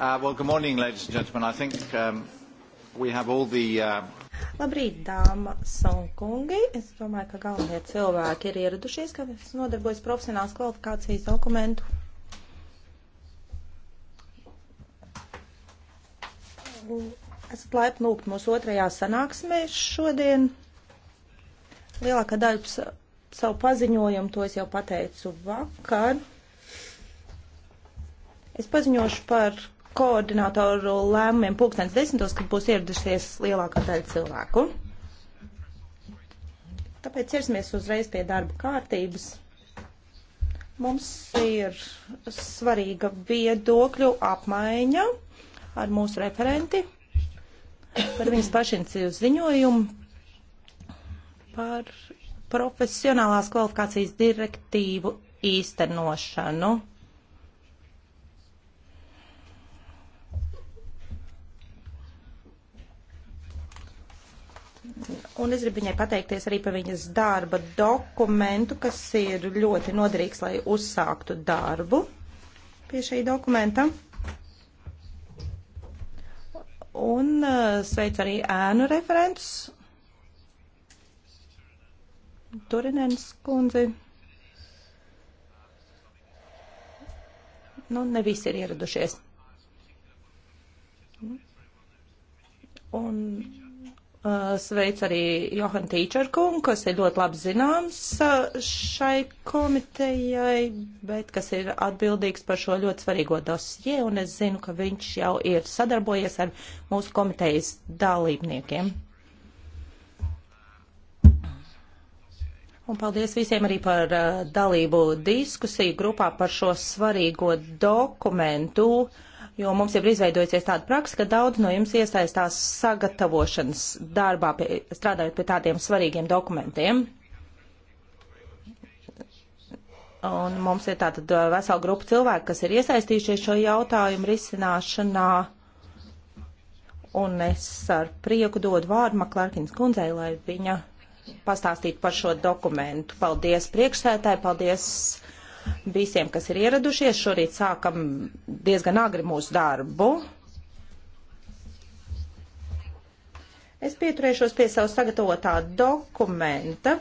Uh, well, good morning, ladies and gentlemen. I think um, we have all the. Uh... Labrīt, dāmas un kungi! Es domāju, ka galvenie cilvēki ir ieradušies, ka es nodarbojos profesionālās kvalifikācijas dokumentu. Esat laipni lūgt mūsu otrajā sanāksmē šodien. Lielākā daļa savu paziņojumu to es jau pateicu vakar. Es paziņošu par koordinātoru lēmumiem pulkstens desmitos, kad būs ieradušies lielākā daļa cilvēku. Tāpēc ķersimies uzreiz pie darba kārtības. Mums ir svarīga viedokļu apmaiņa ar mūsu referenti par viņas pašinicīvu ziņojumu par profesionālās kvalifikācijas direktīvu īstenošanu. un es gribu viņai pateikties arī par viņas darba dokumentu, kas ir ļoti noderīgs, lai uzsāktu darbu pie šī dokumenta. Un eh, sveicu arī ēnu referents Turinens kundzi. Nu, ne visi ir ieradušies. Un Eh, sveic arī Johan Tīčerkungu, kas ir ļoti labi zināms eh, šai komitejai, bet kas ir atbildīgs par šo ļoti svarīgo dosie, un es zinu, ka viņš jau ir sadarbojies ar mūsu komitejas dalībniekiem. Un paldies visiem arī par uh, dalību diskusiju grupā par šo svarīgo dokumentu. Uh, jo mums jau ir izveidojusies tāda praksa, ka daudz no jums iesaistās sagatavošanas darbā, pie, strādājot pie tādiem svarīgiem dokumentiem. Un mums ir tātad uh, vesela grupa cilvēku, kas ir iesaistījušies šo jautājumu risināšanā. Un es ar prieku dodu vārdu Maklārkins kundzei, lai viņa pastāstītu par šo dokumentu. Paldies priekšsētāji, paldies visiem, kas ir ieradušies. Šorīt sākam diezgan agri mūsu darbu. Es pieturēšos pie savas sagatavotā dokumenta.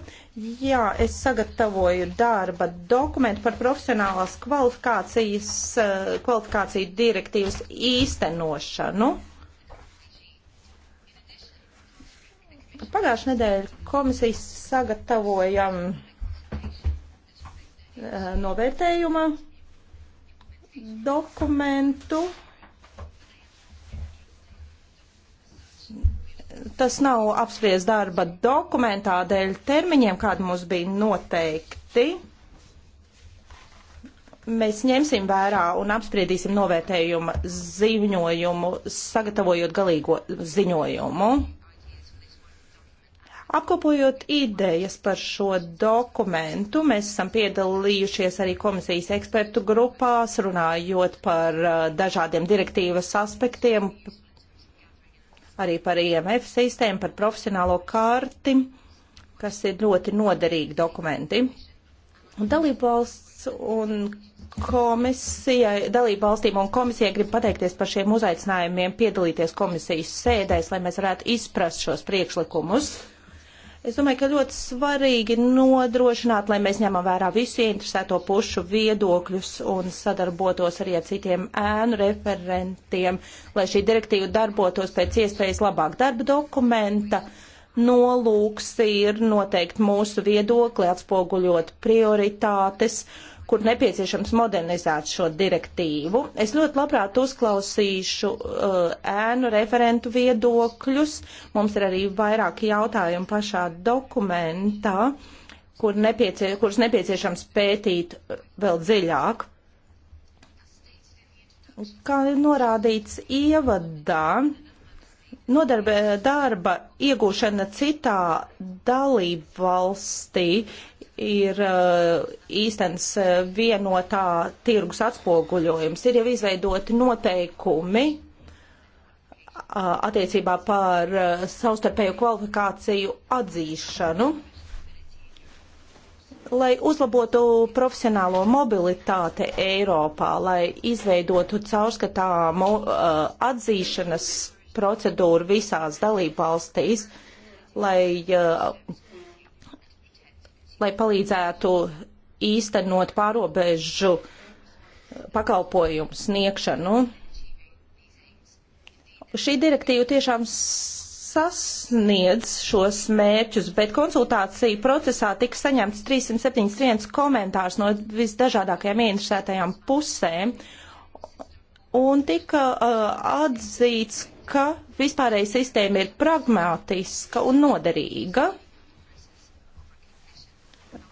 Jā, es sagatavoju darba dokumentu par profesionālās kvalifikācijas, eh, kvalifikāciju direktīvas īstenošanu. Pagājušajā nedēļā komisijas sagatavojam Eh, novērtējuma dokumentu. Tas nav apspriest darba dokumentā dēļ termiņiem, kādi mums bija noteikti. Mēs ņemsim vērā un apspriedīsim novērtējuma ziņojumu, sagatavojot galīgo ziņojumu. Apkopojot idejas par šo dokumentu, mēs esam piedalījušies arī komisijas ekspertu grupās, runājot par uh, dažādiem direktīvas aspektiem, arī par IMF sistēmu, par profesionālo karti, kas ir ļoti noderīgi dokumenti. Dalībvalsts un komisijai, dalību valstīm un komisijai grib pateikties par šiem uzaicinājumiem piedalīties komisijas sēdēs, lai mēs varētu izprast šos priekšlikumus. Uh, Es domāju, ka ļoti svarīgi nodrošināt, lai mēs ņemam vērā visu interesēto pušu viedokļus un sadarbotos arī ar citiem ēnu referentiem, lai šī direktīva darbotos pēc iespējas labāk darba dokumenta. Nolūks ir noteikt mūsu viedokli, atspoguļot prioritātes kur nepieciešams modernizēt šo direktīvu. Es ļoti labprāt uzklausīšu uh, ēnu referentu viedokļus. Mums ir arī vairāki jautājumi pašā dokumentā, kur nepiecie, kurus nepieciešams pētīt vēl dziļāk. Kā ir norādīts ievadā, nodarbe, darba iegūšana citā dalību valstī ir uh, īstens uh, vienotā tirgus atspoguļojums. Ir jau izveidoti noteikumi uh, attiecībā par savstarpēju kvalifikāciju atzīšanu. Lai uzlabotu profesionālo mobilitāti Eiropā, lai izveidotu caurskatāmu atzīšanas procedūru visās dalībvalstīs, lai uh, lai palīdzētu īstenot pārobežu pakalpojumu sniegšanu. Šī direktīva tiešām sasniedz šos mērķus, bet konsultāciju procesā tika saņemts 371 komentārs no visdažādākajām ieinteresētajām pusēm, un tika uh, atzīts, ka vispārējais sistēma ir pragmātiska un noderīga.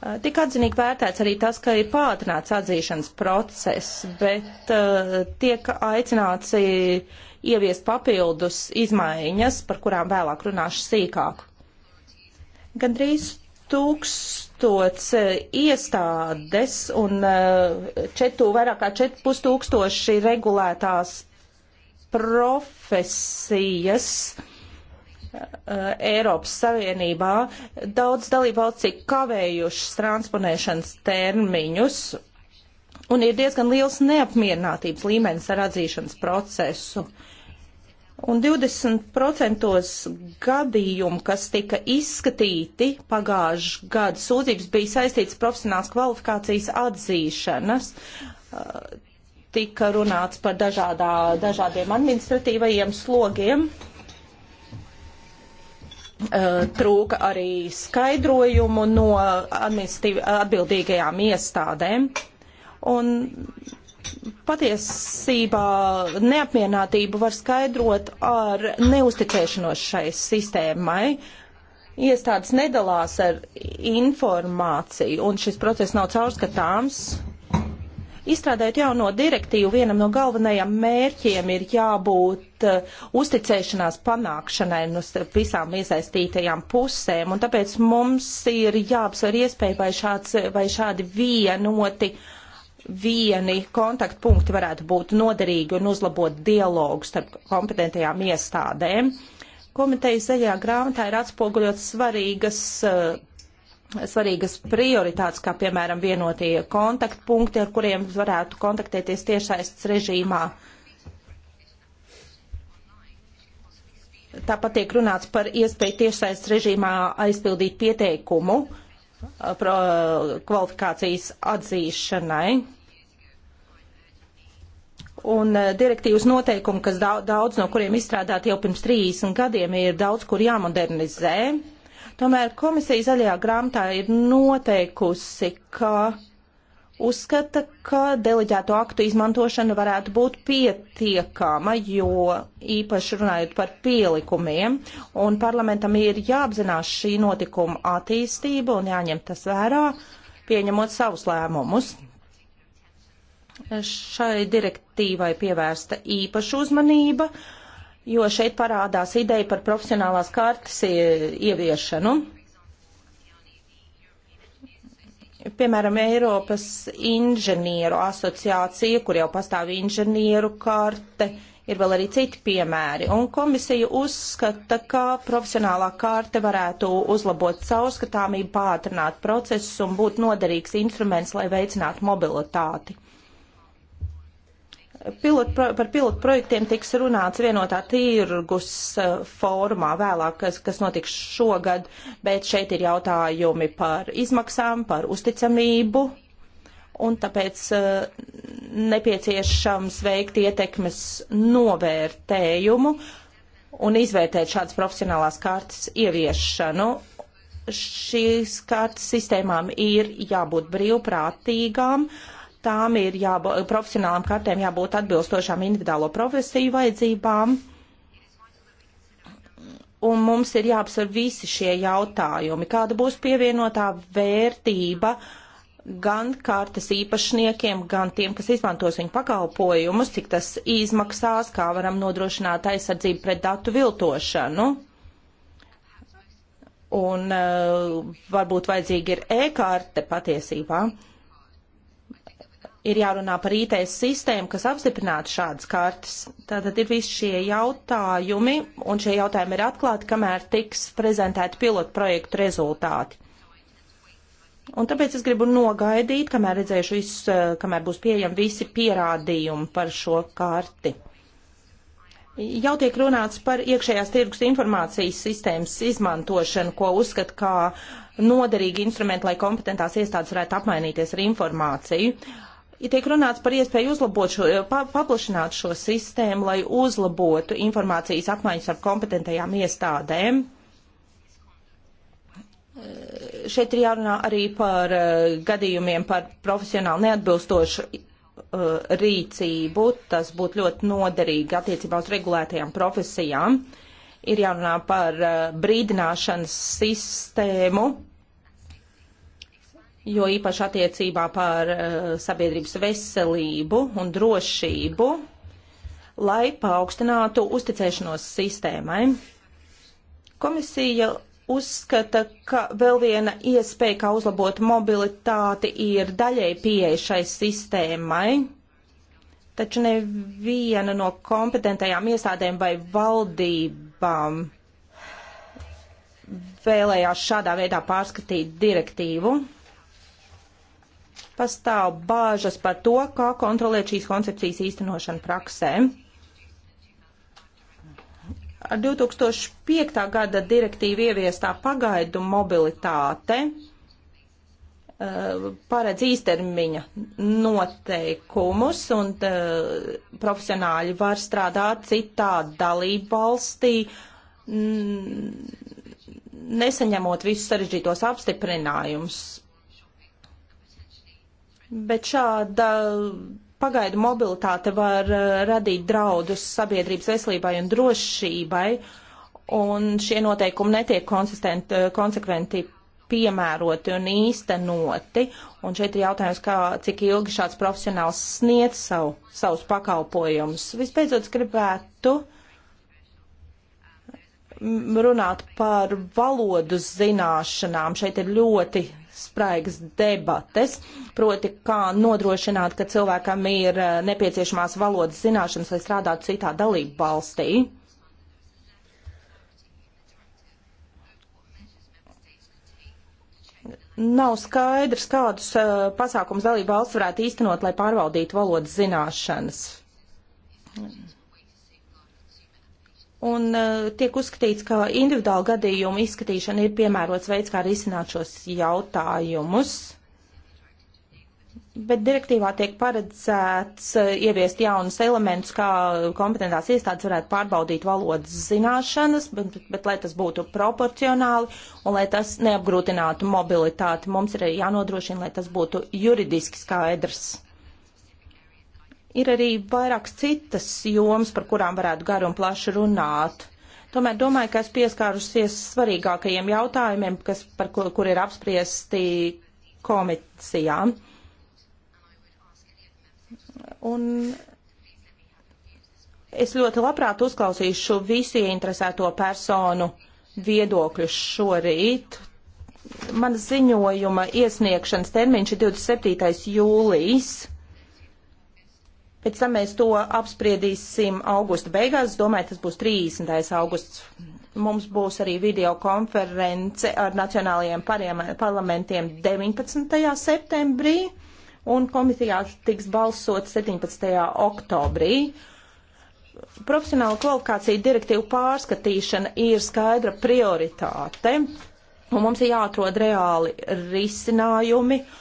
Eh, Tik atzinīgi vērtēts arī tas, ka ir pātrināts atzīšanas process, bet uh, tiek aicināts ieviest papildus izmaiņas, par kurām vēlāk runāšu sīkāk. Gandrīz tūkstots eh, iestādes un četu, vairāk kā 4,5 tūkstoši regulētās profesijas Eh, Eiropas Savienībā daudz dalībvalsts ir kavējušas transponēšanas termiņus, un ir diezgan liels neapmierinātības līmenis ar atzīšanas procesu. Un 20% gadījumu, kas tika izskatīti pagājušā gada sūdzības, bija saistīts profesionāls kvalifikācijas atzīšanas eh, tika runāts par dažādā, dažādiem administratīvajiem slogiem. Eh, trūka arī skaidrojumu no atbildīgajām iestādēm. Un patiesībā neapmierinātību var skaidrot ar neusticēšanos šai sistēmai. Iestādes nedalās ar informāciju, un šis process nav caurskatāms, Izstrādājot jauno direktīvu, vienam no galvenajiem mērķiem ir jābūt uh, uzticēšanās panākšanai no visām iesaistītajām pusēm, un tāpēc mums ir jāapsver iespēja, vai, šāds, vai šādi vienoti vieni kontaktpunkti varētu būt noderīgi un uzlabot dialogu starp kompetentajām iestādēm. Komitejas zaļajā grāmatā ir atspoguļots svarīgas uh, svarīgas prioritātes, kā piemēram vienotie kontaktpunkti, ar kuriem varētu kontaktēties tiešsaistes režīmā. Tāpat tiek runāts par iespēju tiešsaistes režīmā aizpildīt pieteikumu kvalifikācijas atzīšanai. Un direktīvas noteikumi, kas daudz no kuriem izstrādāti jau pirms 30 gadiem, ir daudz kur jāmodernizē Tomēr komisija zaļajā grāmatā ir noteikusi, ka uzskata, ka deleģēto aktu izmantošana varētu būt pietiekama, jo īpaši runājot par pielikumiem, un parlamentam ir jāapzinās šī notikuma attīstība un jāņem tas vērā, pieņemot savus lēmumus. Šai direktīvai pievērsta īpaša uzmanība, jo šeit parādās ideja par profesionālās kartes e, ieviešanu. Piemēram, Eiropas inženieru asociācija, kur jau pastāv inženieru karte, ir vēl arī citi piemēri. Un komisija uzskata, ka profesionālā karte varētu uzlabot caurskatāmību, pātrināt procesus un būt noderīgs instruments, lai veicinātu mobilitāti. Pilot, par pilotu projektiem tiks runāts vienotā tirgus uh, formā vēlāk, kas, kas notiks šogad, bet šeit ir jautājumi par izmaksām, par uzticamību, un tāpēc uh, nepieciešams veikt ietekmes novērtējumu un izvērtēt šādas profesionālās kārtas ieviešanu. Šīs kārtas sistēmām ir jābūt brīvprātīgām. Uh, tām ir jābūt, profesionālām kartēm jābūt atbilstošām individuālo profesiju vajadzībām. Un mums ir jāapsver visi šie jautājumi, kāda būs pievienotā vērtība gan kartes īpašniekiem, gan tiem, kas izmantos viņu pakalpojumus, cik tas izmaksās, kā varam nodrošināt aizsardzību pret datu viltošanu. Un uh, varbūt vajadzīgi ir e-karte patiesībā. Uh, ir jārunā par IT sistēmu, kas apstiprinātu šādas kartes. Tātad ir visi šie jautājumi, un šie jautājumi ir atklāti, kamēr tiks prezentēti pilotu projektu rezultāti. Un tāpēc es gribu nogaidīt, kamēr redzēšu visus, eh, kamēr būs pieejami visi pierādījumi par šo karti. Jau tiek runāts par iekšējās tirgus informācijas sistēmas izmantošanu, ko uzskata kā noderīgi instrumenti, lai kompetentās iestādes varētu apmainīties ar informāciju. Uh, ja tiek runāts par iespēju uzlabot šo, eh, pa, paplašināt šo sistēmu, lai uzlabotu informācijas apmaiņas ar kompetentajām iestādēm. Eh, šeit ir jārunā arī par eh, gadījumiem par profesionāli neatbilstošu rīcību. Tas būtu ļoti noderīgi attiecībā uz regulētajām profesijām. Ir jārunā par brīdināšanas sistēmu jo īpaši attiecībā par uh, sabiedrības veselību un drošību, lai paaugstinātu uzticēšanos sistēmai. Komisija uzskata, ka vēl viena iespēja, kā uzlabot mobilitāti, ir daļai pieeja šai sistēmai, taču neviena no kompetentajām iestādēm vai valdībām vēlējās šādā veidā pārskatīt direktīvu pastāv bāžas par to, kā kontrolēt šīs koncepcijas īstenošanu praksē. Ar 2005. gada direktīvu ieviestā pagaidu mobilitāte eh, paredz īstermiņa noteikumus, un eh, profesionāļi var strādāt citā dalību valstī, nesaņemot visus sarežģītos apstiprinājumus bet šāda pagaidu mobilitāte var uh, radīt draudus sabiedrības veselībai un drošībai, un šie noteikumi netiek uh, konsekventi piemēroti un īstenoti. Un šeit ir jautājums, kā, cik ilgi šāds profesionāls sniedz savu, savus pakalpojumus. Vispēcot, gribētu mm, runāt par valodu zināšanām. Šeit ir ļoti spraigas debates, proti kā nodrošināt, ka cilvēkam ir eh, nepieciešamās valodas zināšanas, lai strādātu citā dalību valstī. Nav skaidrs, kādus uh, pasākums dalību valsts varētu īstenot, lai pārvaldītu valodas zināšanas. Mm un uh, tiek uzskatīts, ka individuāla gadījuma izskatīšana ir piemērots veids, kā risināt šos jautājumus. Bet direktīvā tiek paredzēts uh, ieviest jaunus elementus, kā kompetentās iestādes varētu pārbaudīt valodas zināšanas, bet, bet, bet lai tas būtu proporcionāli un lai tas neapgrūtinātu mobilitāti, mums ir jānodrošina, lai tas būtu juridiski skaidrs. Ir arī vairākas citas jomas, par kurām varētu garu un plaši runāt. Tomēr domāju, ka es pieskārusies svarīgākajiem jautājumiem, kas, par kur, kur ir apspriesti komisijā. Un es ļoti labprāt uzklausīšu visu ieinteresēto personu viedokļus šorīt. Mana ziņojuma iesniegšanas termiņš ir 27. jūlijas. Pēc tam mēs to apspriedīsim augusta beigās. Es domāju, tas būs 30. augusts. Mums būs arī video konference ar nacionālajiem parlamentiem 19. septembrī un komitejā tiks balsot 17. oktobrī. Profesionāla kvalifikācija direktīva pārskatīšana ir skaidra prioritāte, un mums ir jāatrod reāli risinājumi. Uh,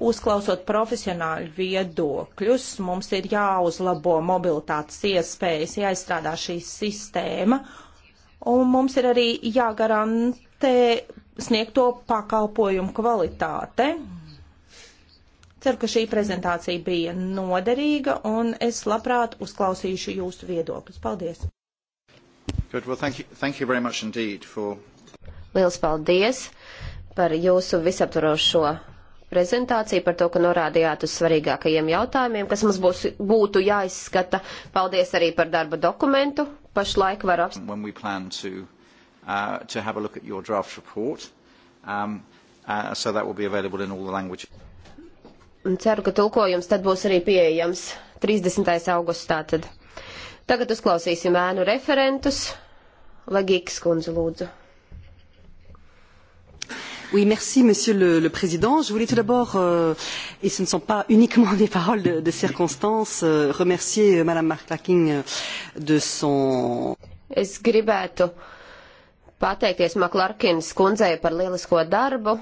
uzklausot profesionāļu viedokļus, mums ir jāuzlabo mobilitātes iespējas, jāizstrādā šī sistēma, un mums ir arī jāgarantē sniegto pakalpojumu kvalitāte. Ceru, ka šī prezentācija bija noderīga, un es labprāt uzklausīšu jūsu viedokļus. Paldies! Good. Well, thank you, thank you very much indeed for... Liels paldies! par jūsu visaptvarošo prezentāciju, par to, ka norādījāt uz svarīgākajiem jautājumiem, kas mums būs, būtu jāizskata. Paldies arī par darba dokumentu. Pašlaik var apstiprināt. Uh, to have a look at your draft report. Um, uh, so that will be available in all the languages. Ceru, ka tulkojums tad būs arī pieejams 30. augustā. Tad. Tagad uzklausīsim ēnu referentus. Legīgas kundze lūdzu. Oui, merci Monsieur le, le Président. Je voulais tout d'abord, euh, et ce ne sont pas uniquement des paroles de, de circonstance, euh, remercier euh, Madame Marklaking euh, de son. Es gribētu pateikties Maklarkins kundzei par lielisko darbu.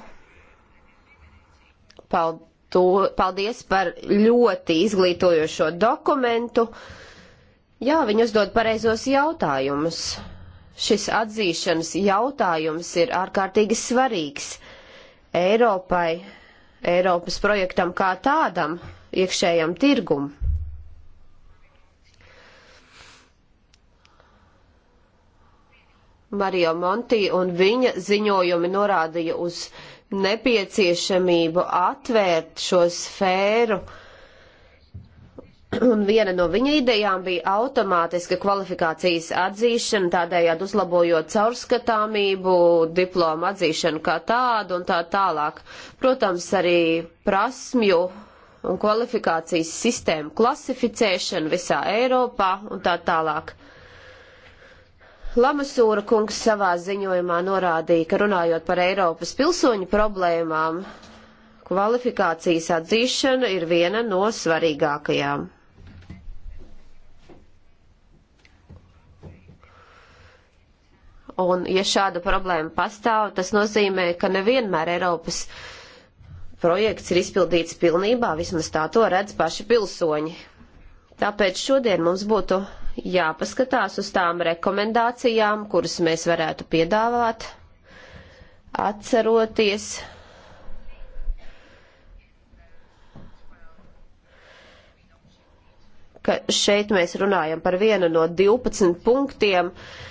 Paldies par ļoti izglītojošo dokumentu. Jā, viņi uzdod pareizos jautājumus šis atzīšanas jautājums ir ārkārtīgi svarīgs Eiropai, Eiropas projektam kā tādam, iekšējam tirgum. Mario Monti un viņa ziņojumi norādīja uz nepieciešamību atvērt šo sfēru uh, Un viena no viņa idejām bija automātiska kvalifikācijas atzīšana, tādējādi uzlabojot caurskatāmību, diplomu atzīšanu kā tādu un tā tālāk. Protams, arī prasmju un kvalifikācijas sistēmu klasificēšanu visā Eiropā un tā tālāk. Lamasūra kungs savā ziņojumā norādīja, ka runājot par Eiropas pilsoņu problēmām, kvalifikācijas atzīšana ir viena no svarīgākajām. Un, ja šāda problēma pastāv, tas nozīmē, ka nevienmēr Eiropas projekts ir izpildīts pilnībā, vismaz tā to redz paši pilsoņi. Tāpēc šodien mums būtu jāpaskatās uz tām rekomendācijām, kuras mēs varētu piedāvāt, atceroties ka šeit mēs runājam par vienu no 12 punktiem, uh,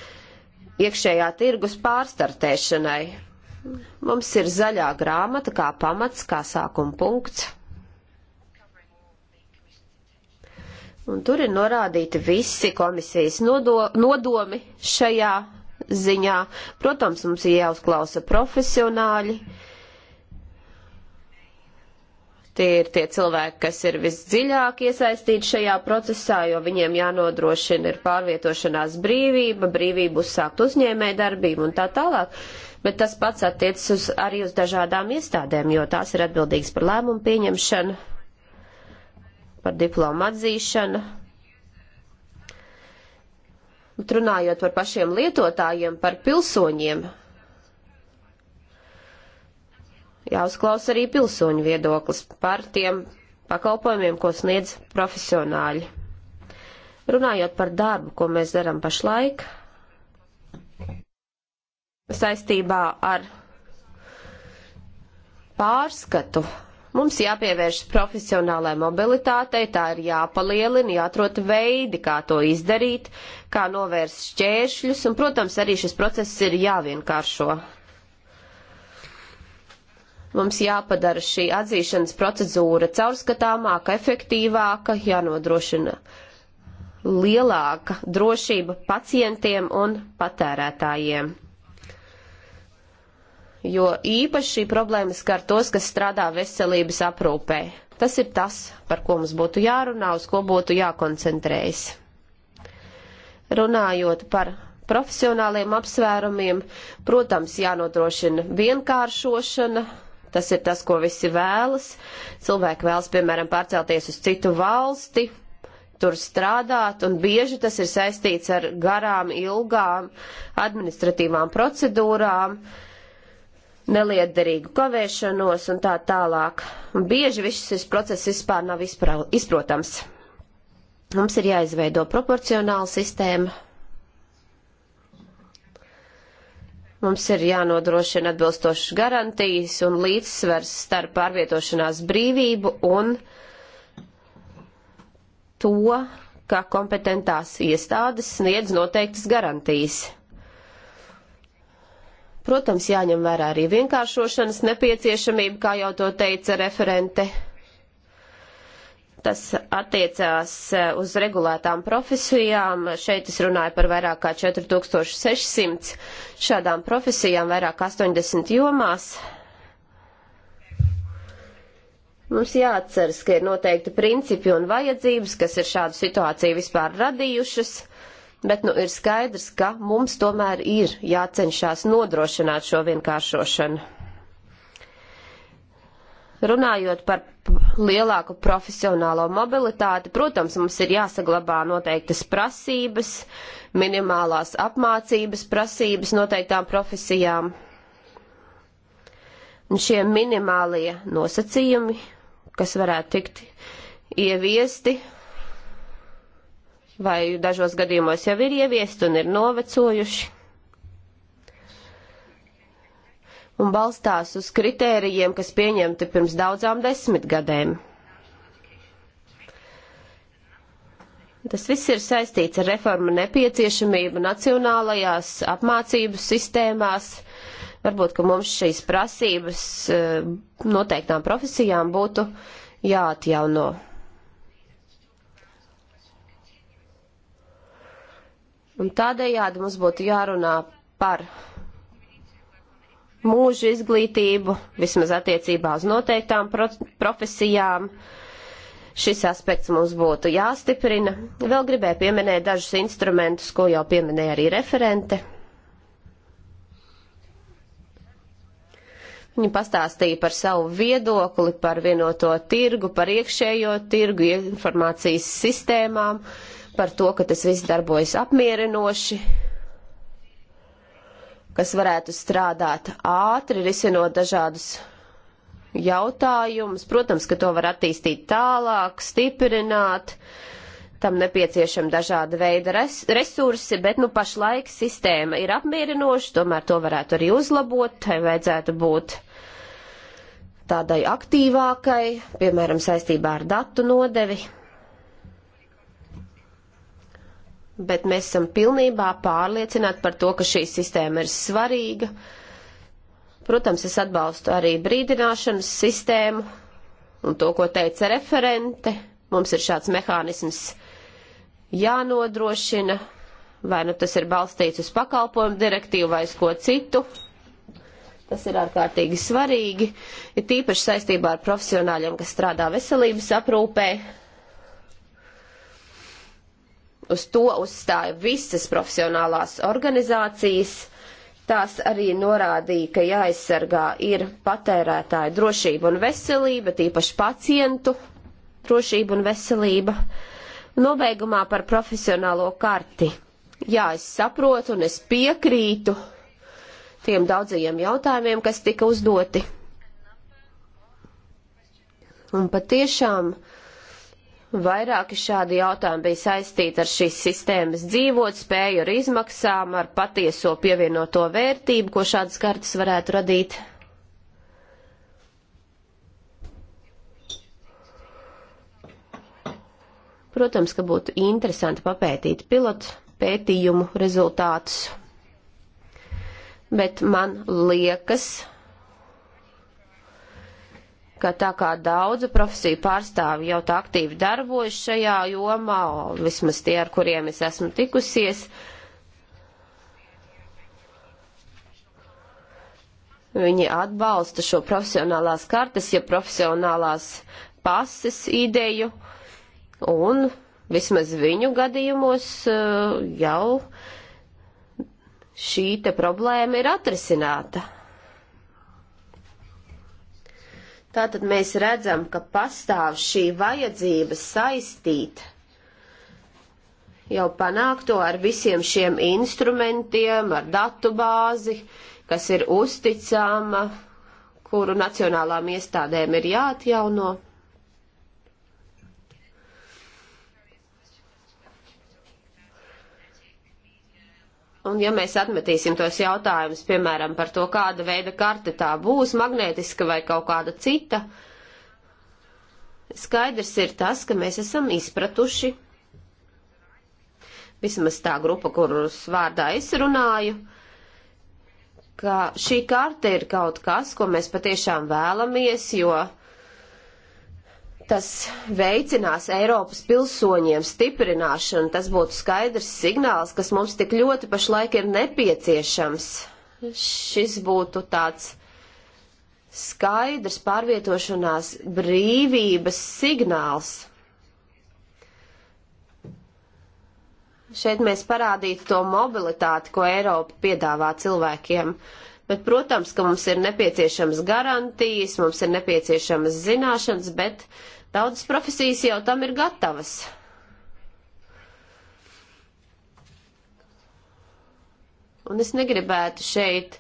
iekšējā tirgus pārstartēšanai. Mums ir zaļā grāmata kā pamats, kā sākuma punkts. Un tur ir norādīti visi komisijas nodo, nodomi šajā ziņā. Protams, mums ir jāuzklausa profesionāļi, uh, Tie ir tie cilvēki, kas ir visdziļāk iesaistīti šajā procesā, jo viņiem jānodrošina ir pārvietošanās brīvība, brīvība uzsākt uzņēmē darbību un tā tālāk. Bet tas pats attiecas uz, arī uz dažādām iestādēm, jo tās ir atbildīgas par lēmumu pieņemšanu, par diplomu atzīšanu, runājot par pašiem lietotājiem, par pilsoņiem, jāuzklaus arī pilsoņu viedoklis par tiem pakalpojumiem, ko sniedz profesionāļi. Runājot par darbu, ko mēs darām pašlaik, saistībā ar pārskatu, mums jāpievērš profesionālai mobilitātei, tā ir jāpalielina, jāatrot veidi, kā to izdarīt, kā novērst šķēršļus, un, protams, arī šis process ir jāvienkāršo. Mums jāpadara šī atzīšanas procedūra caurskatāmāka, efektīvāka, jānodrošina lielāka drošība pacientiem un patērētājiem. Jo īpaši šī problēma skar tos, kas strādā veselības aprūpē. Tas ir tas, par ko mums būtu jārunā, uz ko būtu jākoncentrējas. Runājot par profesionāliem apsvērumiem, protams, jānodrošina vienkāršošana, Tas ir tas, ko visi vēlas. Cilvēki vēlas, piemēram, pārcelties uz citu valsti, tur strādāt, un bieži tas ir saistīts ar garām, ilgām administratīvām procedūrām, neliederīgu kavēšanos un tā tālāk. Un bieži viss šis process vispār nav izprotams. Mums ir jāizveido proporcionāla sistēma, Mums ir jānodrošina atbilstošas garantijas un līdzsvers starp pārvietošanās brīvību un to, kā kompetentās iestādes sniedz noteiktas garantijas. Protams, jāņem vērā arī vienkāršošanas nepieciešamība, kā jau to teica referente Tas attiecās eh, uz regulētām profesijām. Šeit es runāju par vairāk kā 4600 šādām profesijām, vairāk 80 jomās. Mums jāatceras, ka ir noteikti principi un vajadzības, kas ir šādu situāciju vispār radījušas, bet nu ir skaidrs, ka mums tomēr ir jācenšas nodrošināt šo vienkāršošanu. Runājot par lielāku profesionālo mobilitāti, protams, mums ir jāsaglabā noteiktas prasības, minimālās apmācības prasības noteiktām profesijām. Un šie minimālie nosacījumi, kas varētu tikt ieviesti, vai dažos gadījumos jau ir ieviesti un ir novecojuši, un balstās uz kritērijiem, kas pieņemti pirms daudzām desmitgadēm. Tas viss ir saistīts ar reformu nepieciešamību nacionālajās apmācības sistēmās. Varbūt, ka mums šīs prasības eh, noteiktām profesijām būtu jāatjauno. Un tādējādi mums būtu jārunā par mūža izglītību, vismaz attiecībā uz noteiktām pro profesijām. Šis aspekts mums būtu jāstiprina. Vēl gribēju pieminēt dažus instrumentus, ko jau pieminēja arī referente. Viņa pastāstīja par savu viedokli, par vienoto tirgu, par iekšējo tirgu, informācijas sistēmām, par to, ka tas viss darbojas apmierinoši, kas varētu strādāt ātri, risinot dažādus jautājumus. Protams, ka to var attīstīt tālāk, stiprināt. Tam nepieciešama dažāda veida res resursi, bet nu pašlaik sistēma ir apmierinoša, tomēr to varētu arī uzlabot, tai vajadzētu būt tādai aktīvākai, piemēram, saistībā ar datu nodevi. bet mēs esam pilnībā pārliecināti par to, ka šī sistēma ir svarīga. Protams, es atbalstu arī brīdināšanas sistēmu un to, ko teica referente. Mums ir šāds mehānisms jānodrošina, vai nu tas ir balstīts uz pakalpojumu direktīvu vai uz ko citu. Tas ir ārkārtīgi svarīgi, ir tīpaši saistībā ar profesionāļiem, kas strādā veselības aprūpē, Uz to uzstāja visas profesionālās organizācijas. Tās arī norādīja, ka jāaizsargā ir patērētāja drošība un veselība, tīpaši pacientu drošība un veselība. Nobeigumā par profesionālo karti. Jā, es saprotu un es piekrītu tiem daudzajiem jautājumiem, kas tika uzdoti. Un patiešām. tiešām Vairāki šādi jautājumi bija saistīti ar šīs sistēmas dzīvot spēju, ar izmaksām, ar patieso pievienoto vērtību, ko šādas kartas varētu radīt. Protams, ka būtu interesanti papētīt pilotu pētījumu rezultātus, bet man liekas, ka tā kā daudzu profesiju pārstāvi jau tā aktīvi darbojas šajā jomā, vismaz tie, ar kuriem es esmu tikusies, viņi atbalsta šo profesionālās kartes, ja profesionālās pases ideju, un vismaz viņu gadījumos e, jau šī te problēma ir atrisināta. Tātad mēs redzam, ka pastāv šī vajadzība saistīt jau panākto ar visiem šiem instrumentiem, ar datu bāzi, kas ir uzticama, kuru nacionālām iestādēm ir jāatjauno. Un ja mēs atmetīsim tos jautājumus, piemēram, par to, kāda veida karte tā būs, magnētiska vai kaut kāda cita, skaidrs ir tas, ka mēs esam izpratuši, vismaz tā grupa, kurus vārdā es runāju, ka šī karte ir kaut kas, ko mēs patiešām vēlamies, jo tas veicinās Eiropas pilsoņiem stiprināšanu, tas būtu skaidrs signāls, kas mums tik ļoti pašlaik ir nepieciešams. Šis būtu tāds skaidrs pārvietošanās brīvības signāls. Šeit mēs parādītu to mobilitāti, ko Eiropa piedāvā cilvēkiem. Bet, protams, ka mums ir nepieciešamas garantijas, mums ir nepieciešamas zināšanas, bet uh, Daudzas profesijas jau tam ir gatavas. Un es negribētu šeit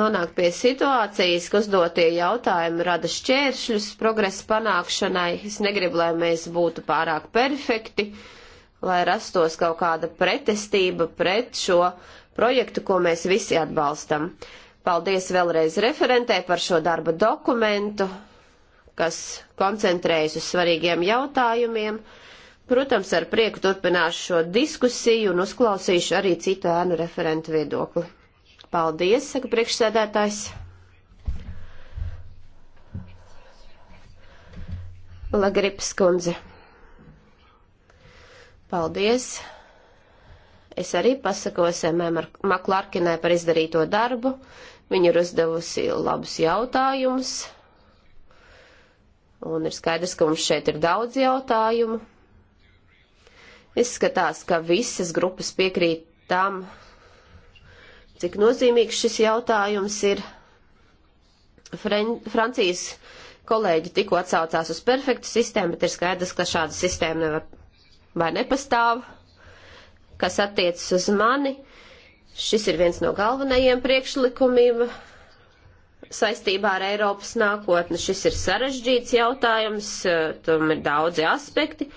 nonākt pie situācijas, ka uzdotie jautājumi rada šķēršļus progresa panākšanai. Es negribu, lai mēs būtu pārāk perfekti, lai rastos kaut kāda pretestība pret šo projektu, ko mēs visi atbalstam. Paldies vēlreiz referentē par šo darba dokumentu kas koncentrējas uz svarīgiem jautājumiem. Protams, ar prieku turpināšu šo diskusiju un uzklausīšu arī citu ēnu referentu viedokli. Paldies, saka priekšsēdētājs. Lagrips kundze. Paldies. Es arī pasakos Emē Maklārkinai par izdarīto darbu. Viņa ir uzdevusi labus jautājumus, Un ir skaidrs, ka mums šeit ir daudz jautājumu. Izskatās, ka visas grupas piekrīt tam, cik nozīmīgs šis jautājums ir. Fren Francijas kolēģi tikko atsaucās uz perfektu sistēmu, bet ir skaidrs, ka šāda sistēma nevar vai nepastāv. Kas attiecas uz mani, šis ir viens no galvenajiem priekšlikumiem saistībā ar Eiropas nākotni. Šis ir sarežģīts jautājums, eh, tam ir daudzi aspekti.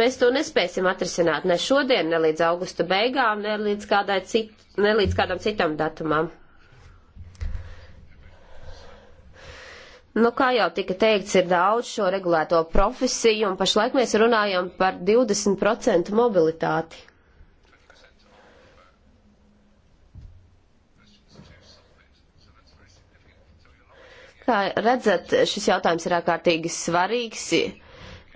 Mēs to nespēsim atrisināt ne šodien, ne līdz augusta beigām, ne līdz, cit, ne līdz kādam citam datumam. Nu, kā jau tika teikts, ir daudz šo regulēto profesiju, un pašlaik mēs runājam par 20% mobilitāti. Kā redzat, šis jautājums ir ārkārtīgi svarīgs.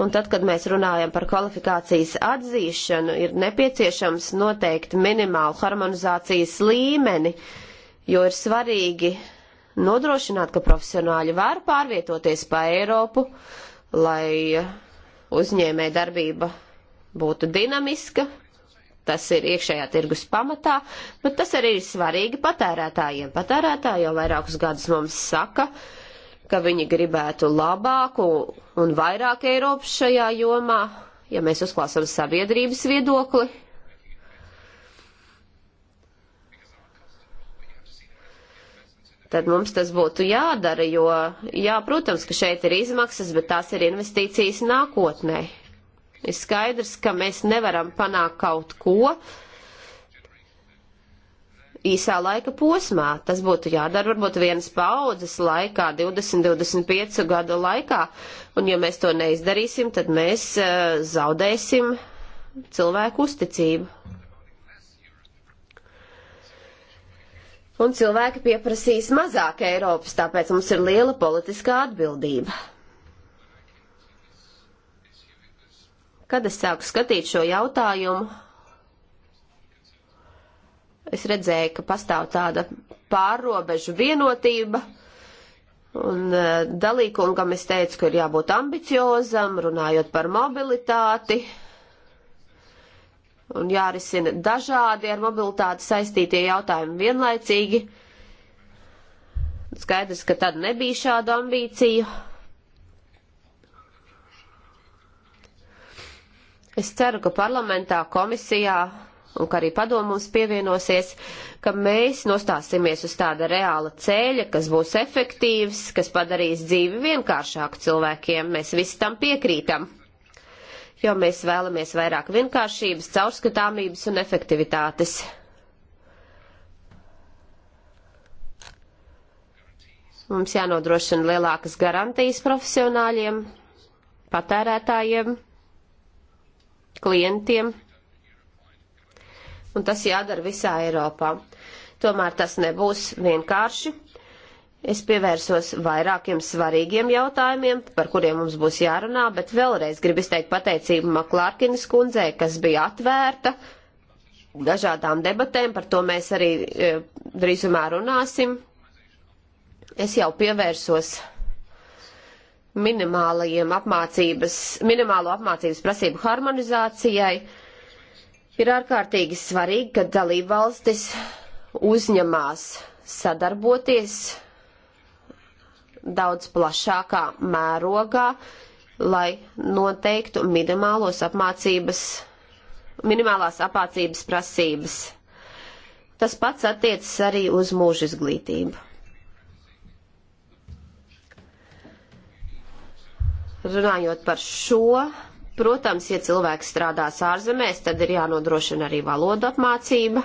Un tad, kad mēs runājam par kvalifikācijas atzīšanu, ir nepieciešams noteikt minimālu harmonizācijas līmeni, jo ir svarīgi nodrošināt, ka profesionāļi var pārvietoties pa Eiropu, lai uzņēmē darbība būtu dinamiska, tas ir iekšējā tirgus pamatā, bet tas arī ir svarīgi patērētājiem. Patērētāji jau vairākus gadus mums saka, uh, ka viņi gribētu labāku un vairāk Eiropas šajā jomā, ja mēs uzklāsam sabiedrības viedokli. Tad mums tas būtu jādara, jo, jā, protams, ka šeit ir izmaksas, bet tās ir investīcijas nākotnē. Ir skaidrs, ka mēs nevaram panākt kaut ko, uh, īsā laika posmā. Tas būtu jādara varbūt vienas paudzes laikā, 20-25 gadu laikā, un ja mēs to neizdarīsim, tad mēs uh, zaudēsim cilvēku uzticību. Un cilvēki pieprasīs mazāk Eiropas, tāpēc mums ir liela politiskā atbildība. Kad es sāku skatīt šo jautājumu, es redzēju, ka pastāv tāda pārrobežu vienotība. Un e, dalīkungam es teicu, ka ir jābūt ambiciozam, runājot par mobilitāti. Un jārisina dažādi ar mobilitāti saistītie jautājumi vienlaicīgi. Skaidrs, ka tad nebija šāda ambīcija. Es ceru, ka parlamentā, komisijā un ka arī padomu mums pievienosies, ka mēs nostāsimies uz tāda reāla ceļa, kas būs efektīvs, kas padarīs dzīvi vienkāršāku cilvēkiem. Mēs visi tam piekrītam, jo mēs vēlamies vairāk vienkāršības, caurskatāmības un efektivitātes. Mums jānodrošina lielākas garantijas profesionāļiem, patērētājiem, klientiem un tas jādara visā Eiropā. Tomēr tas nebūs vienkārši. Es pievērsos vairākiem svarīgiem jautājumiem, par kuriem mums būs jārunā, bet vēlreiz gribu izteikt pateicību Maklārkinas kundzei, kas bija atvērta dažādām debatēm, par to mēs arī e, drīzumā runāsim. Es jau pievērsos minimālajiem apmācības, minimālo apmācības prasību harmonizācijai. Ir ārkārtīgi svarīgi, ka dalībvalstis uzņemās sadarboties daudz plašākā mērogā, lai noteiktu minimālos apmācības, minimālās apmācības prasības. Tas pats attiecas arī uz mūža izglītību. Runājot par šo Protams, ja cilvēks strādās ārzemēs, tad ir jānodrošina arī valoda apmācība.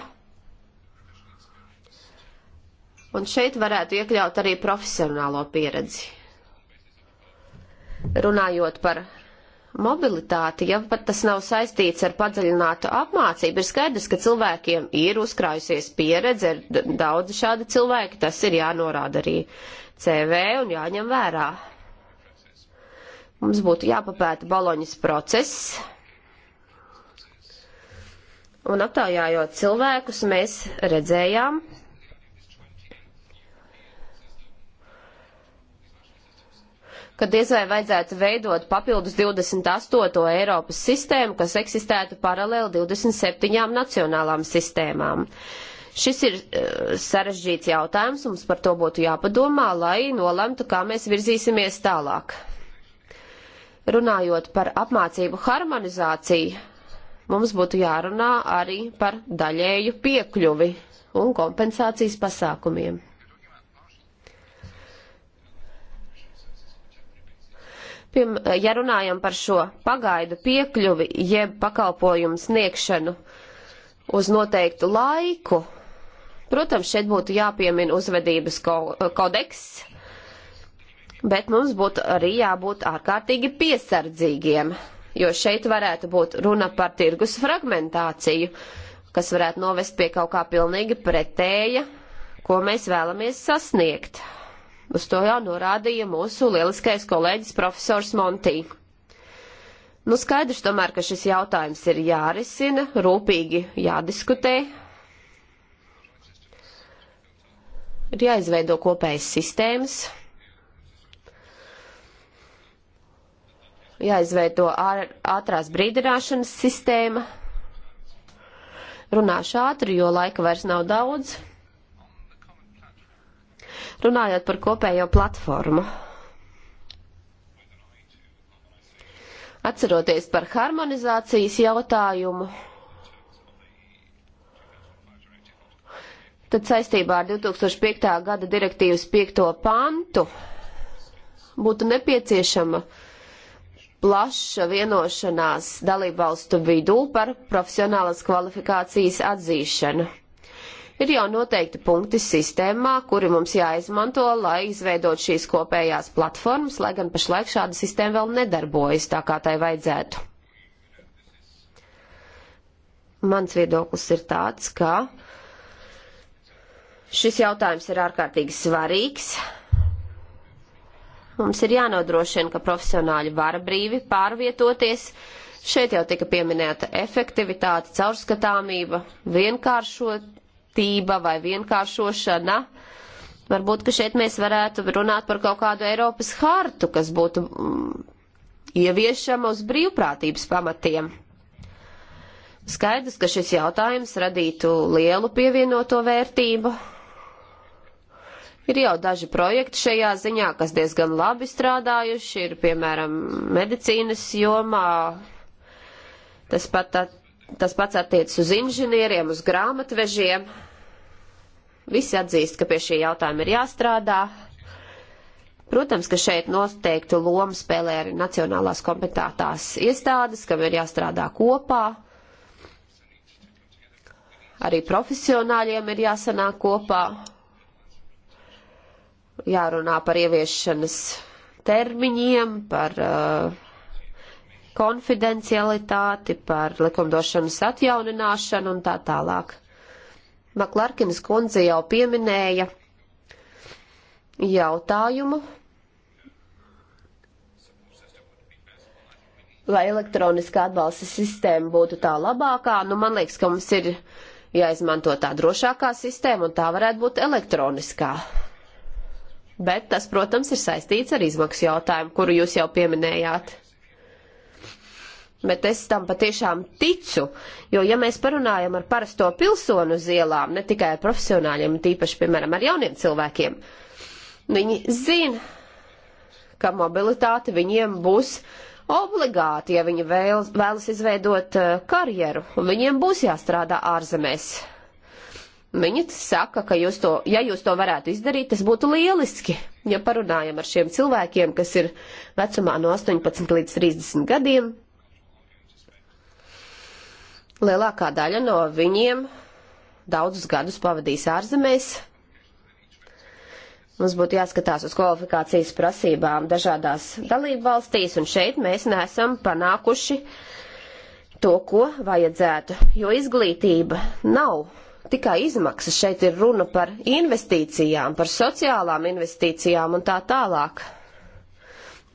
Un šeit varētu iekļaut arī profesionālo pieredzi. Runājot par mobilitāti, ja pat tas nav saistīts ar padziļinātu apmācību, ir skaidrs, ka cilvēkiem ir uzkrājusies pieredze, ir daudzi šādi cilvēki, tas ir jānorāda arī CV un jāņem vērā. Mums būtu jāpapēta baloņas process. Un aptaujājot cilvēkus, mēs redzējām, ka diez vai vajadzētu veidot papildus 28. Eiropas sistēmu, kas eksistētu paralēli 27 nacionālām sistēmām. Šis ir uh, sarežģīts jautājums, mums par to būtu jāpadomā, lai nolemtu, kā mēs virzīsimies tālāk runājot par apmācību harmonizāciju, mums būtu jārunā arī par daļēju piekļuvi un kompensācijas pasākumiem. Piem, ja runājam par šo pagaidu piekļuvi, jeb pakalpojumu sniegšanu uz noteiktu laiku, protams, šeit būtu jāpiemina uzvedības kodeks, bet mums būtu arī jābūt ārkārtīgi piesardzīgiem, jo šeit varētu būt runa par tirgus fragmentāciju, kas varētu novest pie kaut kā pilnīgi pretēja, ko mēs vēlamies sasniegt. Uz to jau norādīja mūsu lieliskais kolēģis profesors Montī. Nu skaidrs tomēr, ka šis jautājums ir jārisina, rūpīgi jādiskutē. Ir jāizveido kopējas sistēmas, jāizveido ātrās brīdināšanas sistēma. Runāšu ātri, jo laika vairs nav daudz. Runājot par kopējo platformu. Atceroties par harmonizācijas jautājumu, tad saistībā ar 2005. gada direktīvas 5. pantu būtu nepieciešama uh, plaša vienošanās dalībvalstu vidū par profesionālas kvalifikācijas atzīšanu. Ir jau noteikti punkti sistēmā, kuri mums jāizmanto, lai izveidot šīs kopējās platformas, lai gan pašlaik šāda sistēma vēl nedarbojas tā, kā tai vajadzētu. Mans viedoklis ir tāds, ka šis jautājums ir ārkārtīgi svarīgs, Mums ir jānodrošina, ka profesionāļi var brīvi pārvietoties. Šeit jau tika pieminēta efektivitāte, caurskatāmība, vienkāršotība vai vienkāršošana. Varbūt, ka šeit mēs varētu runāt par kaut kādu Eiropas hartu, kas būtu mm, ieviešama uz brīvprātības pamatiem. Skaidrs, ka šis jautājums radītu lielu pievienoto vērtību Ir jau daži projekti šajā ziņā, kas diezgan labi strādājuši, ir piemēram medicīnas jomā, tas, pat, tas pats attiec uz inženieriem, uz grāmatvežiem. Visi atzīst, ka pie šī jautājuma ir jāstrādā. Protams, ka šeit noteikti lomu spēlē arī nacionālās kompetentās iestādes, kam ir jāstrādā kopā. Arī profesionāļiem ir jāsanāk kopā jārunā par ieviešanas termiņiem, par uh, konfidencialitāti, par likumdošanas atjaunināšanu un tā tālāk. Maklārkins kundze jau pieminēja jautājumu, lai elektroniskā atbalsta sistēma būtu tā labākā. Nu, man liekas, ka mums ir jāizmanto tā drošākā sistēma, un tā varētu būt elektroniskā bet tas, protams, ir saistīts ar izmaksu jautājumu, kuru jūs jau pieminējāt. Bet es tam patiešām ticu, jo ja mēs parunājam ar parasto pilsonu uz ielām, ne tikai ar profesionāļiem, tīpaši, piemēram, ar jauniem cilvēkiem, viņi zina, ka mobilitāte viņiem būs obligāti, ja viņi vēlas, vēlas izveidot eh, karjeru, un viņiem būs jāstrādā ārzemēs. Viņi saka, ka jūs to, ja jūs to varētu izdarīt, tas būtu lieliski. Ja parunājam ar šiem cilvēkiem, kas ir vecumā no 18 līdz 30 gadiem, lielākā daļa no viņiem daudzus gadus pavadīs ārzemēs. Mums būtu jāskatās uz kvalifikācijas prasībām dažādās dalību valstīs, un šeit mēs nesam panākuši to, ko vajadzētu, jo izglītība nav tikai izmaksas, šeit ir runa par investīcijām, par sociālām investīcijām un tā tālāk.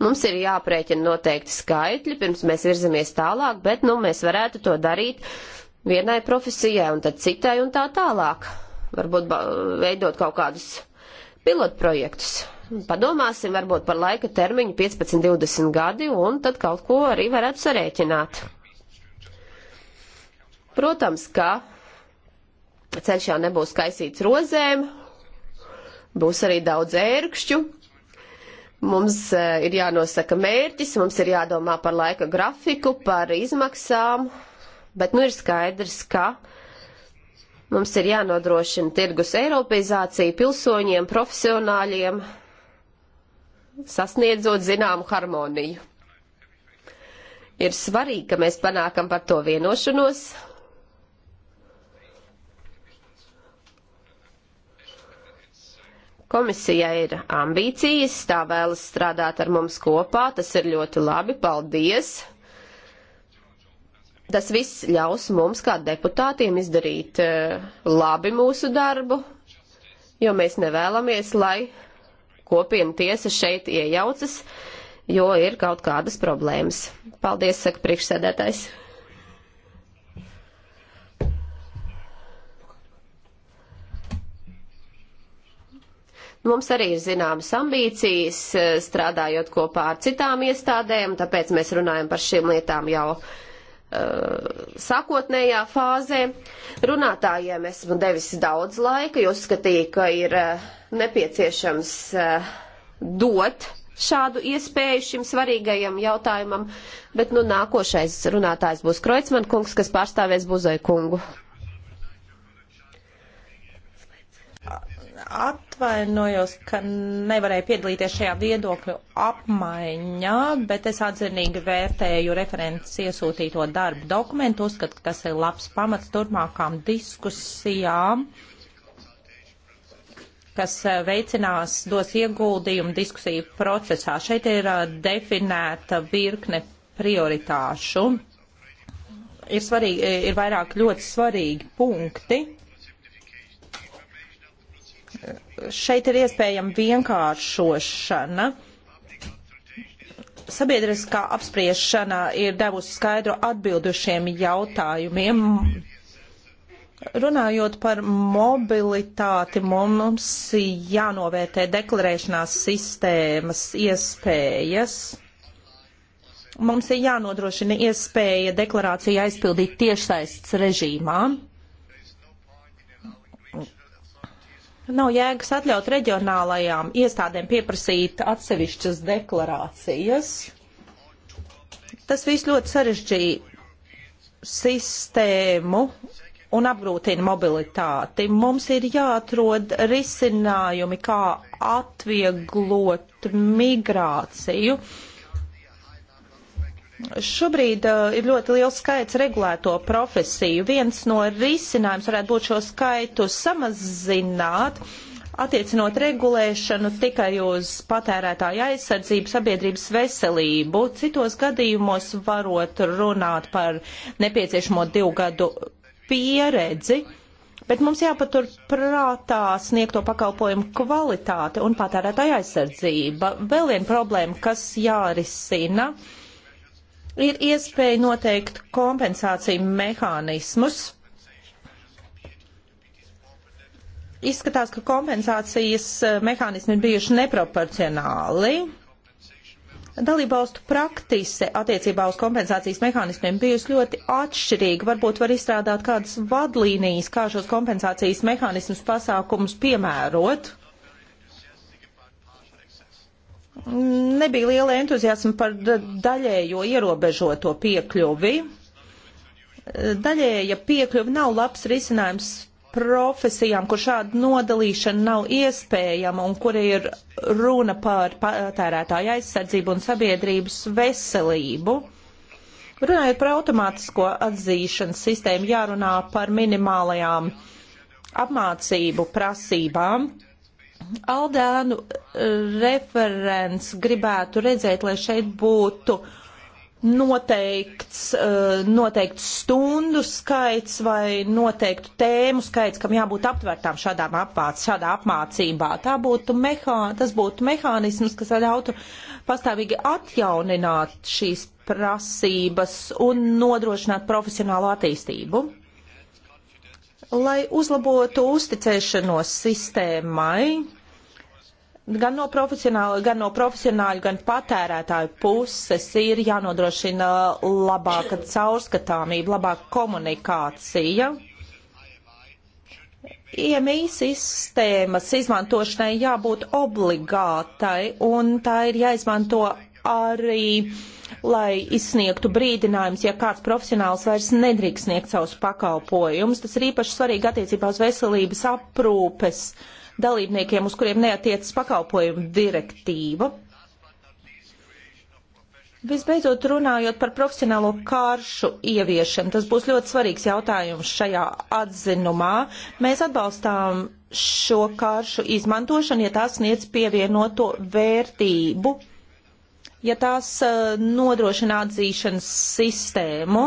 Mums ir jāprēķina noteikti skaitļi, pirms mēs virzamies tālāk, bet nu, mēs varētu to darīt vienai profesijai un tad citai un tā tālāk. Varbūt veidot kaut kādus pilotprojektus. Padomāsim varbūt par laika termiņu 15-20 gadi un tad kaut ko arī varētu sarēķināt. Protams, ka ceļš jau nebūs kaisīts rozēm, būs arī daudz ērkšķu. Mums e, ir jānosaka mērķis, mums ir jādomā par laika grafiku, par izmaksām, bet nu ir skaidrs, ka mums ir jānodrošina tirgus eiropeizācija pilsoņiem, profesionāļiem, sasniedzot zināmu harmoniju. Ir svarīgi, ka mēs panākam par to vienošanos, Komisija ir ambīcijas, tā vēlas strādāt ar mums kopā, tas ir ļoti labi, paldies. Tas viss ļaus mums kā deputātiem izdarīt eh, labi mūsu darbu, jo mēs nevēlamies, lai kopiena tiesa šeit iejaucas, jo ir kaut kādas problēmas. Paldies, saka priekšsēdētājs. Mums arī ir zināmas ambīcijas eh, strādājot kopā ar citām iestādēm, tāpēc mēs runājam par šīm lietām jau uh, sākotnējā fāzē. Runātājiem esmu devis daudz laika, jo uzskatīju, ka ir uh, nepieciešams uh, dot šādu iespēju šim svarīgajam jautājumam, bet nu nākošais runātājs būs Kreutzmann kungs, kas pārstāvēs Buzoju kungu. atvainojos, ka nevarēju piedalīties šajā viedokļu apmaiņā, bet es atzinīgi vērtēju referents iesūtīto darbu dokumentu, uzskatu, ka tas ir labs pamats turpmākām diskusijām kas e, veicinās, dos ieguldījumu diskusiju procesā. Šeit ir e, definēta virkne prioritāšu. Ir, svarīgi, e, ir vairāk ļoti svarīgi punkti, šeit ir iespējama vienkāršošana. Sabiedriskā apspriešana ir devusi skaidru atbildu šiem jautājumiem. Runājot par mobilitāti, mums jānovērtē deklarēšanās sistēmas iespējas. Mums ir jānodrošina iespēja deklarāciju aizpildīt tiešsaists režīmā. Nav jēgas atļaut reģionālajām iestādēm pieprasīt atsevišķas deklarācijas. Tas viss ļoti sarežģīja sistēmu un apgrūtina mobilitāti. Mums ir jāatrod risinājumi, kā atvieglot migrāciju. Uh, Šobrīd uh, ir ļoti liels skaits regulēto profesiju. Viens no risinājums varētu būt šo skaitu samazināt, attiecinot regulēšanu tikai uz patērētāju aizsardzību, sabiedrības veselību. Citos gadījumos varot runāt par nepieciešamo divu gadu pieredzi. Bet mums jāpatur prātā sniegto pakalpojumu kvalitāte un patērētāja aizsardzība. Vēl viena problēma, kas jārisina. Uh, ir iespēja noteikt kompensāciju mehānismus. Izskatās, ka kompensācijas eh, mehānismi ir bijuši neproporcionāli. Dalībvalstu praktise attiecībā uz kompensācijas mehānismiem bijusi ļoti atšķirīga. Varbūt var izstrādāt kādas vadlīnijas, kā šos kompensācijas mehānismus pasākumus piemērot. Uh, nebija liela entuziasma par daļējo ierobežoto piekļuvi. Daļēja piekļuvi nav labs risinājums profesijām, kur šāda nodalīšana nav iespējama un kur ir runa par patērētāju aizsardzību un sabiedrības veselību. Runājot par automātisko atzīšanas sistēmu, jārunā par minimālajām apmācību prasībām, Aldānu eh, referents gribētu redzēt, lai šeit būtu noteikts, eh, noteikts stundu skaits vai noteiktu tēmu skaits, kam jābūt aptvērtām šādām apmāc, šādā apmācībā. Tā būtu mehā, tas būtu mehānisms, kas ļautu pastāvīgi atjaunināt šīs prasības un nodrošināt profesionālu attīstību lai uzlabotu uzticēšanos sistēmai, gan no profesionāla, gan no profesionāļu, gan patērētāju puses ir jānodrošina labāka caurskatāmība, labāka komunikācija. IMI e sistēmas izmantošanai jābūt obligātai, un tā ir jāizmanto arī uh, lai izsniegtu brīdinājums, ja kāds profesionāls vairs nedrīkst sniegt savus pakalpojumus. Tas ir īpaši svarīgi attiecībā uz veselības aprūpes dalībniekiem, uz kuriem neatiecas pakalpojumu direktīva. Visbeidzot, runājot par profesionālo kāršu ieviešanu, tas būs ļoti svarīgs jautājums šajā atzinumā. Mēs atbalstām šo kāršu izmantošanu, ja tās sniedz pievienoto vērtību ja tās eh, nodrošina atzīšanas sistēmu.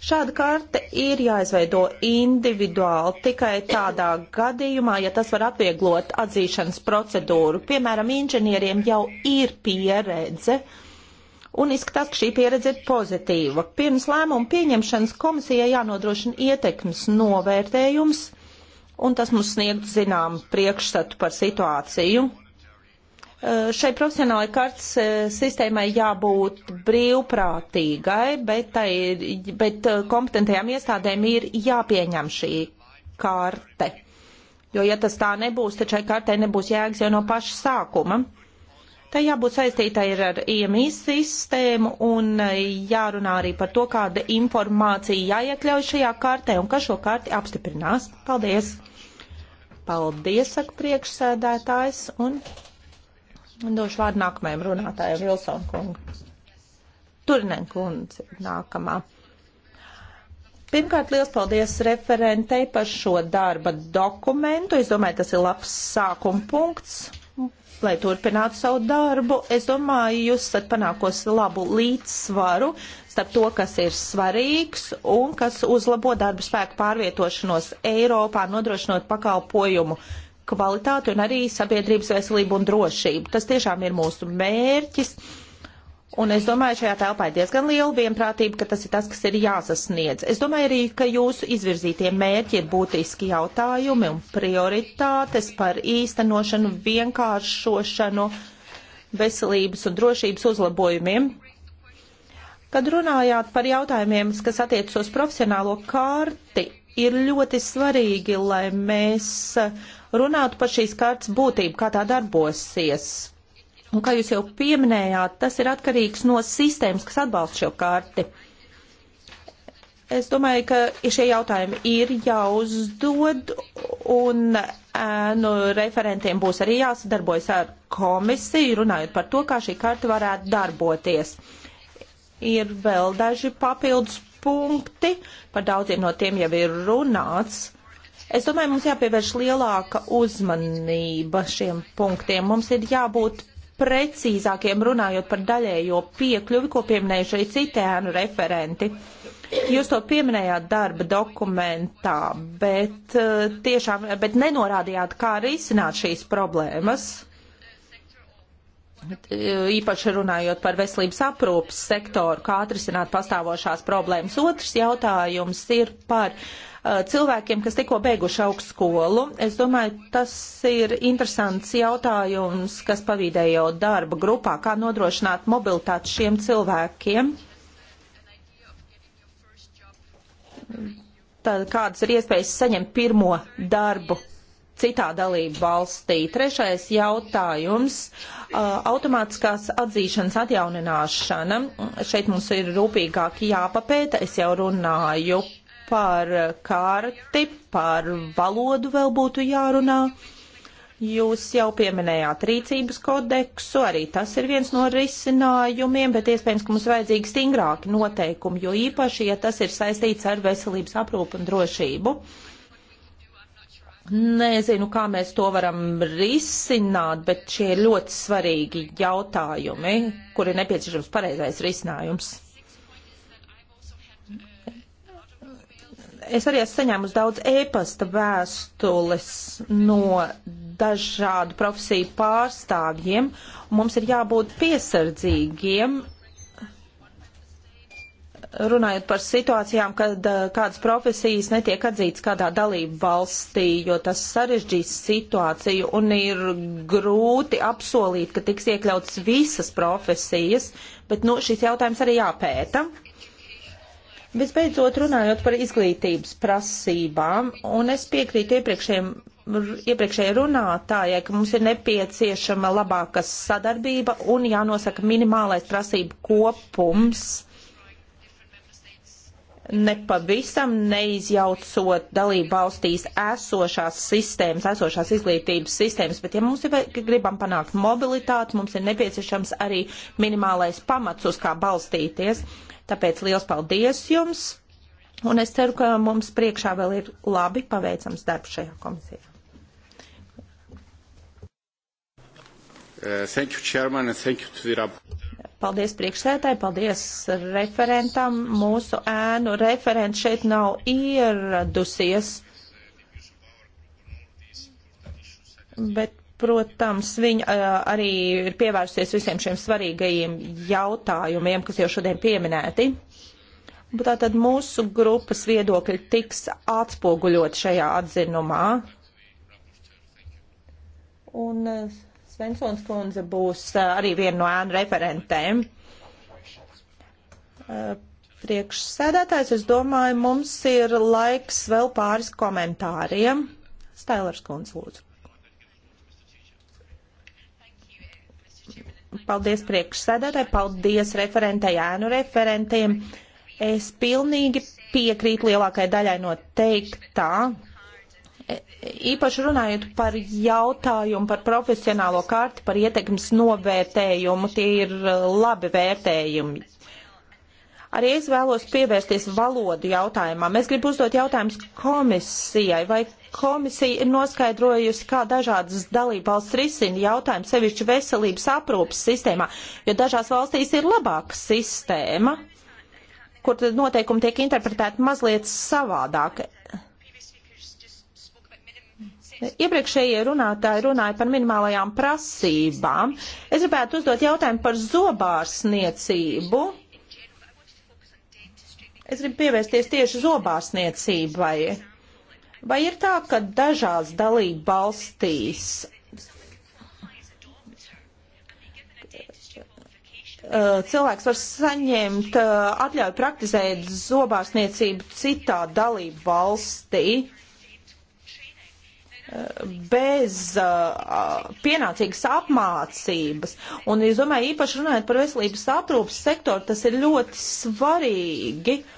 Šāda karte ir jāizveido individuāli tikai tādā gadījumā, ja tas var atvieglot atzīšanas procedūru. Piemēram, inženieriem jau ir pieredze un izskatās, ka šī pieredze ir pozitīva. Pirms lēmumu pieņemšanas komisijai jānodrošina ietekmes novērtējums, un tas mums sniegtu zinām priekšstatu par situāciju. Eh, šai profesionālai kartes eh, sistēmai jābūt brīvprātīgai, bet, tai, bet eh, kompetentajām iestādēm ir jāpieņem šī karte. Jo, ja tas tā nebūs, tad šai kartei nebūs jēgas jau no paša sākuma. Tā jābūt saistītai ar IMI sistēmu un jārunā arī par to, kāda informācija jāiekļauj šajā kartē un kas šo karti apstiprinās. Paldies! Paldies, saka priekšsēdētājs, un Došu vārdu nākamajam runātājam, Vilsona kungu. Turinen kundze nākamā. Pirmkārt, liels paldies referentei par šo darba dokumentu. Es domāju, tas ir labs sākuma punkts, lai turpinātu savu darbu. Es domāju, jūs esat panākosi labu līdzsvaru starp to, kas ir svarīgs un kas uzlabo darba spēku pārvietošanos Eiropā, nodrošinot pakalpojumu kvalitāti un arī sabiedrības veselību un drošību. Tas tiešām ir mūsu mērķis. Un es domāju, šajā telpā ir diezgan liela vienprātība, ka tas ir tas, kas ir jāsasniedz. Es domāju arī, ka jūsu izvirzītie mērķi ir būtiski jautājumi un prioritātes par īstenošanu, vienkāršošanu, veselības un drošības uzlabojumiem. Kad runājāt par jautājumiem, kas attiecas uz profesionālo kārti, ir ļoti svarīgi, lai mēs uh, runātu par šīs kartas būtību, kā tā darbosies. Un kā jūs jau pieminējāt, tas ir atkarīgs no sistēmas, kas atbalsta šo karti. Es domāju, ka šie jautājumi ir jāuzdod, un nu, referentiem būs arī jāsadarbojas ar komisiju, runājot par to, kā šī karta varētu darboties. Ir vēl daži papildus punkti, par daudziem no tiem jau ir runāts. Es domāju, mums jāpievērš lielāka uzmanība šiem punktiem. Mums ir jābūt precīzākiem runājot par daļējo piekļuvi, ko pieminējuši arī citēnu referenti. Jūs to pieminējāt darba dokumentā, bet, eh, tiešām, bet nenorādījāt, kā risināt šīs problēmas. Īpaši runājot par veselības aprūpas sektoru, kā atrisināt pastāvošās problēmas. Otrs jautājums ir par uh, Uh, cilvēkiem, kas tikko beiguši augstskolu. Es domāju, tas ir interesants jautājums, kas pavīdējo darba grupā, kā nodrošināt mobilitāti šiem cilvēkiem. Tad kādas ir iespējas saņemt pirmo darbu citā dalību valstī. Trešais jautājums uh, - automātiskās atzīšanas atjaunināšana. Šeit mums ir rūpīgāk jāpapēta. Es jau runāju par kārti, par valodu vēl būtu jārunā. Jūs jau pieminējāt rīcības kodeksu, arī tas ir viens no risinājumiem, bet iespējams, ka mums vajadzīgi stingrāki noteikumi, jo īpaši, ja tas ir saistīts ar veselības aprūpu un drošību. Nezinu, kā mēs to varam risināt, bet šie ir ļoti svarīgi jautājumi, kur ir nepieciešams pareizais risinājums. Es arī esmu saņēmusi daudz ēpasta vēstules no dažādu profesiju pārstāvjiem. Mums ir jābūt piesardzīgiem, runājot par situācijām, kad eh, kādas profesijas netiek atzītas kādā dalību valstī, jo tas sarežģīs situāciju un ir grūti apsolīt, ka tiks iekļautas visas profesijas, bet nu, šis jautājums arī jāpēta. Visbeidzot, runājot par izglītības prasībām, un es piekrītu iepriekšējiem iepriekšējai runātājai, ka mums ir nepieciešama labāka sadarbība un jānosaka minimālais prasību kopums, nepavisam neizjaucot dalību valstīs esošās sistēmas, esošās izglītības sistēmas, bet ja mums ir, gribam panākt mobilitāti, mums ir nepieciešams arī minimālais pamats, uz kā balstīties. Tāpēc liels paldies jums, un es ceru, ka mums priekšā vēl ir labi paveicams darbs šajā komisijā. Uh, thank you, Chairman, and thank you to the rapporteur. Paldies priekšsētāji, paldies referentam. Mūsu ēnu referents šeit nav ieradusies. Bet Protams, viņa arī ir pievērsusies visiem šiem svarīgajiem jautājumiem, kas jau šodien pieminēti. Tātad mūsu grupas viedokļi tiks atspoguļot šajā atzinumā. Un Svensons kundze būs arī viena no ēnu referentēm. Priekšsēdētājs, es domāju, mums ir laiks vēl pāris komentāriem. Stailers kundze, lūdzu. Paldies priekšsēdētāji, paldies referentei, ēnu referentiem. Es pilnīgi piekrītu lielākai daļai no teiktā. Īpaši runājot par jautājumu par profesionālo kārti, par ietekmes novērtējumu, tie ir labi vērtējumi. Arī es vēlos pievērsties valodu jautājumam. Es gribu uzdot jautājumus komisijai, vai Komisija ir noskaidrojusi, kā dažādas dalībvalsts risina jautājumu sevišķi veselības aprūpas sistēmā, jo dažās valstīs ir labāka sistēma, kur tad noteikumi tiek interpretēti mazliet savādāk. Iepriekšējie runātāji runāja par minimālajām prasībām. Es gribētu uzdot jautājumu par zobārsniecību. Es gribu pievērsties tieši zobārsniecībai. Vai ir tā, ka dažās dalību valstīs eh, cilvēks var saņemt eh, atļauju praktizēt zobārstniecību citā dalību valstī eh, bez pienācīgas apmācības. Un es domāju, īpaši runājot par veselības aprūpas sektoru, tas ir ļoti svarīgi. Uh,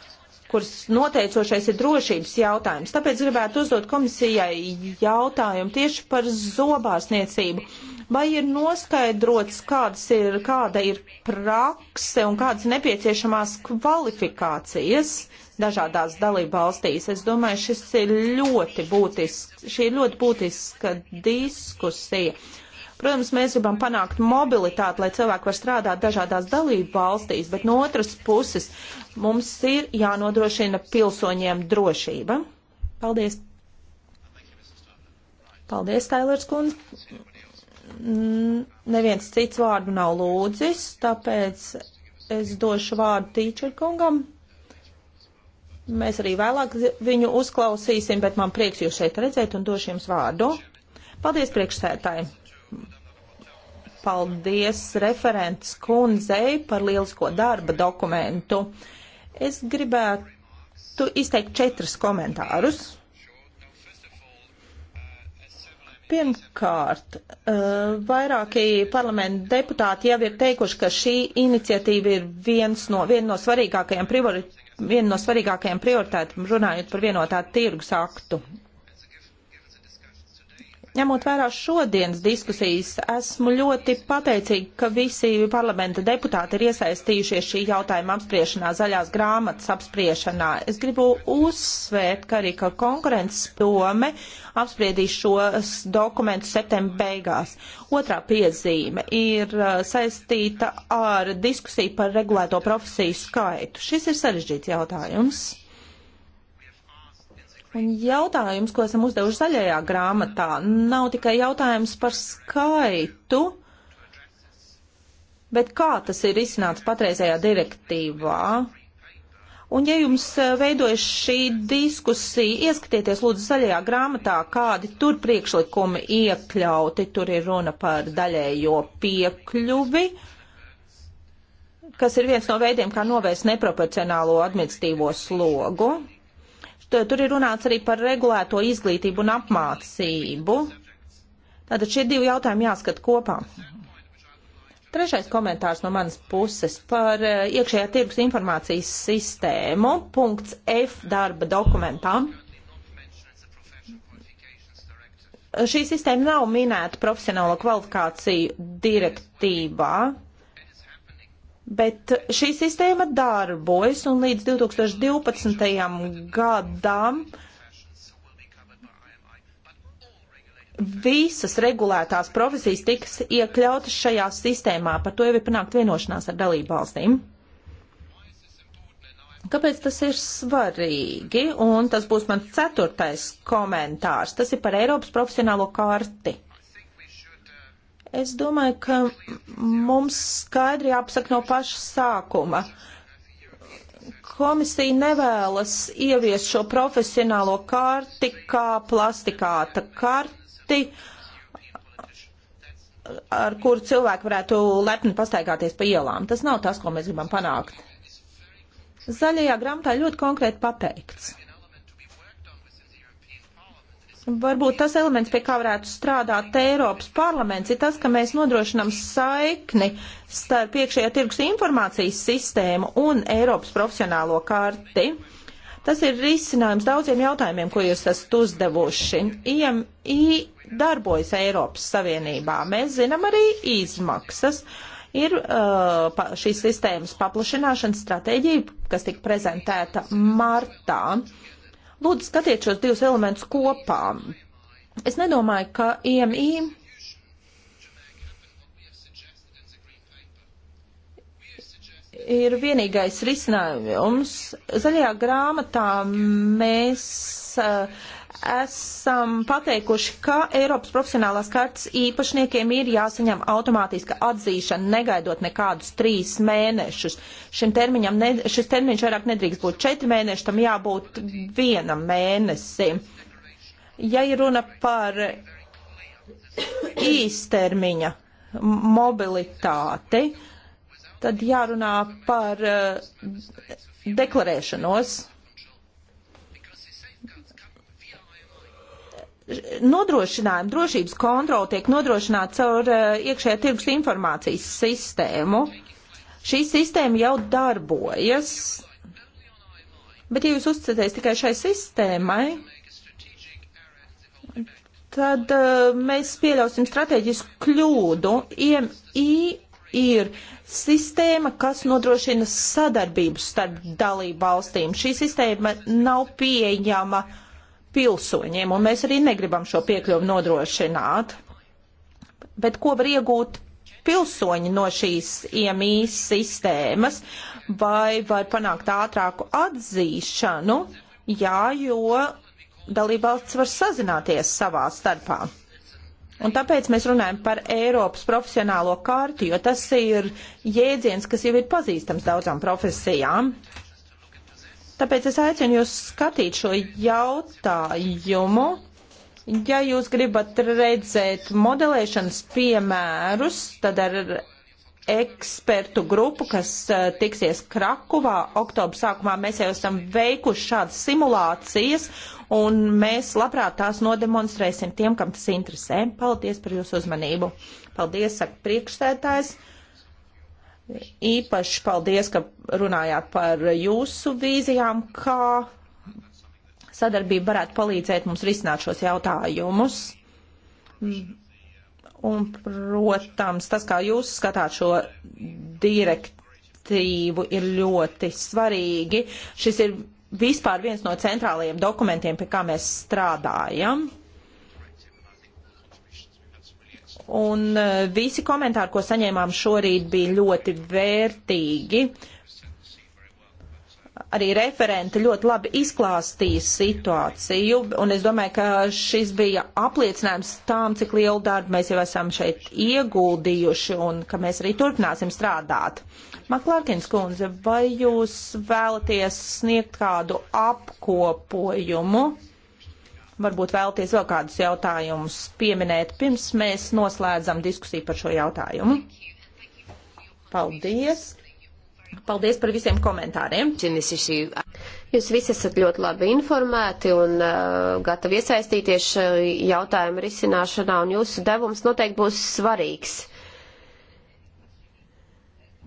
kuras noteicošais ir drošības jautājums. Tāpēc gribētu uzdot komisijai jautājumu tieši par zobārsniecību. Vai ir noskaidrots, kādas ir, kāda ir prakse un kādas nepieciešamās kvalifikācijas dažādās dalību valstīs? Es domāju, šis ir ļoti būtisks, šī ir ļoti būtiska diskusija. Protams, mēs gribam panākt mobilitāti, lai cilvēki var strādāt dažādās dalību valstīs, bet no otras puses Mums ir jānodrošina pilsoņiem drošība. Paldies! Paldies, Tailers kundze! Neviens cits vārdu nav lūdzis, tāpēc es došu vārdu tīčer kungam. Mēs arī vēlāk viņu uzklausīsim, bet man prieks jūs šeit redzēt un došu jums vārdu. Paldies, priekšsētāji! paldies referents kundzei par lielisko darba dokumentu. Es gribētu izteikt četrus komentārus. Pirmkārt, eh, vairāki parlamenta deputāti jau ir teikuši, ka šī iniciatīva ir viens no, viena no svarīgākajiem, priori, viena no svarīgākajiem prioritētiem runājot par vienotā tirgus aktu Ņemot vērā šodienas diskusijas, esmu ļoti pateicīga, ka visi parlamenta deputāti ir iesaistījušies šī jautājuma apspriešanā, zaļās grāmatas apspriešanā. Es gribu uzsvērt, ka arī ka konkurences dome apspriedīs šos dokumentus septembra beigās. Otrā piezīme ir uh, saistīta ar diskusiju par regulēto profesiju skaitu. Šis ir sarežģīts jautājums Jautājums, ko esam uzdevuši zaļajā grāmatā, nav tikai jautājums par skaitu, bet kā tas ir izsnāts patreizējā direktīvā. Un, ja jums eh, veidojas šī diskusija, ieskatieties lūdzu zaļajā grāmatā, kādi tur priekšlikumi iekļauti. Tur ir runa par daļējo piekļuvi, kas ir viens no veidiem, kā novērst neproporcionālo administīvo slogu tur ir runāts arī par regulēto izglītību un apmācību. Tātad šie divi jautājumi jāskat kopā. Trešais komentārs no manas puses par e, iekšējā tirgus informācijas sistēmu. Punkts F darba dokumentā. Šī sistēma nav minēta profesionālo kvalifikāciju direktīvā. Bet šī sistēma darbojas un līdz 2012. gadam visas regulētās profesijas tiks iekļautas šajā sistēmā. Par to jau ir panākt vienošanās ar dalību valstīm. Kāpēc tas ir svarīgi? Un tas būs mans ceturtais komentārs. Tas ir par Eiropas profesionālo karti. Es domāju, ka mums skaidri jāpasaka no paša sākuma. Komisija nevēlas ieviest šo profesionālo karti kā plastikāta karti, ar kuru cilvēki varētu lepni pastaigāties pa ielām. Tas nav tas, ko mēs gribam panākt. Zaļajā grāmatā ļoti konkrēti pateikts. Varbūt tas elements, pie kā varētu strādāt Eiropas parlaments, ir tas, ka mēs nodrošinām saikni starp iekšējā tirgus informācijas sistēmu un Eiropas profesionālo karti. Tas ir risinājums daudziem jautājumiem, ko jūs esat uzdevuši. IMI darbojas Eiropas Savienībā. Mēs zinām arī izmaksas. Ir uh, šīs sistēmas paplašināšanas stratēģija, kas tika prezentēta martā. Uh, Lūdzu, skatiet šos divus elementus kopā. Es nedomāju, ka IMI ir vienīgais risinājums. Zaļajā grāmatā mēs uh, esam pateikuši, ka Eiropas profesionālās kartas īpašniekiem ir jāsaņem automātiska atzīšana, negaidot nekādus trīs mēnešus. Šim termiņam, ne, šis termiņš vairāk nedrīkst būt četri mēneši, tam jābūt vienam mēnesim. Ja ir runa par īstermiņa mobilitāti, tad jārunā par eh, deklarēšanos nodrošinājuma drošības kontrola tiek nodrošināta caur uh, iekšējā tirgus informācijas sistēmu. Šī sistēma jau darbojas, bet ja jūs uzticaties tikai šai sistēmai, tad uh, mēs pieļausim strateģisku kļūdu. IMI ir sistēma, kas nodrošina sadarbību starp dalību valstīm. Šī sistēma nav pieejama uh, pilsoņiem, un mēs arī negribam šo piekļuvu nodrošināt. Bet ko var iegūt pilsoņi no šīs iemīs sistēmas, vai var panākt ātrāku atzīšanu? Jā, jo dalībvalsts var sazināties savā starpā. Un tāpēc mēs runājam par Eiropas profesionālo kārtu, jo tas ir jēdziens, kas jau ir pazīstams daudzām profesijām. Tāpēc es aicinu jūs skatīt šo jautājumu. Ja jūs gribat redzēt modelēšanas piemērus, tad ar ekspertu grupu, kas tiksies Krakuvā oktobra sākumā, mēs jau esam veikuši šādas simulācijas, un mēs labprāt tās nodemonstrēsim tiem, kam tas interesē. Paldies par jūsu uzmanību. Paldies, saka priekšsētājs. Īpaši paldies, ka runājāt par jūsu vīzijām, kā sadarbība varētu palīdzēt mums risināt šos jautājumus. Un, protams, tas, kā jūs skatāt šo direktīvu, ir ļoti svarīgi. Šis ir vispār viens no centrālajiem dokumentiem, pie kā mēs strādājam. Un e, visi komentāri, ko saņēmām šorīt, bija ļoti vērtīgi. Arī referenti ļoti labi izklāstīja situāciju, un es domāju, ka šis bija apliecinājums tām, cik lielu darbu mēs jau esam šeit ieguldījuši un ka mēs arī turpināsim strādāt. Maklārkins kundze, vai jūs vēlaties sniegt kādu apkopojumu? varbūt vēlties vēl kādus jautājumus pieminēt, pirms mēs noslēdzam diskusiju par šo jautājumu. Paldies! Paldies par visiem komentāriem. Jūs visi esat ļoti labi informēti un uh, gatavi iesaistīties jautājumu risināšanā, un jūsu devums noteikti būs svarīgs.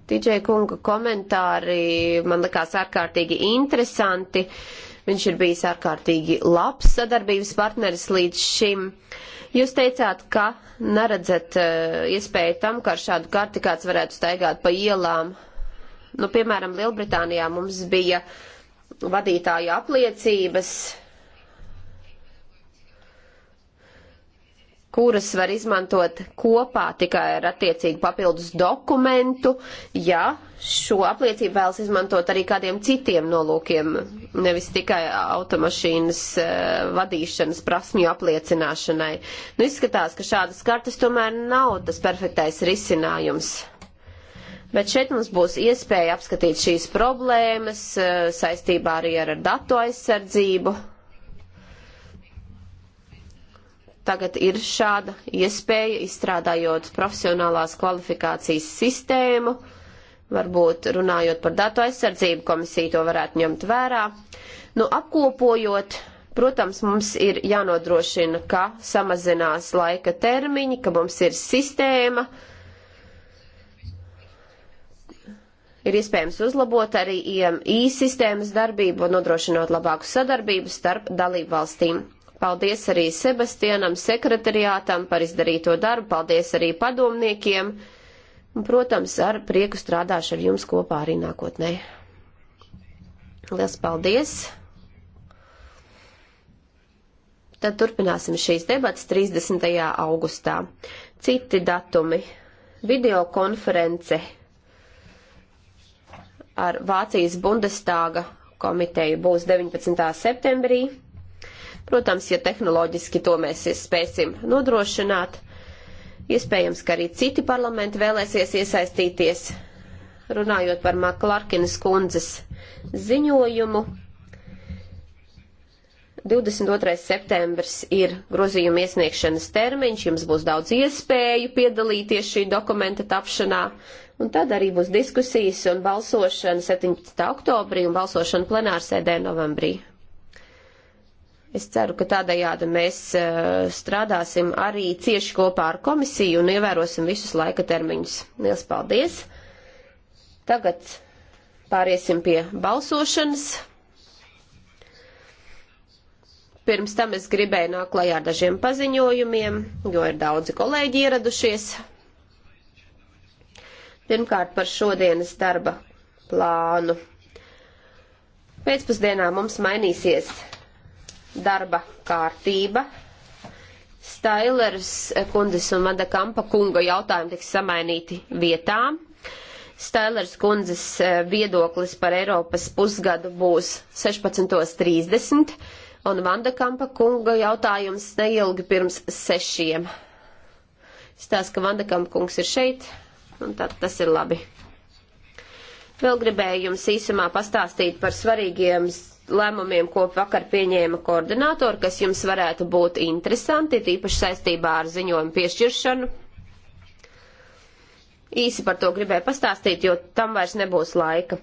Tidžēja kunga komentāri man likās ārkārtīgi interesanti. Uh, Viņš ir bijis ārkārtīgi labs sadarbības partneris līdz šim. Jūs teicāt, ka neredzat eh, iespēju tam, ka ar šādu karti kāds varētu staigāt pa ielām. Nu, piemēram, Lielbritānijā mums bija vadītāju apliecības, kuras var izmantot kopā tikai ar attiecīgu papildus dokumentu, ja šo apliecību vēlas izmantot arī kādiem citiem nolūkiem, nevis tikai automašīnas eh, vadīšanas prasmju apliecināšanai. Nu, izskatās, ka šādas kartas tomēr nav tas perfektais risinājums. Bet šeit mums būs iespēja apskatīt šīs problēmas eh, saistībā arī ar datu aizsardzību, tagad ir šāda iespēja izstrādājot profesionālās kvalifikācijas sistēmu, varbūt runājot par datu aizsardzību, komisija to varētu ņemt vērā. Nu, apkopojot, protams, mums ir jānodrošina, ka samazinās laika termiņi, ka mums ir sistēma, ir iespējams uzlabot arī IMI sistēmas darbību, nodrošinot labāku sadarbību starp dalību valstīm. Paldies arī Sebastianam, sekretariātam par izdarīto darbu, paldies arī padomniekiem. Un, protams, ar prieku strādāšu ar jums kopā arī nākotnē. Liels paldies! Tad turpināsim šīs debatas 30. augustā. Citi datumi - videokonference ar Vācijas Bundestāga komiteju būs 19. septembrī. Protams, ja tehnoloģiski to mēs spēsim nodrošināt, iespējams, ka arī citi parlamenti vēlēsies iesaistīties. Runājot par Maklārkinas kundzes ziņojumu, 22. septembris ir grozījuma iesniegšanas termiņš, jums būs daudz iespēju piedalīties šī dokumenta tapšanā, un tad arī būs diskusijas un balsošana 17. oktobrī un balsošana plenārsēdē novembrī. Es ceru, ka tādējādi mēs eh, strādāsim arī cieši kopā ar komisiju un ievērosim visus laika termiņus. Liels paldies! Tagad pāriesim pie balsošanas. Pirms tam es gribēju nākt klajā ar dažiem paziņojumiem, jo ir daudzi kolēģi ieradušies. Pirmkārt par šodienas darba plānu. Pēcpusdienā mums mainīsies darba kārtība. Stailers kundzes un Vanda Kampa kunga jautājumi tiks samainīti vietām. Stailers kundzes eh, viedoklis par Eiropas pusgadu būs 16.30 un Vanda Kampa kunga jautājums neilgi pirms sešiem. Stāsta, ka Vanda Kampa kungs ir šeit, un tad tas ir labi. Vēl gribēju jums īsumā pastāstīt par svarīgiem lēmumiem, ko vakar pieņēma koordinātori, kas jums varētu būt interesanti, tīpaši saistībā ar ziņojumu piešķiršanu. Īsi par to gribēju pastāstīt, jo tam vairs nebūs laika.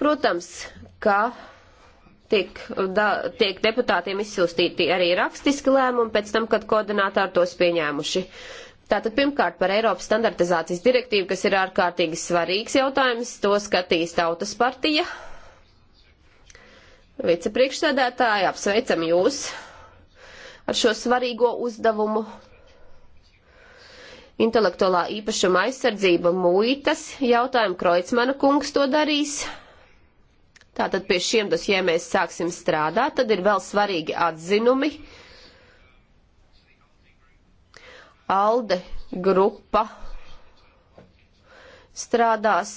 Protams, ka tiek, da, tiek deputātiem izsūstīti arī rakstiski lēmumi pēc tam, kad koordinātori tos pieņēmuši. Tātad pirmkārt par Eiropas standartizācijas direktīvu, kas ir ārkārtīgi svarīgs jautājums, to skatīs Tautas partija Vicepriekšsēdētāji, apsveicam jūs ar šo svarīgo uzdevumu. Intelektuālā īpašuma aizsardzība muitas jautājumu Kreutzmana kungs to darīs. Tātad pie šiem dosiem mēs sāksim strādāt, tad ir vēl svarīgi atzinumi. ALDE grupa strādās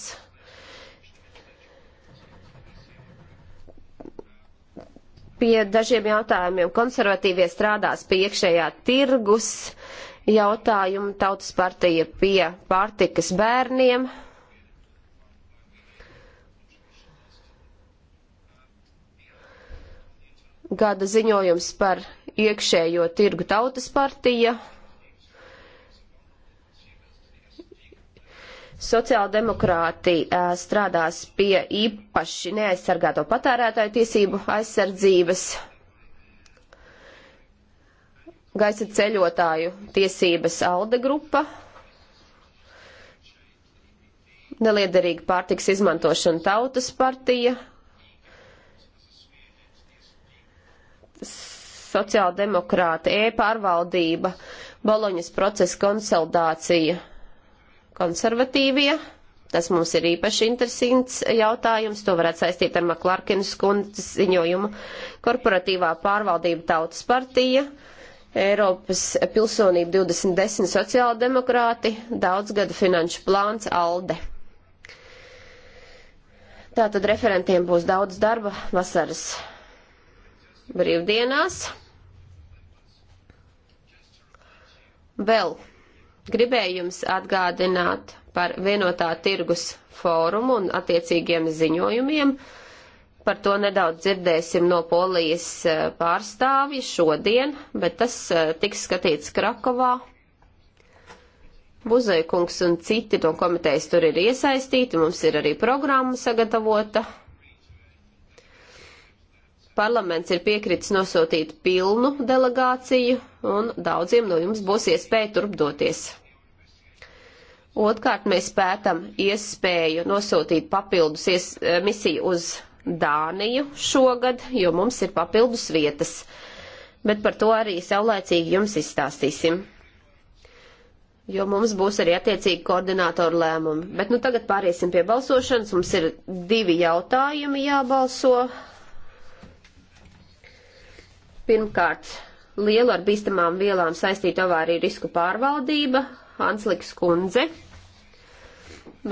pie dažiem jautājumiem. Konservatīvie strādās pie iekšējā tirgus jautājuma, tautas partija pie pārtikas bērniem. Gada ziņojums par iekšējo tirgu tautas partija. Sociāldemokrāti strādās pie īpaši neaizsargāto patērētāju tiesību aizsardzības, gaisa ceļotāju tiesības ALDE grupa, neliederīga pārtiks izmantošana tautas partija, sociāldemokrāti, e-pārvaldība, Boloņas procesa konsolidācija konservatīvie. Tas mums ir īpaši interesants jautājums. To varētu saistīt ar Maklārkinas kundzes ziņojumu. Korporatīvā pārvaldība tautas partija, Eiropas pilsonība 2010 sociāldemokrāti, daudzgada finanšu plāns ALDE. Tātad referentiem būs daudz darba vasaras brīvdienās. Vēl Gribēju jums atgādināt par vienotā tirgus fórumu un attiecīgiem ziņojumiem. Par to nedaudz dzirdēsim no polijas eh, pārstāvja šodien, bet tas eh, tiks skatīts Krakovā. Buzaikungs un citi no komitejas tur ir iesaistīti, mums ir arī programma sagatavota, Parlaments ir piekritis nosūtīt pilnu delegāciju, un daudziem no jums būs iespēja turp doties. Otkārt, mēs pētam iespēju nosūtīt papildus ies, eh, misiju uz Dāniju šogad, jo mums ir papildus vietas, bet par to arī saulēcīgi jums izstāstīsim, jo mums būs arī attiecīgi koordinātoru lēmumi. Bet nu tagad pāriesim pie balsošanas, mums ir divi jautājumi jābalso Pirmkārt, lielu ar bīstamām vielām saistīta avārija risku pārvaldība, Hansliks kundze.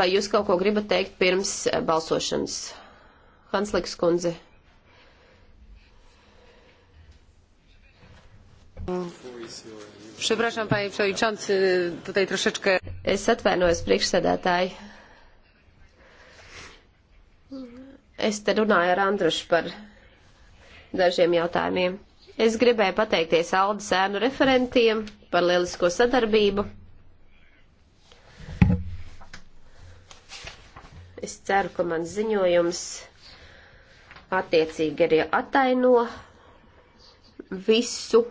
Vai jūs kaut ko gribat teikt pirms eh, balsošanas? Hansliks kundze. Przepraszam, panie przewodniczący, tutaj troszeczkę. Es atvainojos priekšsēdētāji. Es te runāju ar Andrušu par dažiem jautājumiem. Es gribēju pateikties Alda sēnu referentiem par lielisko sadarbību. Es ceru, ka mans ziņojums attiecīgi arī ataino visu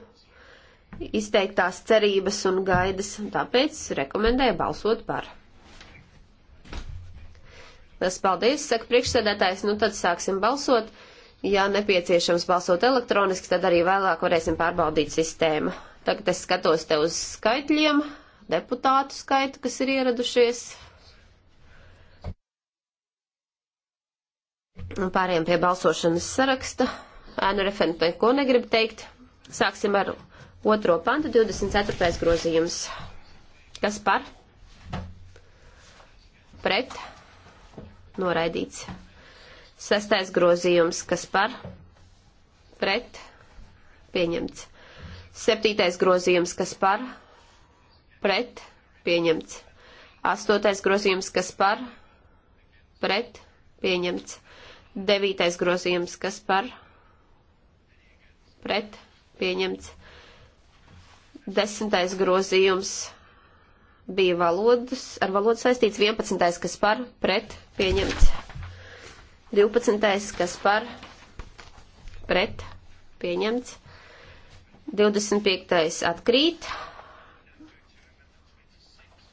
izteiktās cerības un gaidas, un tāpēc rekomendēju balsot par. Liels paldies, saka priekšsēdētājs, nu tad sāksim balsot. Ja nepieciešams balsot elektroniski, tad arī vēlāk varēsim pārbaudīt sistēmu. Tagad es skatos te uz skaitļiem, deputātu skaitu, kas ir ieradušies. Un pāriem pie balsošanas saraksta. Ēnu referentu neko negrib teikt. Sāksim ar otro pantu, 24. grozījums. Kas par? Pret? Noraidīts. Sestais grozījums, kas par pret pieņemts. Septītais grozījums, kas par pret pieņemts. Astotais grozījums, kas par pret pieņemts. Devītais grozījums, kas par pret pieņemts. Desmitais grozījums bija valodas, ar valodu saistīts. Vienpadsmitais, kas par pret pieņemts. 12. kas par pret pieņemts. 25. atkrīt.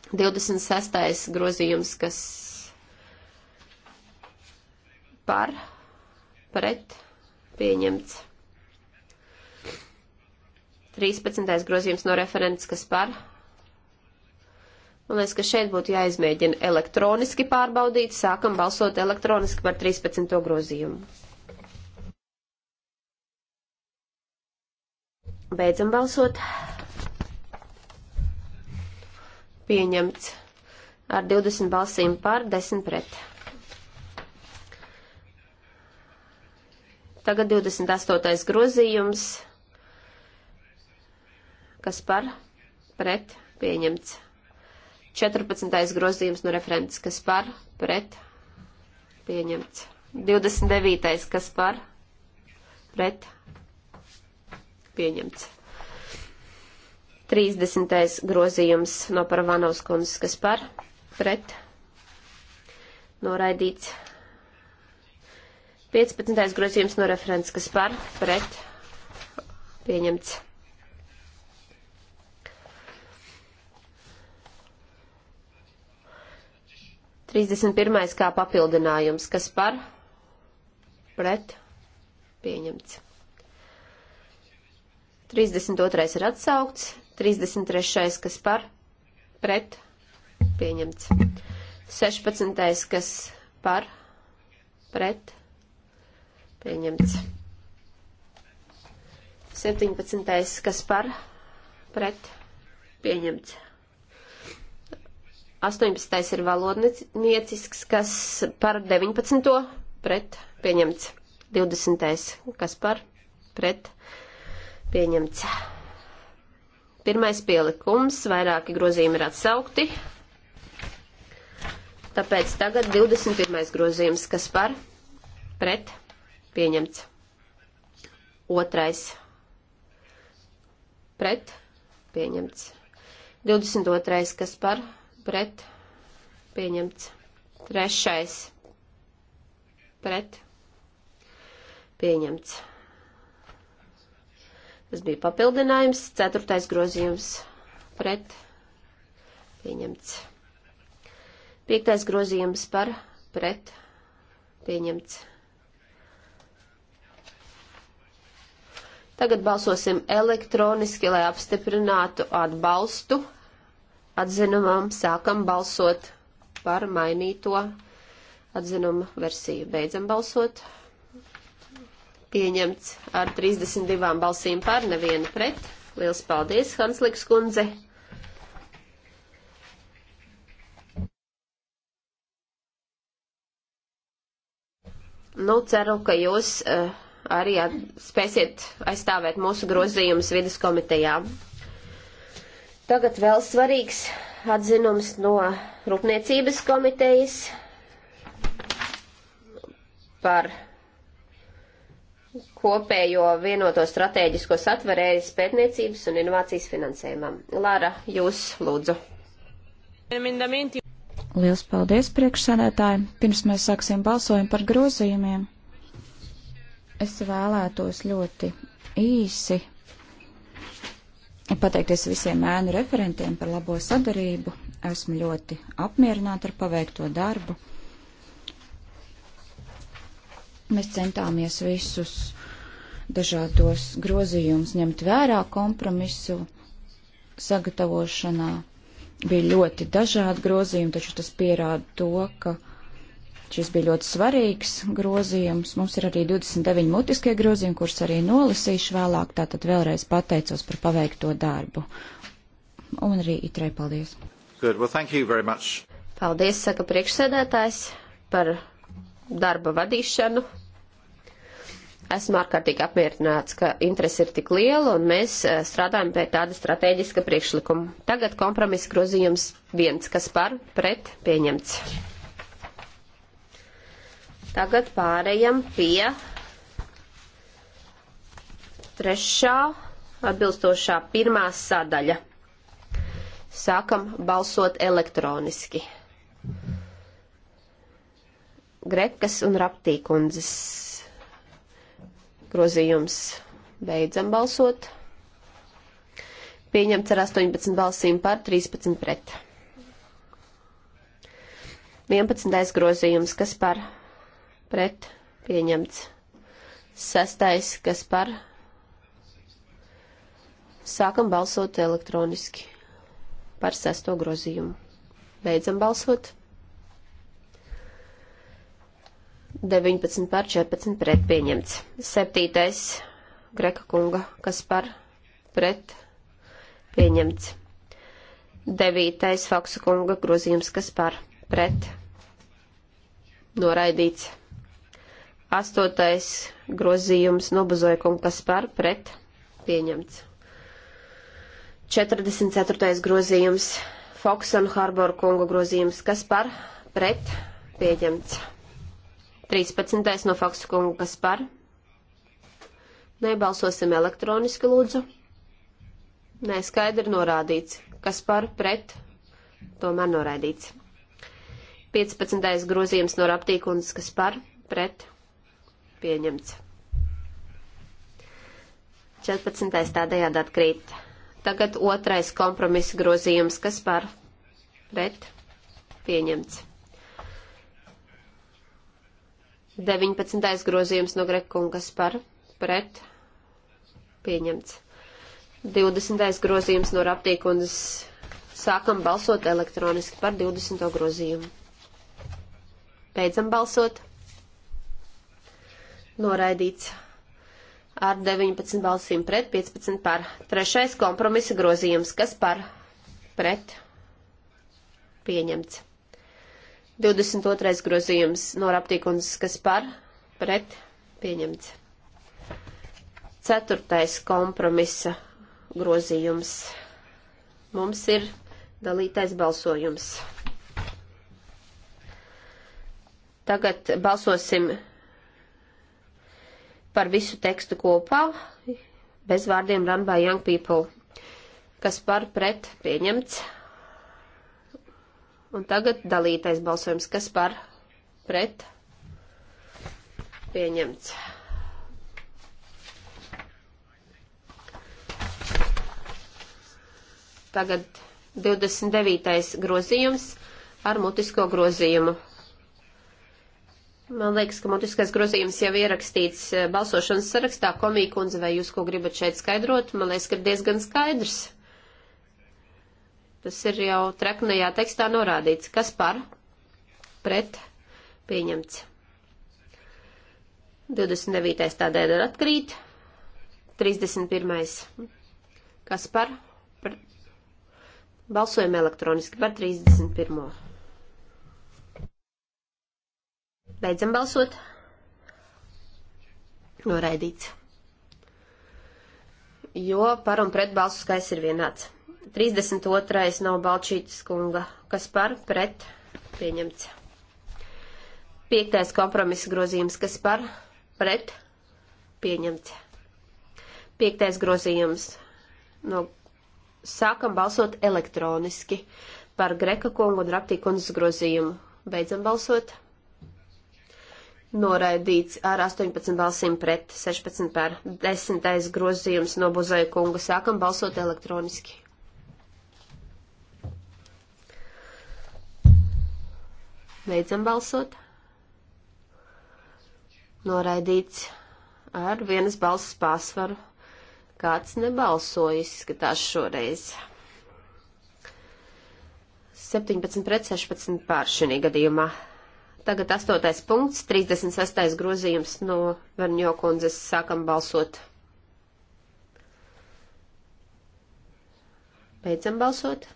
26. grozījums, kas par pret pieņemts. 13. grozījums no referents, kas par pret Man liekas, ka šeit būtu jāizmēģina elektroniski pārbaudīt. Sākam balsot elektroniski par 13. grozījumu. Beidzam balsot. Pieņemts ar 20 balsīm par, 10 pret. Tagad 28. grozījums, kas par, pret, pieņemts. 14. grozījums no referentes, kas par, pret, pieņemts. 29. kas par, pret, pieņemts. 30. grozījums no Parvanovas kundzes, kas par, pret, noraidīts. 15. grozījums no referents, kas par, pret, pieņemts. 31. kā papildinājums, kas par pret pieņemts. 32. ir atsaukts, 33. kas par pret pieņemts. 16. kas par pret pieņemts. 17. kas par pret pieņemts. 18. ir valodniecisks, kas par 19. pret pieņemts. 20. kas par pret pieņemts. Pirmais pielikums, vairāki grozījumi ir atsaukti. Tāpēc tagad 21. grozījums, kas par pret pieņemts. Otrais pret pieņemts. 22. kas par pret pret, pieņemts. Trešais pret, pieņemts. Tas bija papildinājums. Ceturtais grozījums pret, pieņemts. Piektais grozījums par, pret, pieņemts. Tagad balsosim elektroniski, lai apstiprinātu atbalstu atzinumam, sākam balsot par mainīto atzinuma versiju. Beidzam balsot. Pieņemts ar 32 balsīm par, nevienu pret. Liels paldies, Hanslīks kundze. Nu, ceru, ka jūs uh, arī at, spēsiet aizstāvēt mūsu grozījumus vidas komitejā. Tagad vēl svarīgs atzinums no Rūpniecības komitejas par kopējo vienoto strateģisko satvarējas pētniecības un inovācijas finansējumam. Lara, jūs lūdzu. Liels paldies priekšsēdētāji. Pirms mēs sāksim balsojumu par grozījumiem, es vēlētos ļoti īsi pateikties visiem ēnu referentiem par labo sadarību. Esmu ļoti apmierināta ar paveikto darbu. Mēs centāmies visus dažādos grozījumus ņemt vērā kompromisu sagatavošanā. Bija ļoti dažādi grozījumi, taču tas pierāda to, ka Šis bija ļoti svarīgs grozījums. Mums ir arī 29 mutiskie grozījumi, kurus arī nolasīšu vēlāk. Tātad vēlreiz pateicos par paveikto darbu. Un arī itrei paldies. Good. Well, thank you very much. Paldies, saka priekšsēdētājs, par darba vadīšanu. Esmu ārkārtīgi apmierināts, ka interesi ir tik liela un mēs eh, strādājam pie tāda strateģiska priekšlikuma. Tagad kompromisa grozījums viens, kas par pret pieņemts. Tagad pārējam pie trešā atbilstošā pirmā sadaļa. Sākam balsot elektroniski. Grekas un Raptīkundzes grozījums. Beidzam balsot. Pieņemts ar 18 balsīm par 13 pret. 11. grozījums, kas par pret pieņemts. Sestais, kas par? Sākam balsot elektroniski par sesto grozījumu. Beidzam balsot. 19 par 14 pret pieņemts. Septītais Greka kunga, kas par pret pieņemts. Devītais Faksa kunga grozījums, kas par pret noraidīts. Astotais grozījums nobazoja kungu, kas par pret pieņemts. 44. grozījums Foks un Harbor kungu grozījums, kas par pret pieņemts. 13. no Foksa kungu, kas par. Nebalsosim elektroniski, lūdzu. Nē, skaidri norādīts, kas par pret, tomēr noraidīts. 15. grozījums no raptīkundas, kas par pret Pieņemts. 14. tādējādi atkrīt. Tagad otrais kompromisa grozījums, kas par pret pieņemts. 19. grozījums no Grekungas par pret pieņemts. 20. grozījums no Raptīkundas sākam balsot elektroniski par 20. grozījumu. Beidzam balsot noraidīts ar 19 balsīm pret, 15 par. Trešais kompromisa grozījums, kas par pret pieņemts. 22. grozījums no raptīkums, kas par pret pieņemts. Ceturtais kompromisa grozījums. Mums ir dalītais balsojums. Tagad balsosim par visu tekstu kopā, bez vārdiem run by young people, kas par pret pieņemts. Un tagad dalītais balsojums, kas par pret pieņemts. Tagad 29. grozījums ar mutisko grozījumu. Man liekas, ka mutiskais grozījums jau ierakstīts eh, balsošanas sarakstā. Komija kundze, vai jūs ko gribat šeit skaidrot? Man liekas, ka diezgan skaidrs. Tas ir jau treknajā tekstā norādīts. Kas par? Pret? Pieņemts. 29. tādēļ ir atkrīt. 31. Kas par? par? Balsojam elektroniski par 31. Beidzam balsot. Noraidīts. Jo par un pret balsu skaits ir vienāds. 32. nav Balčītis kunga, kas par pret pieņemts. 5. kompromisa grozījums, kas par pret pieņemts. 5. grozījums. No, sākam balsot elektroniski par Greka kungu un Raptī kundzes grozījumu. Beidzam balsot noraidīts ar 18 balsīm pret 16 pār 10. grozījums no Buzoja kunga. Sākam balsot elektroniski. Beidzam balsot. Noraidīts ar vienas balsas pārsvaru. Kāds nebalsoja, izskatās šoreiz. 17 pret 16 pār šī gadījumā. Tagad astotais punkts, 36. grozījums no Verņokundzes. Sākam balsot. Beidzam balsot.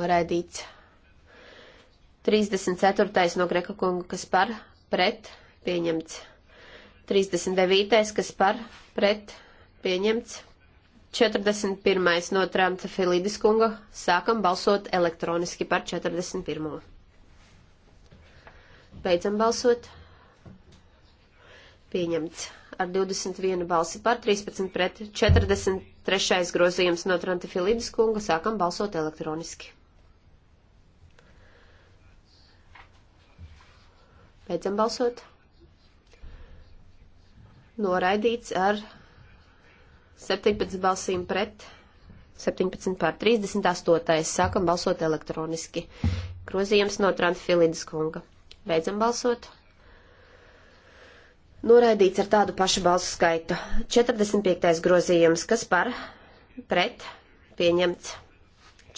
Noraidīts. 34. no Greka kunga, kas par, pret, pieņemts. 39. kas par, pret, pieņemts. 41. no Tramca Filidis kunga. Sākam balsot elektroniski par 41. Beidzam balsot. Pieņemts ar 21 balsi par 13 pret 43. grozījums no Tranta Filides kunga. Sākam balsot elektroniski. Beidzam balsot. Noraidīts ar 17 balsīm pret 17 pār 38. Sākam balsot elektroniski. Grozījums no Tranta Filides kunga. Beidzam balsot. Noraidīts ar tādu pašu balsu skaitu. 45. grozījums, kas par, pret, pieņemts.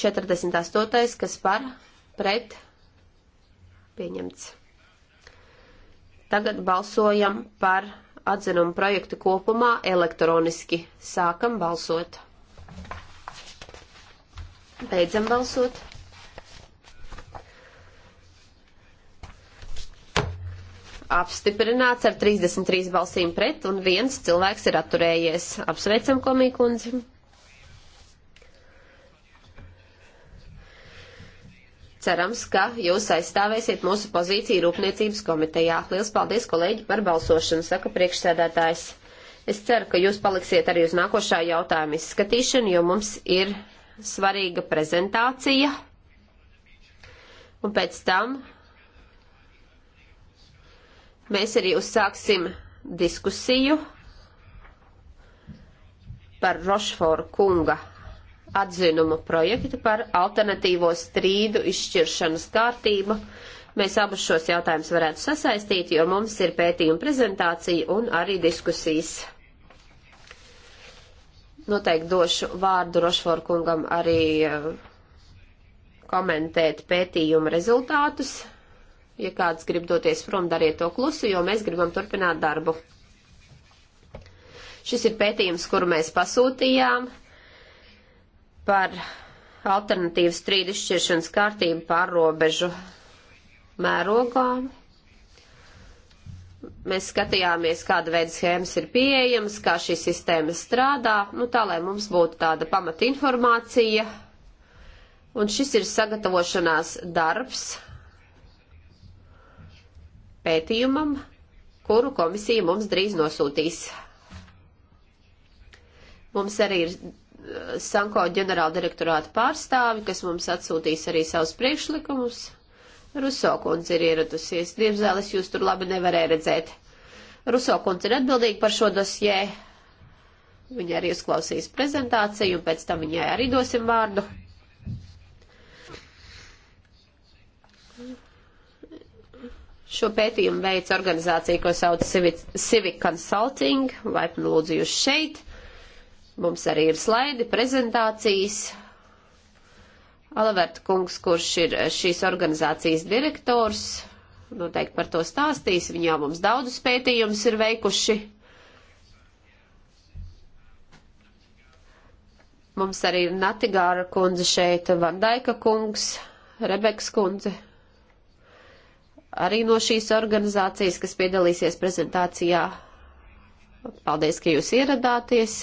48. kas par, pret, pieņemts. Tagad balsojam par atzinumu projektu kopumā elektroniski. Sākam balsot. Beidzam balsot. apstiprināts ar 33 balsīm pret un viens cilvēks ir atturējies. Apsveicam komiju kundzi. Cerams, ka jūs aizstāvēsiet mūsu pozīciju Rūpniecības komitejā. Lielas paldies, kolēģi, par balsošanu, saka priekšsēdētājs. Es ceru, ka jūs paliksiet arī uz nākošā jautājuma izskatīšanu, jo mums ir svarīga prezentācija. Un pēc tam Mēs arī uzsāksim diskusiju par Rošforu kunga atzinumu projektu par alternatīvo strīdu izšķiršanas kārtību. Mēs abus šos jautājumus varētu sasaistīt, jo mums ir pētījuma prezentācija un arī diskusijas. Noteikti došu vārdu Rošforu kungam arī eh, komentēt pētījuma rezultātus. Ja kāds grib doties prom, dariet to klusi, jo mēs gribam turpināt darbu. Šis ir pētījums, kuru mēs pasūtījām par alternatīvas strīdu izšķiršanas kārtību pārrobežu mērogā. Mēs skatījāmies, kāda veida schēmas ir pieejamas, kā šī sistēma strādā, nu tā, lai mums būtu tāda pamata informācija. Un šis ir sagatavošanās darbs pētījumam, kuru komisija mums drīz nosūtīs. Mums arī ir eh, Sanko ģenerāla direktorāta pārstāvi, kas mums atsūtīs arī savus priekšlikumus. Ruso kundze ir ieradusies. Diemžēl es jūs tur labi nevarēju redzēt. Ruso kundze ir atbildīga par šo dosjē. Viņa arī uzklausīs prezentāciju, un pēc tam viņai arī dosim vārdu. Šo pētījumu veic organizācija, ko sauc Civic, Civic Consulting, laipni lūdzu jūs šeit. Mums arī ir slaidi, prezentācijas. Alaverta kungs, kurš ir šīs organizācijas direktors, noteikti par to stāstīs. Viņi jau mums daudzus pētījumus ir veikuši. Mums arī ir Natigāra kundze šeit, Vandaika kungs, Rebeks kundze, arī no šīs organizācijas, kas piedalīsies prezentācijā. Paldies, ka jūs ieradāties.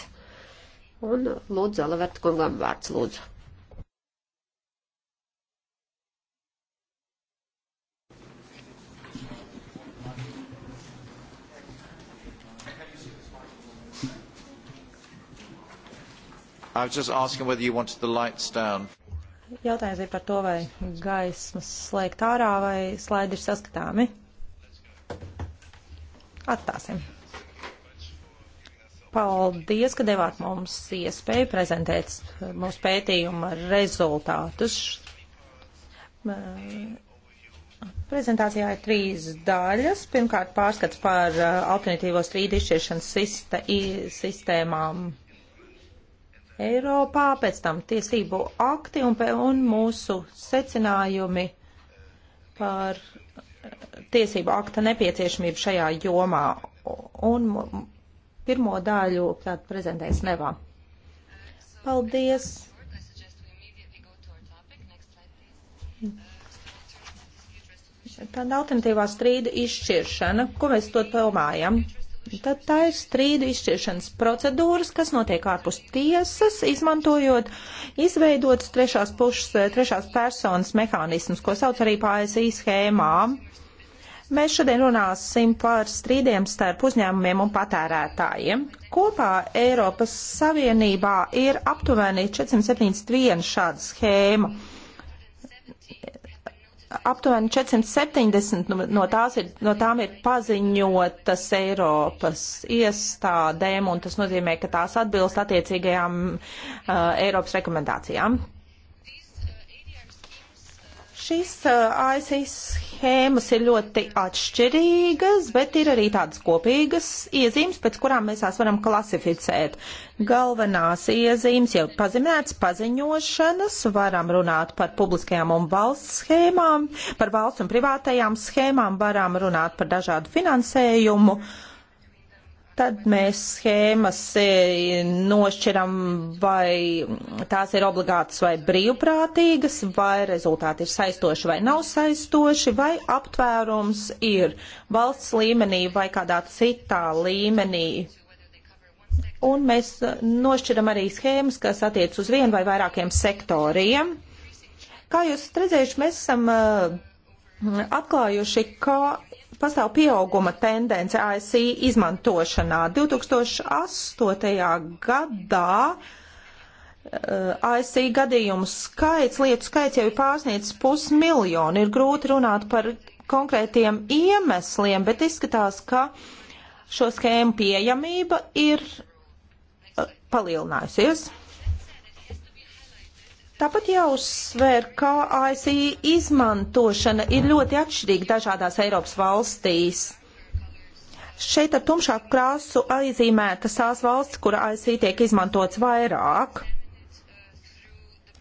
Un lūdzu, Alaverta kungam vārds lūdzu. I was just asking whether you wanted the lights down. Jautājums ir par to, vai gaismas slēgt ārā vai slaidi ir saskatāmi. Atstāsim. Paldies, ka devāt mums iespēju prezentēt mūsu pētījuma rezultātus. Prezentācijā ir trīs daļas. Pirmkārt, pārskats par uh, alternatīvo strīdu izšķiršanas sistēmām Eiropā, pēc tam tiesību akti un, un mūsu secinājumi par eh, tiesību akta nepieciešamību šajā jomā. Un pirmo daļu tātad prezentēs Nevā. Paldies! Tāda alternatīvā strīda izšķiršana, ko mēs to domājam? Tad tā ir strīdu izšķiršanas procedūras, kas notiek ārpus tiesas, izmantojot izveidotas trešās, pušas, eh, trešās personas mehānismus, ko sauc arī PSI schēmām. Mēs šodien runāsim par strīdiem starp uzņēmumiem un patērētājiem. Kopā Eiropas Savienībā ir aptuveni 471 šāda schēma aptuveni 470 no, nu, no, tās ir, no tām ir paziņotas Eiropas iestādēm, un tas nozīmē, ka tās atbilst attiecīgajām uh, Eiropas rekomendācijām. Šīs ASIS schēmas ir ļoti atšķirīgas, bet ir arī tādas kopīgas iezīmes, pēc kurām mēs tās varam klasificēt. Galvenās iezīmes jau pazīmētas paziņošanas, varam runāt par publiskajām un valsts schēmām, par valsts un privātajām schēmām, varam runāt par dažādu finansējumu. Uh, tad mēs schēmas e, nošķiram, vai tās ir obligātas vai brīvprātīgas, vai rezultāti ir saistoši vai nav saistoši, vai aptvērums ir valsts līmenī vai kādā citā līmenī un mēs nošķiram arī schēmas, kas attiec uz vienu vai vairākiem sektoriem. Kā jūs redzējuši, mēs esam e, atklājuši, ka pastāv pieauguma tendence ASI izmantošanā. 2008. gadā eh, ASI gadījumu skaits, lietu skaits jau ir pārsniedzis pusmiljonu. Ir grūti runāt par konkrētiem iemesliem, bet izskatās, ka šo schēmu pieejamība ir eh, palielinājusies. Tāpat jāuzsver, ka ASI izmantošana ir ļoti atšķirīga dažādās Eiropas valstīs. Šeit ar tumšāku krāsu aizīmētas tās valsts, kura ASI tiek izmantots vairāk.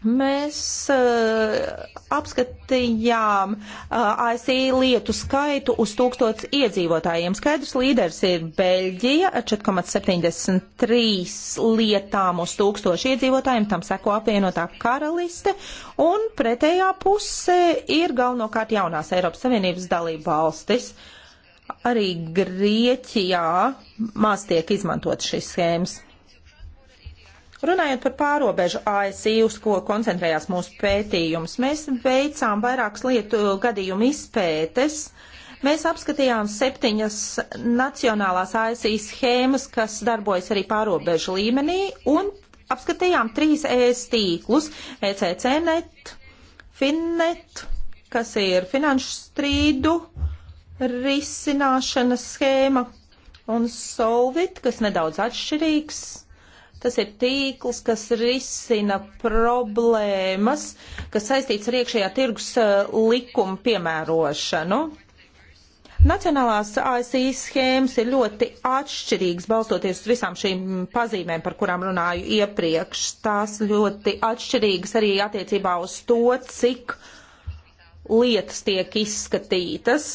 Mēs uh, apskatījām uh, eh, ASV lietu skaitu uz tūkstots iedzīvotājiem. Skaidrs līderis ir Beļģija ar 4,73 lietām uz tūkstošu iedzīvotājiem, tam seko apvienotā karaliste, un pretējā pusē ir galvenokārt jaunās Eiropas Savienības dalība valstis. Arī Grieķijā maz tiek izmantot šīs schēmas. Runājot par pārobežu ASI, uz ko koncentrējās mūsu pētījums, mēs veicām vairākas lietu uh, gadījumu izpētes. Mēs apskatījām septiņas nacionālās ASI schēmas, kas darbojas arī pārobežu līmenī, un apskatījām trīs ES tīklus - ECCNet, Finnet, kas ir finanšu strīdu risināšanas schēma, un Solvit, kas nedaudz atšķirīgs Tas ir tīkls, kas risina problēmas, kas saistīts ar iekšējā tirgus eh, likumu piemērošanu. Nacionālās ASI schēmas ir ļoti atšķirīgas, balstoties uz visām šīm pazīmēm, par kurām runāju iepriekš. Tās ļoti atšķirīgas arī attiecībā uz to, cik lietas tiek izskatītas,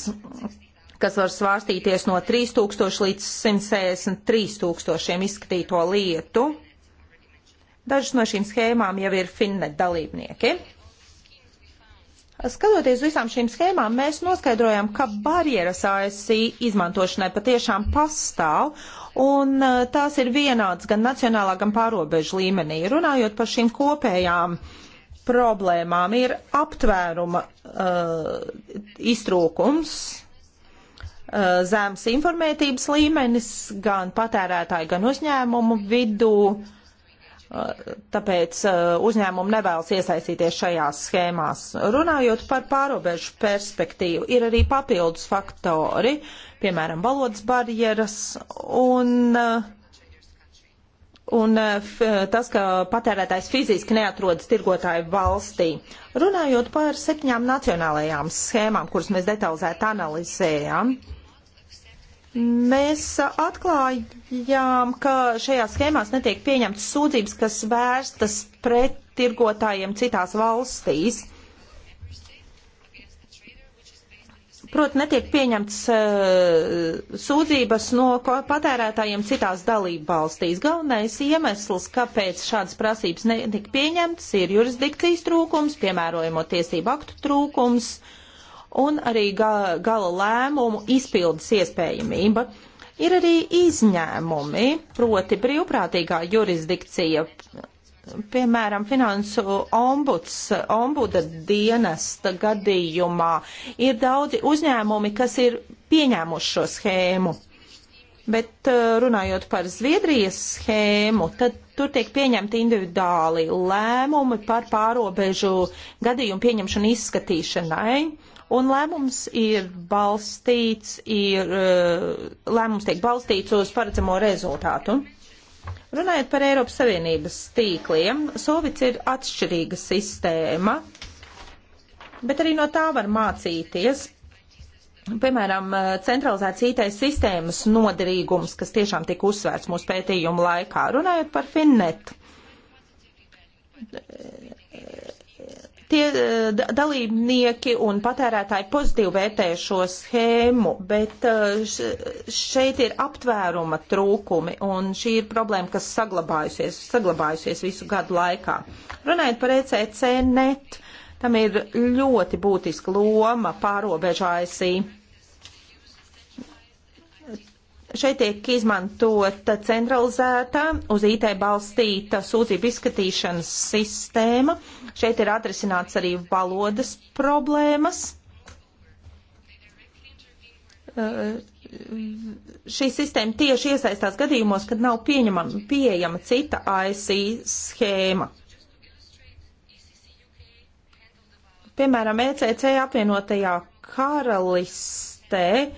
kas var svārstīties no 3000 līdz 163 tūkstošiem izskatīto lietu. Dažas no šīm schēmām jau ir Finnet dalībnieki. Skatoties visām šīm schēmām, mēs noskaidrojam, ka barjeras ASI izmantošanai patiešām pastāv, un e, tās ir vienādas gan nacionālā, gan pārobežu līmenī. Runājot par šīm kopējām problēmām, ir aptvēruma uh, iztrūkums, Uh, zems informētības līmenis gan patērētāju, gan uzņēmumu vidū. Uh, tāpēc uh, uzņēmumi nevēlas iesaistīties šajās schēmās. Runājot par pārobežu perspektīvu, ir arī papildus faktori, piemēram, valodas barjeras un, un tas, ka patērētājs fiziski neatrodas tirgotāju valstī. Runājot par septiņām nacionālajām schēmām, kuras mēs detalizēti analizējām, Mēs atklājām, ka šajā schēmās netiek pieņemtas sūdzības, kas vērstas pret tirgotājiem citās valstīs. Proti, netiek pieņemtas uh, eh, sūdzības no patērētājiem citās dalību valstīs. Galvenais iemesls, kāpēc šādas prasības netika pieņemtas, ir jurisdikcijas trūkums, piemērojamo tiesību aktu trūkums. Uh, un arī ga, gala lēmumu izpildes iespējamība. Ir arī izņēmumi, proti brīvprātīgā jurisdikcija, piemēram, finansu ombuds, ombuda dienesta gadījumā. Ir daudzi uzņēmumi, kas ir pieņēmuši šo schēmu. Bet eh, runājot par Zviedrijas schēmu, tad tur tiek pieņemti individuāli lēmumi par pārobežu gadījumu pieņemšanu izskatīšanai. Un lēmums ir balstīts, ir, eh, lēmums tiek balstīts uz paredzamo rezultātu. Runājot par Eiropas Savienības tīkliem, Sovits ir atšķirīga sistēma, bet arī no tā var mācīties Piemēram, eh, centralizēts IT sistēmas noderīgums, kas tiešām tika uzsvērts mūsu pētījumu laikā, runājot par Finnet. Eh, tie eh, dalībnieki un patērētāji pozitīvi vērtē šo schēmu, bet šeit ir aptvēruma trūkumi, un šī ir problēma, kas saglabājusies, saglabājusies visu gadu laikā. Runājot par ECC net Tam ir ļoti būtiska loma pārobežu ASV. Šeit tiek izmantota centralizētā uz IT balstīta sūdzību izskatīšanas sistēma. Šeit ir atrisināts arī valodas problēmas. Šī sistēma tieši iesaistās gadījumos, kad nav pieņemama, pieejama cita ASI schēma. Piemēram, ECC apvienotajā karalistē uh,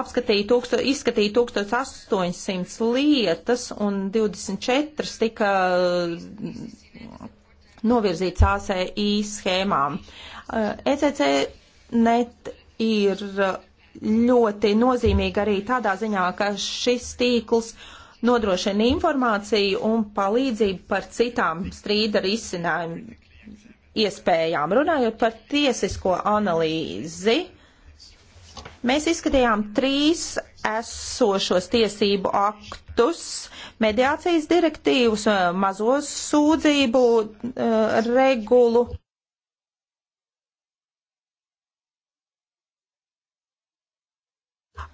apskatīja, tūksto, izskatīja 1800 lietas un 24 tika uh, novirzīts ACI schēmām. Uh, ECC net ir ļoti nozīmīga arī tādā ziņā, ka šis tīkls nodrošina informāciju un palīdzību par citām strīda risinājumu iespējām. Runājot par tiesisko analīzi, mēs izskatījām trīs esošos tiesību aktus, mediācijas direktīvas, eh, mazos sūdzību uh, regulu.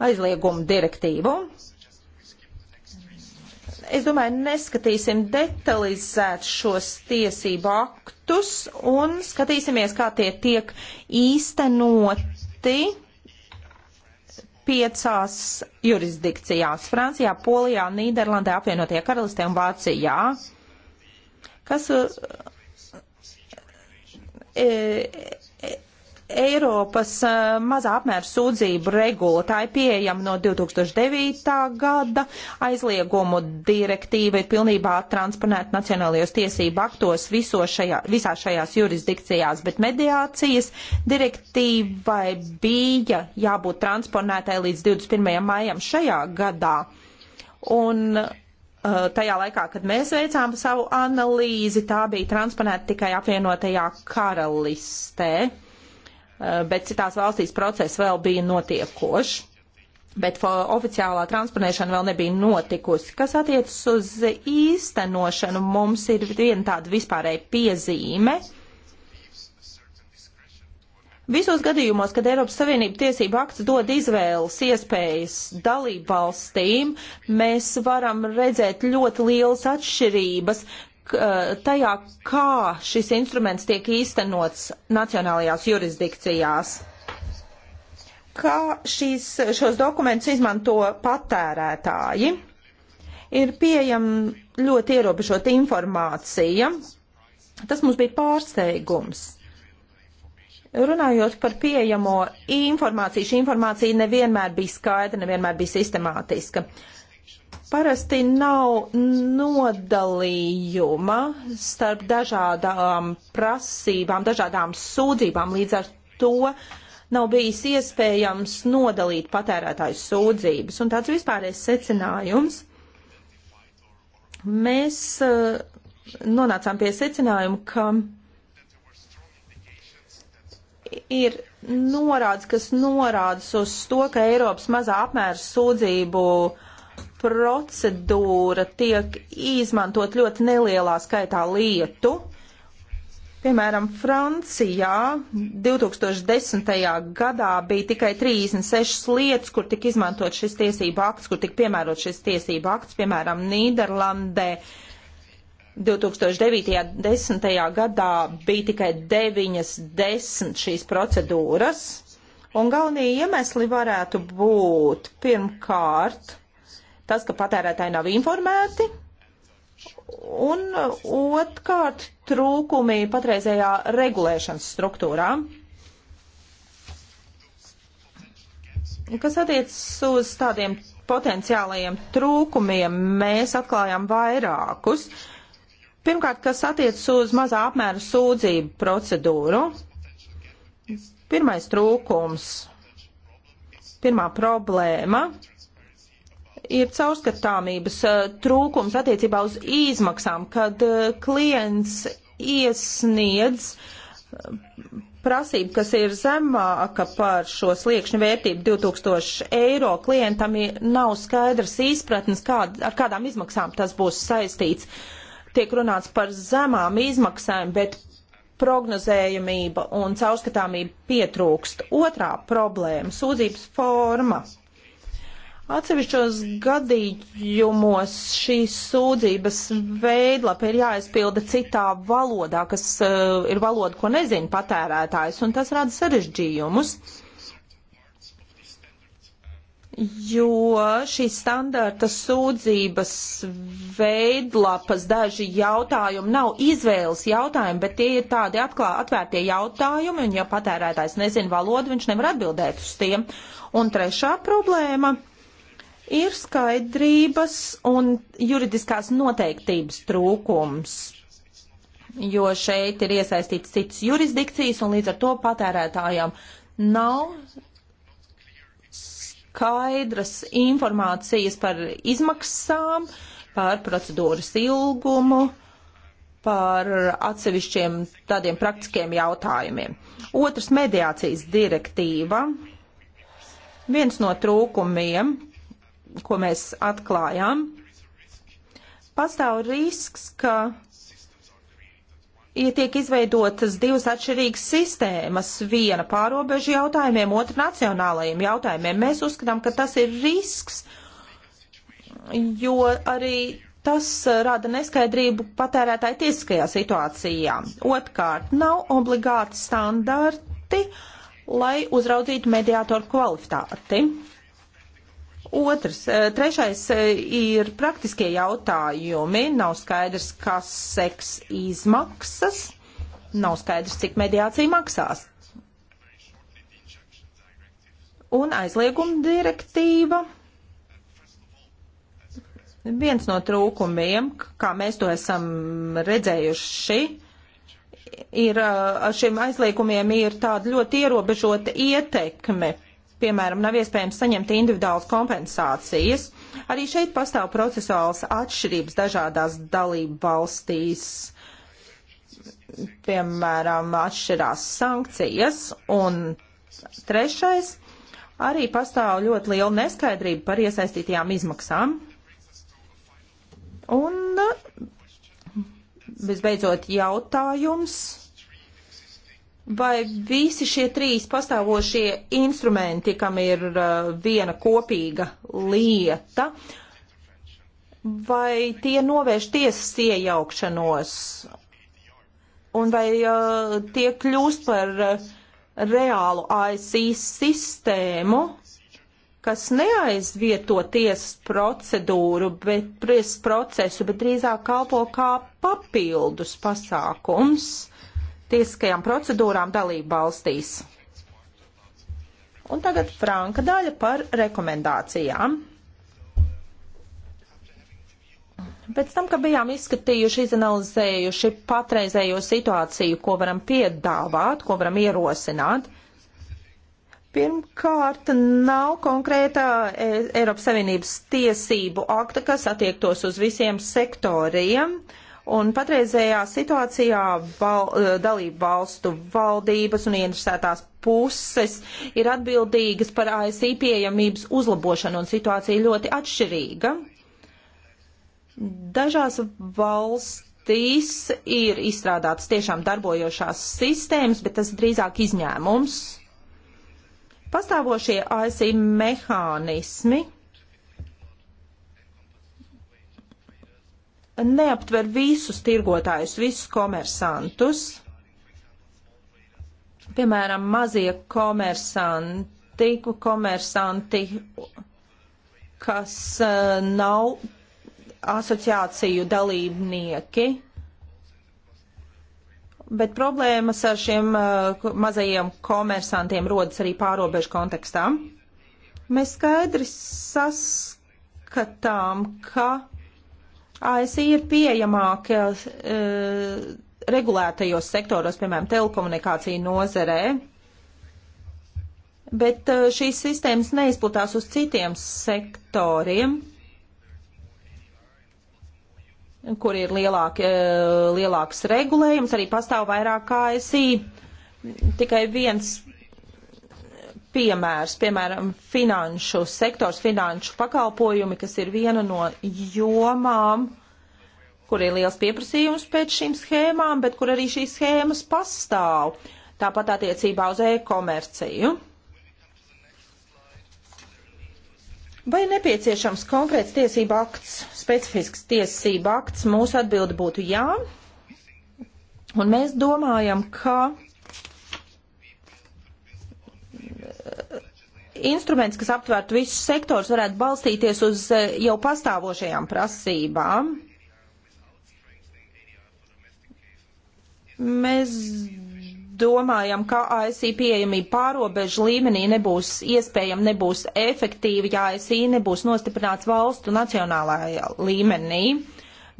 aizliegumu direktīvu es domāju, neskatīsim detalizēt šos tiesību aktus un skatīsimies, kā tie tiek īstenoti piecās jurisdikcijās - Francijā, Polijā, Nīderlandē, apvienotie karalistē un Vācijā. Kas, e, e Eiropas uh, mazā apmēra sūdzību regula. Tā ir pieejama no 2009. gada. Aizliegumu direktīva ir pilnībā transponēta nacionālajos tiesību aktos šajā, visā šajās jurisdikcijās, bet mediācijas direktīvai bija jābūt transponētai līdz 21. maijam šajā gadā. Un uh, tajā laikā, kad mēs veicām savu analīzi, tā bija transponēta tikai apvienotajā karalistē Eh, bet citās valstīs process vēl bija notiekošs. Bet oficiālā transponēšana vēl nebija notikusi. Kas attiecas uz īstenošanu, mums ir viena tāda vispārēja piezīme. Visos gadījumos, kad Eiropas Savienība tiesība akts dod izvēles iespējas dalību valstīm, mēs varam redzēt ļoti lielas atšķirības Eh, tajā, kā šis instruments tiek īstenots nacionālajās jurisdikcijās. Kā šīs, šos dokumentus izmanto patērētāji, ir pieejama ļoti ierobežota informācija. Tas mums bija pārsteigums. Runājot par pieejamo informāciju, šī informācija nevienmēr bija skaidra, nevienmēr bija sistemātiska. Uh, Parasti nav nodalījuma starp dažādām prasībām, dažādām sūdzībām, līdz ar to nav bijis iespējams nodalīt patērētāju sūdzības. Un tāds vispārējais secinājums. Mēs eh, nonācām pie secinājuma, ka ir norādes, kas norādas uz to, ka Eiropas mazā apmēra sūdzību uh, procedūra tiek izmantot ļoti nelielā skaitā lietu. Piemēram, Francijā 2010. gadā bija tikai 36 lietas, kur tika izmantot šis tiesība akts, kur tika piemērot šis tiesība akts, piemēram, Nīderlandē 2009. 10. gadā bija tikai 9, 10 šīs procedūras. Un galvenie iemesli varētu būt pirmkārt tas, ka patērētāji nav informēti, un otrkārt trūkumi patreizējā regulēšanas struktūrā. Kas attiecas uz tādiem potenciālajiem trūkumiem, mēs atklājām vairākus. Pirmkārt, kas attiecas uz mazā apmēra sūdzību procedūru. Pirmais trūkums, pirmā problēma ir caurskatāmības eh, trūkums attiecībā uz izmaksām, kad eh, klients iesniedz eh, prasību, kas ir zemāka par šo sliekšņu vērtību 2000 eiro, klientam nav skaidrs izpratnes, kād, ar kādām izmaksām tas būs saistīts. Tiek runāts par zemām izmaksām, bet prognozējamība un caurskatāmība pietrūkst. Otrā problēma - sūdzības forma. Atsevišķos gadījumos šīs sūdzības veidlapa ir jāizpilda citā valodā, kas uh, ir valoda, ko nezina patērētājs, un tas rada sarežģījumus, jo šīs standarta sūdzības veidlapas daži jautājumi nav izvēles jautājumi, bet tie ir tādi atklā, atvērtie jautājumi, un ja patērētājs nezina valodu, viņš nevar atbildēt uz tiem. Un trešā problēma ir skaidrības un juridiskās noteiktības trūkums, jo šeit ir iesaistīts citas jurisdikcijas un līdz ar to patērētājām nav skaidras informācijas par izmaksām, par procedūras ilgumu, par atsevišķiem tādiem praktiskiem jautājumiem. Otrs mediācijas direktīva. Viens no trūkumiem ko mēs atklājām, pastāv risks, ka ja tiek izveidotas divas atšķirīgas sistēmas, viena pārobežu jautājumiem, otra nacionālajiem jautājumiem. Mēs uzskatām, ka tas ir risks, jo arī tas uh, rada neskaidrību patērētāju tiesiskajā situācijā. Otkārt, nav obligāti standarti, lai uzraudzītu mediātoru kvalitāti. Otrs, eh, trešais eh, ir praktiskie jautājumi. Nav skaidrs, kas seks izmaksas, nav skaidrs, cik mediācija maksās. Un aizlieguma direktīva. Viens no trūkumiem, kā mēs to esam redzējuši, ir eh, ar šiem aizliegumiem ir tāda ļoti ierobežota ietekme piemēram, nav iespējams saņemt individuālas kompensācijas. Arī šeit pastāv procesuāls atšķirības dažādās dalību valstīs. Piemēram, atšķirās sankcijas. Un trešais, arī pastāv ļoti liela neskaidrība par iesaistītajām izmaksām. Un visbeidzot jautājums Vai visi šie trīs pastāvošie instrumenti, kam ir uh, viena kopīga lieta, vai tie novērš tiesas iejaukšanos? Un vai uh, tie kļūst par uh, reālu ASI sistēmu, kas neaizvieto tiesas procedūru, bet tiesas procesu, bet drīzāk kalpo kā papildus pasākums? tiesiskajām procedūrām dalību valstīs. Un tagad Franka daļa par rekomendācijām. Pēc tam, kad bijām izskatījuši, izanalizējuši patreizējo situāciju, ko varam piedāvāt, ko varam ierosināt, pirmkārt, nav konkrētā e, Eiropas Savienības tiesību akta, kas attiektos uz visiem sektoriem. Uh, Un patreizējā situācijā val, eh, dalību valstu valdības un ieinteresētās puses ir atbildīgas par ASI pieejamības uzlabošanu, un situācija ļoti atšķirīga. Dažās valstīs ir izstrādātas tiešām darbojošās sistēmas, bet tas drīzāk izņēmums. Pastāvošie ASI mehānismi neaptver visus tirgotājus, visus komersantus. Piemēram, mazie komersanti, komersanti, kas e, nav asociāciju dalībnieki. Bet problēmas ar šiem uh, mazajiem komersantiem rodas arī pārobežu kontekstā. Mēs skaidri saskatām, ka ASI ir pieejamāk uh, regulētajos sektoros, piemēram, telekomunikāciju nozerē, bet uh, šīs sistēmas neizplatās uz citiem sektoriem, kur ir lielāk, uh, eh, lielāks regulējums, arī pastāv vairāk ASI. Tikai viens piemērs, piemēram, finanšu sektors, finanšu pakalpojumi, kas ir viena no jomām, kur ir liels pieprasījums pēc šīm schēmām, bet kur arī šīs schēmas pastāv. Tāpat attiecībā uz e-komerciju. Vai nepieciešams konkrēts tiesība akts, specifisks tiesība akts? Mūsu atbilde būtu jā. Un mēs domājam, ka instruments, kas aptvērtu visus sektors, varētu balstīties uz eh, jau pastāvošajām prasībām. Mēs domājam, ka ASI pieejamība pārobežu līmenī nebūs iespējama, nebūs efektīva, ja ASI nebūs nostiprināts valstu nacionālajā līmenī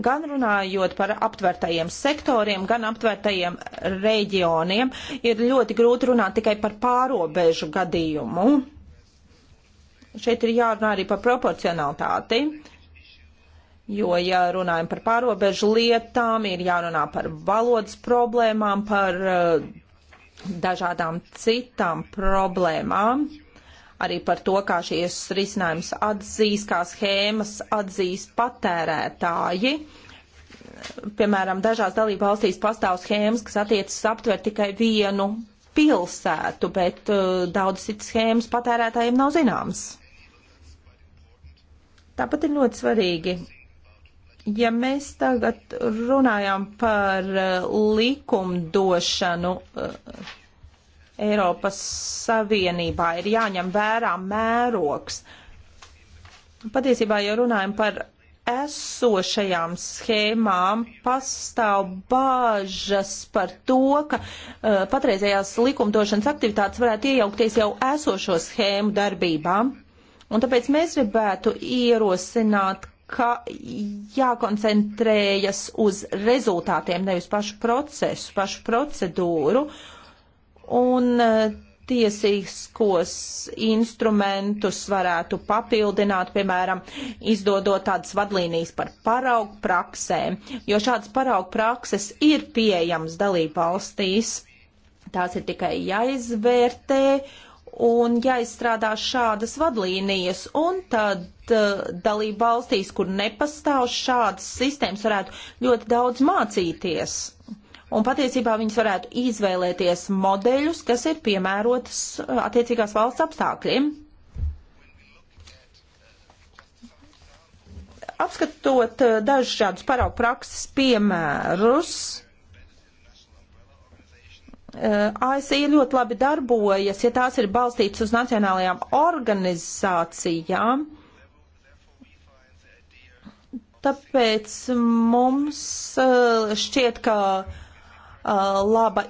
gan runājot par aptvertajiem sektoriem, gan aptvertajiem reģioniem, ir ļoti grūti runāt tikai par pārobežu gadījumu. Šeit ir jārunā arī par proporcionalitāti, jo, ja runājam par pārobežu lietām, ir jārunā par valodas problēmām, par uh, dažādām citām problēmām arī par to, kā šīs risinājums atzīs, kā schēmas atzīs patērētāji. Piemēram, dažās dalība valstīs pastāv schēmas, kas attiecas aptver tikai vienu pilsētu, bet uh, daudz citas schēmas patērētājiem nav zināmas. Tāpat ir ļoti svarīgi ja mēs tagad runājam par uh, likumdošanu uh, Eiropas Savienībā ir jāņem vērā mērogs. Patiesībā, ja runājam par esošajām schēmām, pastāv bāžas par to, ka uh, patreizējās likumdošanas aktivitātes varētu iejaukties jau esošo schēmu darbībā. Un tāpēc mēs gribētu ierosināt, ka jākoncentrējas uz rezultātiem, nevis pašu procesu, pašu procedūru. Uh, un e, tiesiskos instrumentus varētu papildināt, piemēram, izdodot tādas vadlīnijas par paraugu praksēm, jo šādas paraugu prakses ir pieejamas dalību valstīs. Tās ir tikai jāizvērtē un jāizstrādā šādas vadlīnijas, un tad uh, dalību valstīs, kur nepastāv šādas sistēmas, varētu ļoti daudz mācīties un patiesībā viņas varētu izvēlēties modeļus, kas ir piemērotas uh, attiecīgās valsts apstākļiem. Apskatot uh, dažus šādus paraugu prakses piemērus, uh, ASV ļoti labi darbojas, ja tās ir balstītas uz nacionālajām organizācijām. Tāpēc mums šķiet, ka Uh, laba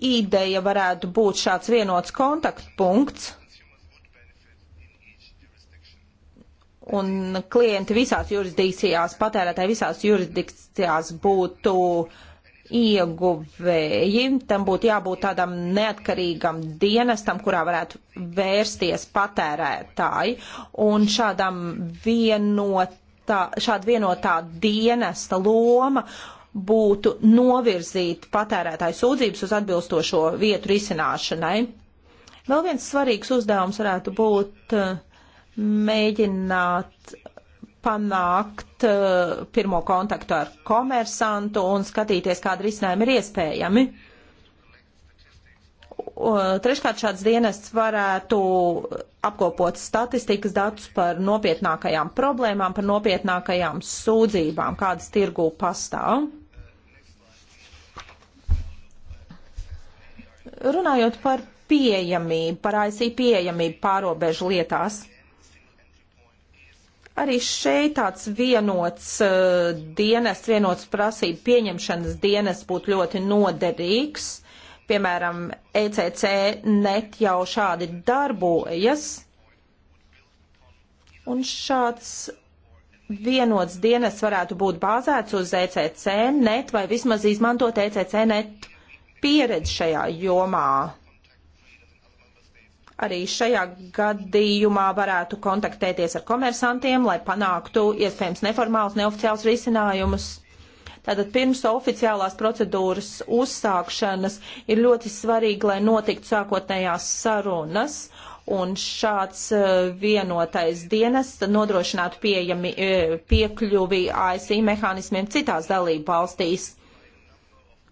ideja varētu būt šāds vienots kontaktpunkts. Un klienti visās jurisdikcijās, patērētāji visās jurisdikcijās būtu ieguvēji. Tam būtu jābūt tādam neatkarīgam dienestam, kurā varētu vērsties patērētāji. Un šādam vienotā, šāda vienotā dienesta loma uh, būtu novirzīt patērētāju sūdzības uz atbilstošo vietu risināšanai. Vēl viens svarīgs uzdevums varētu būt uh, mēģināt panākt uh, pirmo kontaktu ar komersantu un skatīties, kāda risinājuma ir iespējami. Treškārt šāds dienests varētu apkopot statistikas datus par nopietnākajām problēmām, par nopietnākajām sūdzībām, kādas tirgū pastāv. Runājot par pieejamību, par ASI pieejamību pārobežu lietās, arī šeit tāds vienots uh, dienests, vienots prasību pieņemšanas dienests būtu ļoti noderīgs. Piemēram, ECC net jau šādi darbojas. Un šāds vienots dienests varētu būt bāzēts uz ECC net vai vismaz izmantot ECC net pieredze šajā jomā. Arī šajā gadījumā varētu kontaktēties ar komersantiem, lai panāktu iespējams neformāls, neoficiāls risinājumus. Tātad pirms oficiālās procedūras uzsākšanas ir ļoti svarīgi, lai notiktu sākotnējās sarunas un šāds eh, vienotais dienas nodrošinātu pieejami, eh, piekļuvi ASV mehānismiem citās dalību valstīs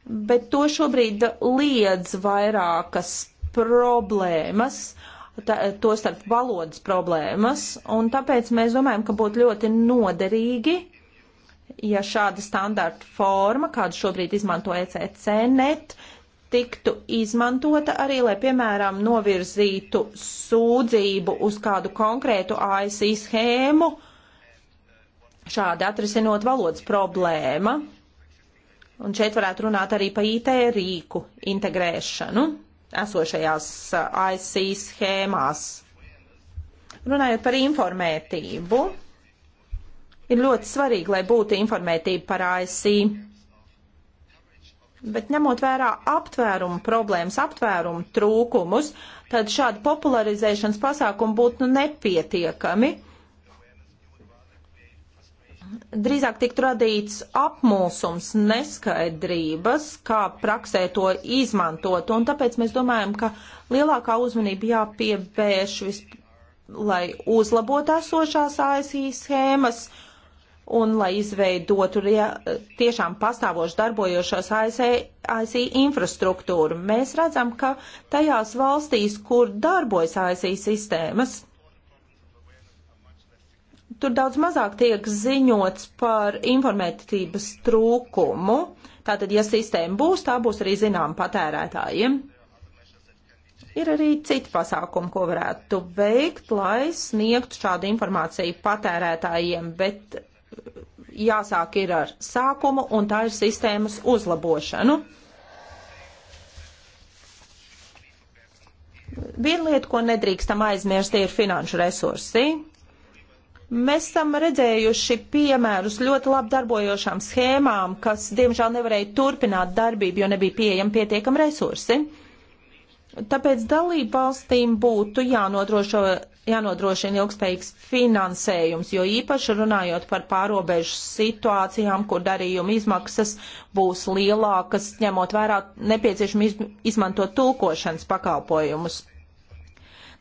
bet to šobrīd liedz vairākas problēmas, tostarp valodas problēmas, un tāpēc mēs domājam, ka būtu ļoti noderīgi, ja šāda standarta forma, kādu šobrīd izmanto ECC net, tiktu izmantota arī, lai, piemēram, novirzītu sūdzību uz kādu konkrētu ASI schēmu, šādi atrisinot valodas problēma. Un šeit varētu runāt arī par IT rīku integrēšanu esošajās uh, IC schēmās. Runājot par informētību, ir ļoti svarīgi, lai būtu informētība par IC. Bet ņemot vērā aptvērumu problēmas, aptvērumu trūkumus, tad šādi popularizēšanas pasākumi būtu nu nepietiekami drīzāk tiktu radīts apmulsums, neskaidrības, kā praksē to izmantot. Un tāpēc mēs domājam, ka lielākā uzmanība jāpievērš vispār, lai uzlabotu esošās ASI schēmas un lai izveidotu rie, tiešām pastāvoši darbojošos ASI, ASI infrastruktūru. Mēs redzam, ka tajās valstīs, kur darbojas ASI sistēmas, tur daudz mazāk tiek ziņots par informētības trūkumu. Tātad, ja sistēma būs, tā būs arī zinām patērētājiem. Ir arī citi pasākumi, ko varētu veikt, lai sniegtu šādu informāciju patērētājiem, bet eh, jāsāk ir ar sākumu, un tā ir sistēmas uzlabošanu. Viena lieta, ko nedrīkstam aizmirst, ir finanšu resursi. Mēs esam redzējuši piemērus ļoti labi darbojošām schēmām, kas, diemžēl, nevarēja turpināt darbību, jo nebija pieejami pietiekami resursi. Tāpēc dalību valstīm būtu jānodrošo, jānodrošina ilgspējīgs finansējums, jo īpaši runājot par pārobežu situācijām, kur darījuma izmaksas būs lielākas, ņemot vērā nepieciešami iz, izmantot tulkošanas pakalpojumus.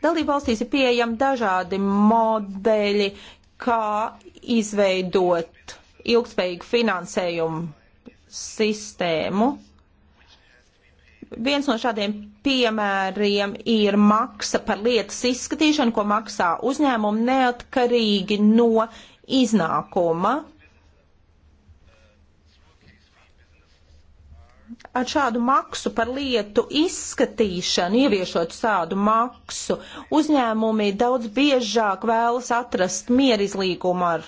Dalībvalstīs ir pieejami dažādi modeļi, kā izveidot ilgspējīgu finansējumu sistēmu. Viens no šādiem piemēriem ir maksa par lietas izskatīšanu, ko maksā uzņēmumu neatkarīgi no iznākuma. ar šādu maksu par lietu izskatīšanu, ieviešot šādu maksu, uzņēmumi daudz biežāk vēlas atrast mierizlīgumu ar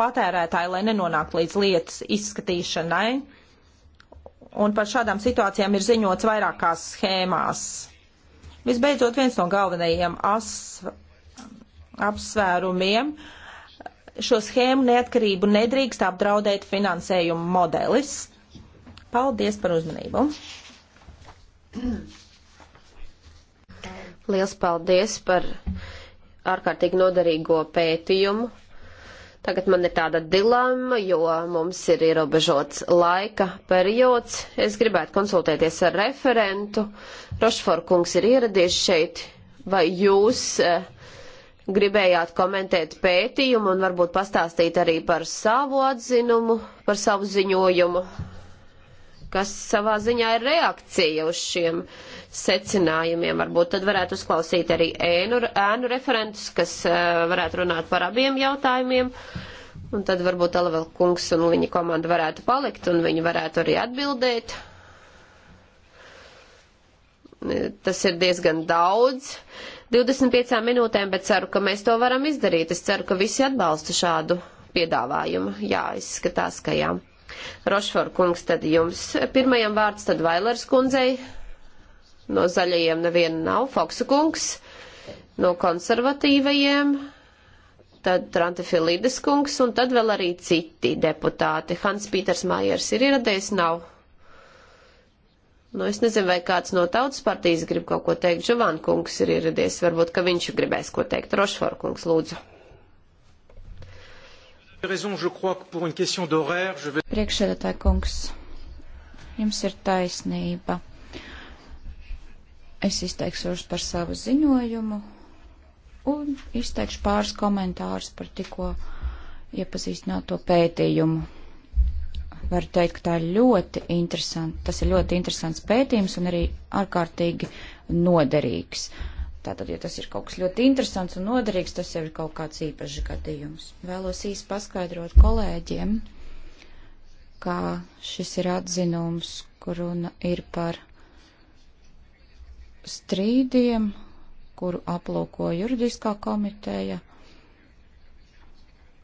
patērētāju, lai nenonāktu līdz lietas izskatīšanai. Un par šādām situācijām ir ziņots vairākās schēmās. Visbeidzot, viens no galvenajiem as, apsvērumiem šo schēmu neatkarību nedrīkst apdraudēt finansējuma modelis. Paldies par uzmanību! Liels paldies par ārkārtīgi noderīgo pētījumu. Tagad man ir tāda dilemma, jo mums ir ierobežots laika periods. Es gribētu konsultēties ar referentu. Rošfor kungs ir ieradies šeit. Vai jūs eh, gribējāt komentēt pētījumu un varbūt pastāstīt arī par savu atzinumu, par savu ziņojumu? kas savā ziņā ir reakcija uz šiem secinājumiem. Varbūt tad varētu uzklausīt arī ēnu, ēnu referentus, kas uh, varētu runāt par abiem jautājumiem. Un tad varbūt Alavel kungs un viņa komanda varētu palikt un viņi varētu arī atbildēt. Tas ir diezgan daudz. 25 minūtēm, bet ceru, ka mēs to varam izdarīt. Es ceru, ka visi atbalsta šādu piedāvājumu. Jā, izskatās, ka jā. Rošfor kungs, tad jums pirmajam vārds, tad Vailers kundzei. No zaļajiem neviena nav. Foksa kungs. No konservatīvajiem. Tad Trantefilides kungs un tad vēl arī citi deputāti. Hans Pīters Mājers ir ieradies, nav. Nu, es nezinu, vai kāds no tautas partijas grib kaut ko teikt. Žovan kungs ir ieradies, varbūt, ka viņš gribēs ko teikt. Rošfor kungs, lūdzu. Priekšsēdētāji kungs, jums ir taisnība. Es izteikšos par savu ziņojumu un izteikšu pāris komentārus par tikko iepazīstināto pētījumu. Varu teikt, ka tā ir ļoti interesanta. Tas ir ļoti interesants pētījums un arī ārkārtīgi noderīgs. Uh, Tātad, ja tas ir kaut kas ļoti interesants un noderīgs, tas jau ir kaut kāds īpašs gadījums. Vēlos īsi paskaidrot kolēģiem, ka šis ir atzinums, kur runa ir par strīdiem, kuru aplūko juridiskā komiteja,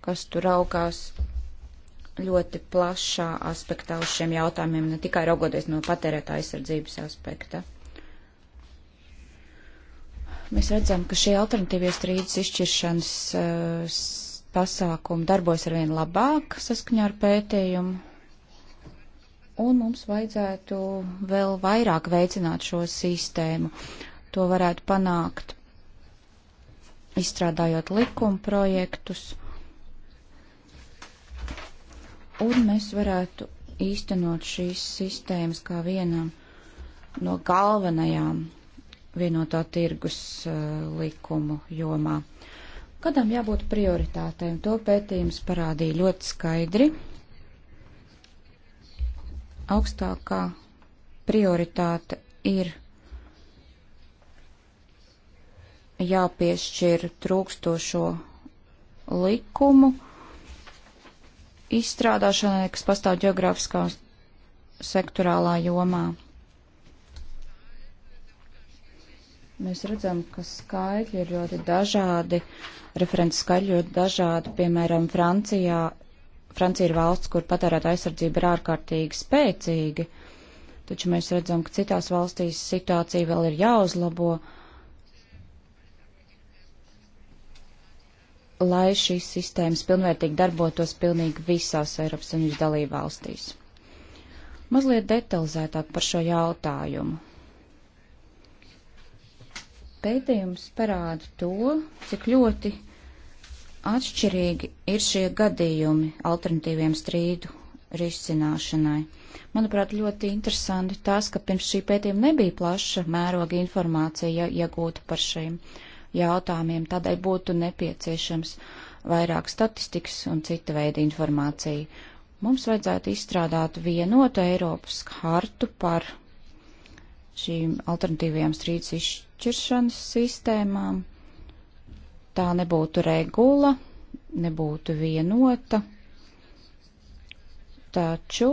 kas tur augās ļoti plašā aspektā uz šiem jautājumiem, ne tikai raugoties no patērētāja aizsardzības aspekta. Mēs redzam, ka šie alternatīvie strīdus izšķiršanas uh, pasākumi darbojas arvien labāk saskaņā ar pētījumu. Un mums vajadzētu vēl vairāk veicināt šo sistēmu. To varētu panākt izstrādājot likuma projektus. Un mēs varētu īstenot šīs sistēmas kā vienam no galvenajām vienotā tirgus eh, likumu jomā. Kādām jābūt prioritātēm? To pētījums parādīja ļoti skaidri. Augstākā prioritāte ir jāpiešķir trūkstošo likumu izstrādāšanai, kas pastāv geogrāfiskā sektorālā jomā. Mēs redzam, ka skaitļi ir ļoti dažādi, referents skaitļi ļoti dažādi. Piemēram, Francijā, Francija ir valsts, kur patērēta aizsardzība ir ārkārtīgi spēcīga, taču mēs redzam, ka citās valstīs situācija vēl ir jāuzlabo, lai šīs sistēmas pilnvērtīgi darbotos pilnīgi visās Eiropas Savienības dalībvalstīs. Mazliet detalizētāk par šo jautājumu pētījums parāda to, cik ļoti atšķirīgi ir šie gadījumi alternatīviem strīdu risināšanai. Manuprāt, ļoti interesanti tas, ka pirms šī pētījuma nebija plaša mēroga informācija iegūta par šiem jautājumiem, tādēļ būtu nepieciešams vairāk statistikas un cita veida informācija. Mums vajadzētu izstrādāt vienotu Eiropas hartu par šīm alternatīvajām strīdus piešķiršanas sistēmām. Tā nebūtu regula, nebūtu vienota, taču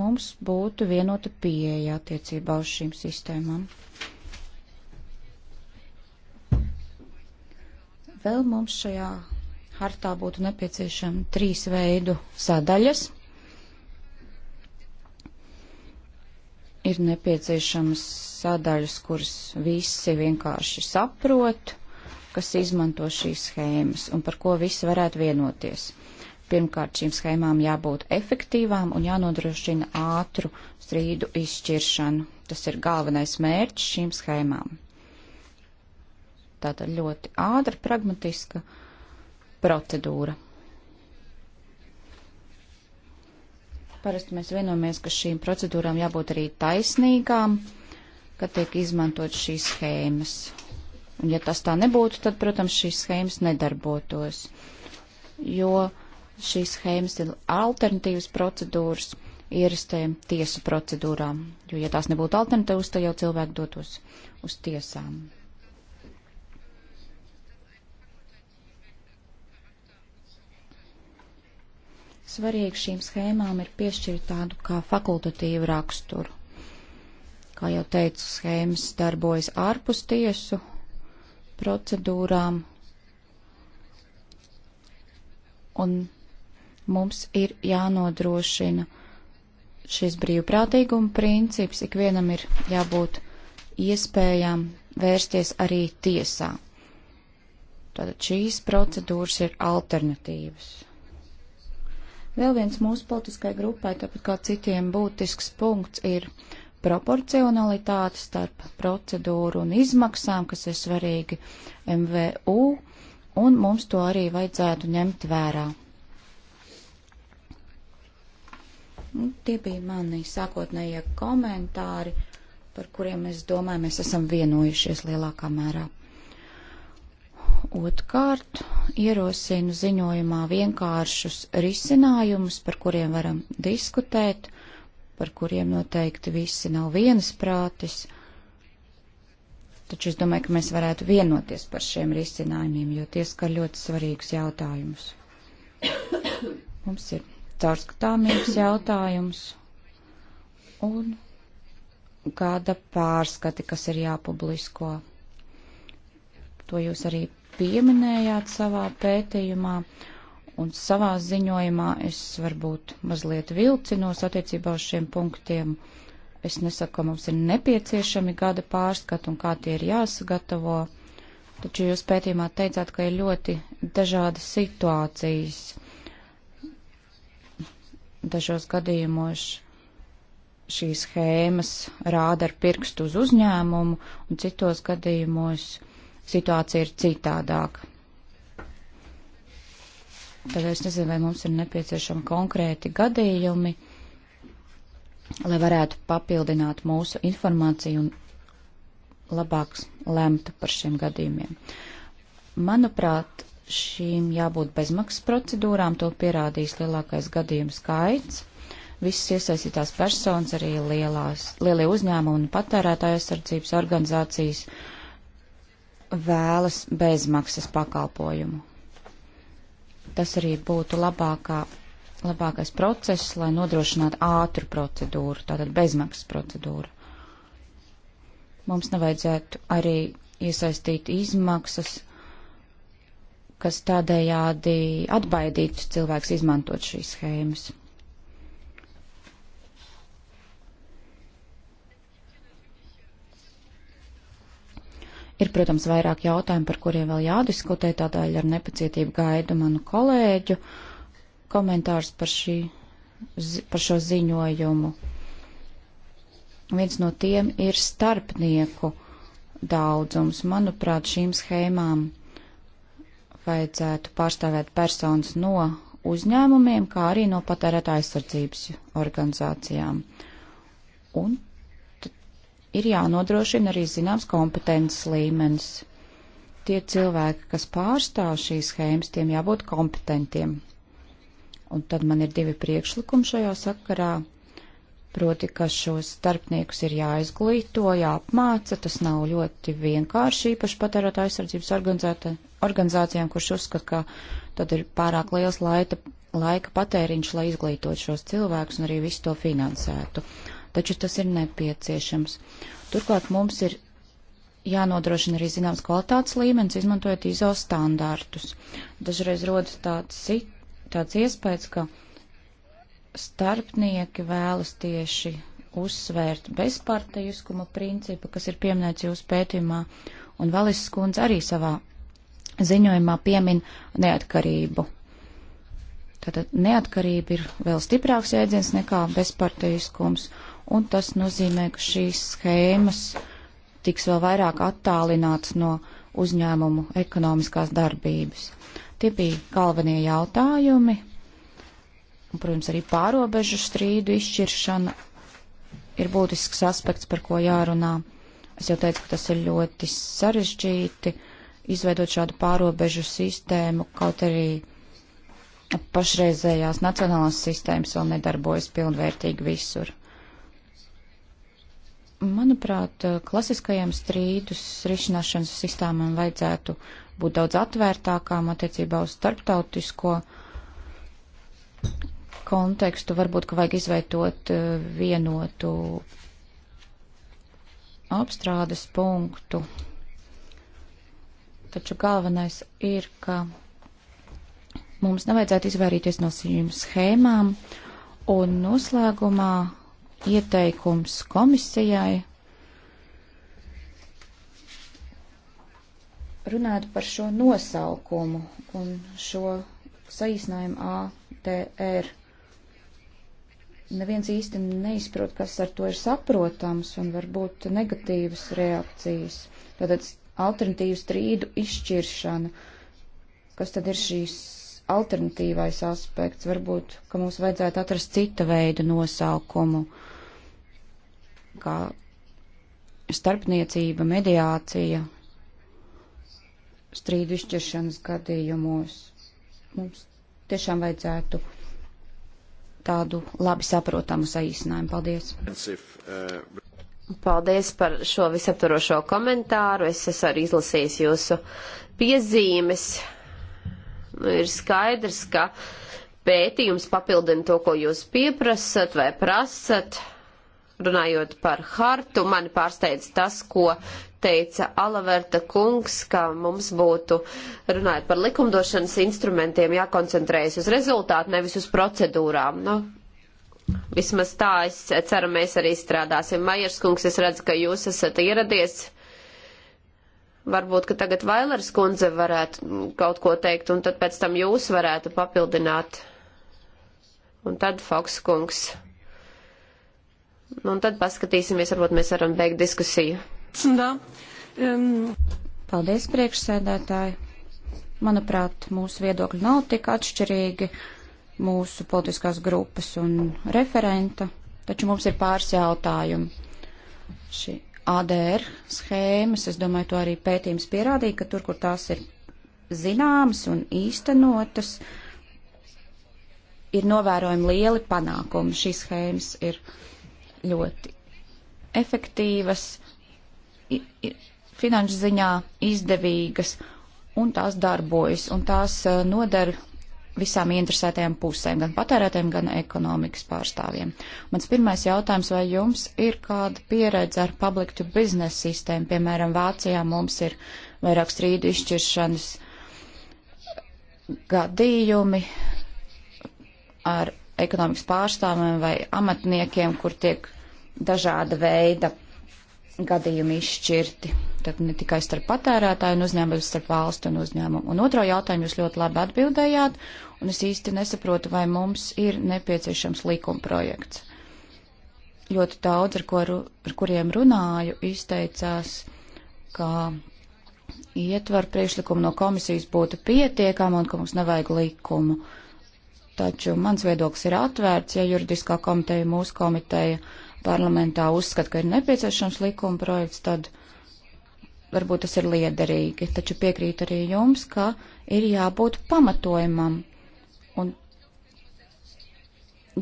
mums būtu vienota pieeja attiecībā uz šīm sistēmām. Vēl mums šajā hartā būtu nepieciešama trīs veidu sadaļas. ir nepieciešamas sadaļas, kuras visi vienkārši saprot, kas izmanto šīs schēmas un par ko visi varētu vienoties. Pirmkārt, šīm schēmām jābūt efektīvām un jānodrošina ātru strīdu izšķiršanu. Tas ir galvenais mērķis šīm schēmām. Tātad ļoti ātra, pragmatiska procedūra. Parasti mēs vienojamies, ka šīm procedūrām jābūt arī taisnīgām, kad tiek izmantot šīs schēmas. Un ja tas tā nebūtu, tad, protams, šīs schēmas nedarbotos, jo šīs schēmas ir alternatīvas procedūras ierastiem tiesu procedūrām, jo, ja tās nebūtu alternatīvas, tad jau cilvēki dotos uz tiesām. Svarīgi šīm schēmām ir piešķirt tādu kā fakultatīvu raksturu. Kā jau teicu, schēmas darbojas ārpus tiesu procedūrām, un mums ir jānodrošina šis brīvprātīguma princips. Ikvienam ir jābūt iespējām vērsties arī tiesā. Tātad šīs procedūras ir alternatīvas. Vēl viens mūsu politiskai grupai, tāpat kā citiem būtisks punkts, ir proporcionalitāte starp procedūru un izmaksām, kas ir svarīgi MVU, un mums to arī vajadzētu ņemt vērā. Nu, tie bija mani sākotnējie komentāri, par kuriem es domāju, mēs esam vienojušies lielākā mērā. Otkārt, ierosinu ziņojumā vienkāršus risinājumus, par kuriem varam diskutēt, par kuriem noteikti visi nav vienas prātis. Taču es domāju, ka mēs varētu vienoties par šiem risinājumiem, jo tie skar ļoti svarīgus jautājumus. Mums ir caurskatāmības jautājums un gada pārskati, kas ir jāpublisko. To jūs arī pieminējāt savā pētījumā un savā ziņojumā. Es varbūt mazliet vilcinos attiecībā uz šiem punktiem. Es nesaku, ka mums ir nepieciešami gada pārskati un kā tie ir jāsagatavo, taču jūs pētījumā teicāt, ka ir ļoti dažādas situācijas. Dažos gadījumos šīs schēmas rāda ar pirkstu uz uzņēmumu, un citos gadījumos situācija ir citādāka. Tad es nezinu, vai mums ir nepieciešami konkrēti gadījumi, lai varētu papildināt mūsu informāciju un labāk lemtu par šiem gadījumiem. Manuprāt, šīm jābūt bezmaksas procedūrām, to pierādīs lielākais gadījumu skaits. Visas iesaistītās personas, arī lielās, lielie uzņēmumi un patērētāja aizsardzības organizācijas uh, vēlas bezmaksas pakalpojumu. Tas arī būtu labākā, labākais process, lai nodrošinātu ātru procedūru, tātad bezmaksas procedūru. Mums nevajadzētu arī iesaistīt izmaksas, kas tādējādi atbaidītu cilvēks izmantot šīs schēmas. Ir, protams, vairāk jautājumu, par kuriem vēl jādiskutē, tādēļ ar nepacietību gaidu manu kolēģu komentārs par, šī, par šo ziņojumu. Viens no tiem ir starpnieku daudzums. Manuprāt, šīm schēmām vajadzētu pārstāvēt personas no uzņēmumiem, kā arī no patērētāja aizsardzības organizācijām. Un ir jānodrošina arī zināms kompetences līmenis. Tie cilvēki, kas pārstāv šīs schēmas, tiem jābūt kompetentiem. Un tad man ir divi priekšlikumi šajā sakarā. Proti, ka šos starpniekus ir jāizglīto, jāapmāca, tas nav ļoti vienkārši īpaši patērot aizsardzības organizācijām, kurš uzskat, ka tad ir pārāk liels laita, laika patēriņš, lai izglītot šos cilvēkus un arī visu to finansētu. Uh, taču tas ir nepieciešams. Turklāt mums ir jānodrošina arī zināms kvalitātes līmenis, izmantojot ISO standārtus. Dažreiz rodas tāds, tāds iespējas, ka starpnieki vēlas tieši uzsvērt bezparteiskuma principu, kas ir pieminēts jūsu pētījumā, un Valis Skundze arī savā ziņojumā piemin neatkarību. Tātad neatkarība ir vēl stiprāks jēdziens nekā bezparteiskums, un tas nozīmē, ka šīs schēmas tiks vēl vairāk attālināts no uzņēmumu ekonomiskās darbības. Tie bija galvenie jautājumi, un, protams, arī pārobežu strīdu izšķiršana ir būtisks aspekts, par ko jārunā. Es jau teicu, ka tas ir ļoti sarežģīti izveidot šādu pārobežu sistēmu, kaut arī pašreizējās nacionālās sistēmas vēl nedarbojas pilnvērtīgi visur. Manuprāt, eh, klasiskajām strīdus risināšanas sistēmām vajadzētu būt daudz atvērtākām attiecībā uz starptautisko kontekstu. Varbūt, ka vajag izveidot eh, vienotu apstrādes punktu. Taču galvenais ir, ka mums nevajadzētu izvairīties no šīm schēmām un noslēgumā ieteikums komisijai. Runājot par šo nosaukumu un šo saīsinājumu ATR, neviens īsti neizprot, kas ar to ir saprotams un varbūt negatīvas reakcijas. Tātad alternatīvu strīdu izšķiršana. Kas tad ir šīs alternatīvais aspekts? Varbūt, ka mums vajadzētu atrast cita veida nosaukumu. Uh, kā starpniecība, mediācija strīdu izšķiršanas gadījumos. Mums tiešām vajadzētu tādu labi saprotamu saīsinājumu. Paldies! Paldies par šo visaptvarošo komentāru. Es esmu arī izlasījis jūsu piezīmes. Nu, ir skaidrs, ka pētījums papildina to, ko jūs pieprasat vai prasat runājot par hartu, mani pārsteidz tas, ko teica Alaverta kungs, ka mums būtu, runājot par likumdošanas instrumentiem, jākoncentrējas uz rezultātu, nevis uz procedūrām. Nu, vismaz tā es ceru, mēs arī strādāsim. Majers kungs, es redzu, ka jūs esat ieradies. Varbūt, ka tagad Vailers kundze varētu kaut ko teikt, un tad pēc tam jūs varētu papildināt. Un tad Foks kungs. Un tad paskatīsimies, varbūt mēs varam beigt diskusiju. Paldies, priekšsēdētāji. Manuprāt, mūsu viedokļi nav tik atšķirīgi mūsu politiskās grupas un referenta, taču mums ir pāris jautājumi. Šī ADR schēmas, es domāju, to arī pētījums pierādīja, ka tur, kur tās ir zināmas un īstenotas, ir novērojami lieli panākumi. Šīs schēmas ir ļoti efektīvas, finanšu ziņā izdevīgas, un tās darbojas, un tās eh, nodara visām interesētajām pusēm, gan patērētājiem, gan ekonomikas pārstāvjiem. Mans pirmais jautājums, vai jums ir kāda pieredze ar public to business sistēmu? Piemēram, Vācijā mums ir vairāk strīdu izšķiršanas gadījumi ar ekonomikas pārstāvjiem vai amatniekiem, kur tiek dažāda veida gadījumi izšķirti. Tad ne tikai starp patērētāju un uzņēmumu, bet starp valstu un uzņēmumu. Un otro jautājumu jūs ļoti labi atbildējāt, un es īsti nesaprotu, vai mums ir nepieciešams likuma projekts. Ļoti daudz, ar, ko, ar kuriem runāju, izteicās, ka ietvaru priekšlikumu no komisijas būtu pietiekama un ka mums nevajag likumu. Taču mans viedoklis ir atvērts, ja juridiskā komiteja, mūsu komiteja, uh, parlamentā uzskata, ka ir nepieciešams likuma projekts, tad varbūt tas ir liederīgi. Taču piekrīt arī jums, ka ir jābūt pamatojumam un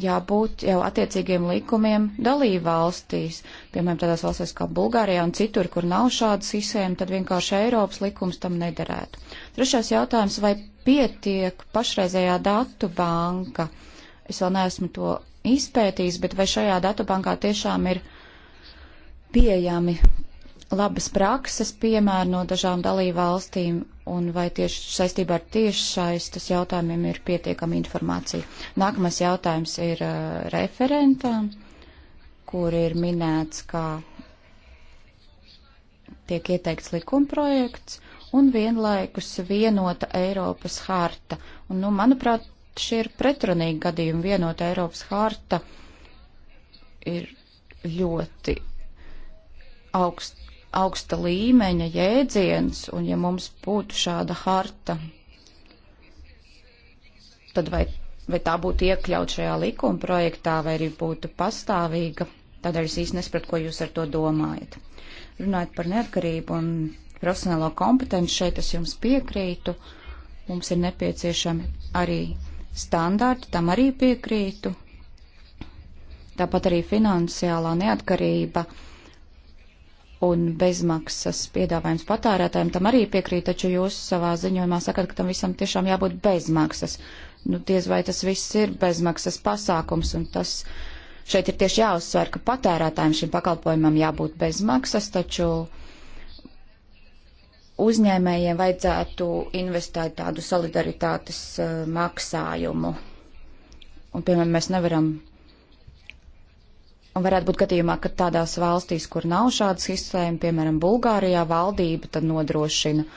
jābūt jau attiecīgiem likumiem dalībvalstīs. Piemēram, tādās valstīs kā Bulgārijā un citur, kur nav šāda sistēma, tad vienkārši Eiropas likums tam nederētu. Trešais jautājums, vai pietiek pašreizējā datu banka? Es vēl neesmu to izpētījis, bet vai šajā datubankā tiešām ir pieejami labas prakses piemēri no dažām dalībvalstīm un vai tieši saistībā ar tiešsaistes jautājumiem ir pietiekama informācija. Nākamais jautājums ir uh, referentam, kur ir minēts, kā tiek ieteikts likumprojekts un vienlaikus vienota Eiropas harta. Un, nu, manuprāt, šie ir pretrunīgi gadījumi. Vienota Eiropas harta ir ļoti augst, augsta līmeņa jēdziens, un ja mums būtu šāda harta, tad vai, vai tā būtu iekļaut šajā likuma projektā, vai arī būtu pastāvīga, tādēļ es īsti nespratu, ko jūs ar to domājat. Runājot par neatkarību un profesionālo kompetenci, šeit es jums piekrītu. Mums ir nepieciešami arī standārti, tam arī piekrītu. Tāpat arī finansiālā neatkarība un bezmaksas piedāvājums patērētājiem, tam arī piekrīt, taču jūs savā ziņojumā sakat, ka tam visam tiešām jābūt bezmaksas. Nu, diez vai tas viss ir bezmaksas pasākums, un tas šeit ir tieši jāuzsver, ka patērētājiem šim pakalpojumam jābūt bezmaksas, taču uh, uzņēmējiem vajadzētu investēt tādu solidaritātes eh, maksājumu. Un, piemēram, mēs nevaram, un varētu būt gadījumā, ka tādās valstīs, kur nav šāda sistēma, piemēram, Bulgārijā, valdība tad nodrošina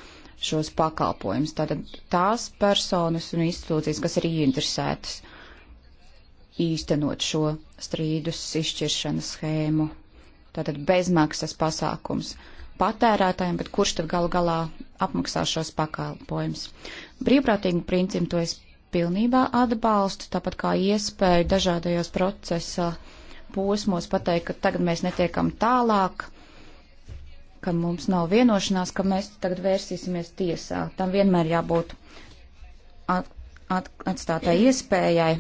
šos pakalpojumus. Tātad tās personas un institūcijas, kas ir ieinteresētas īstenot šo strīdus izšķiršanas schēmu. Tātad bezmaksas pasākums. Uh, patērētājiem, bet kurš tad galu galā apmaksā šos pakalpojumus. Brīvprātīgu principu to es pilnībā atbalstu, tāpat kā iespēju dažādajos procesa posmos pateikt, ka tagad mēs netiekam tālāk, ka mums nav vienošanās, ka mēs tagad vērsīsimies tiesā. Tam vienmēr jābūt at, at, atstātai iespējai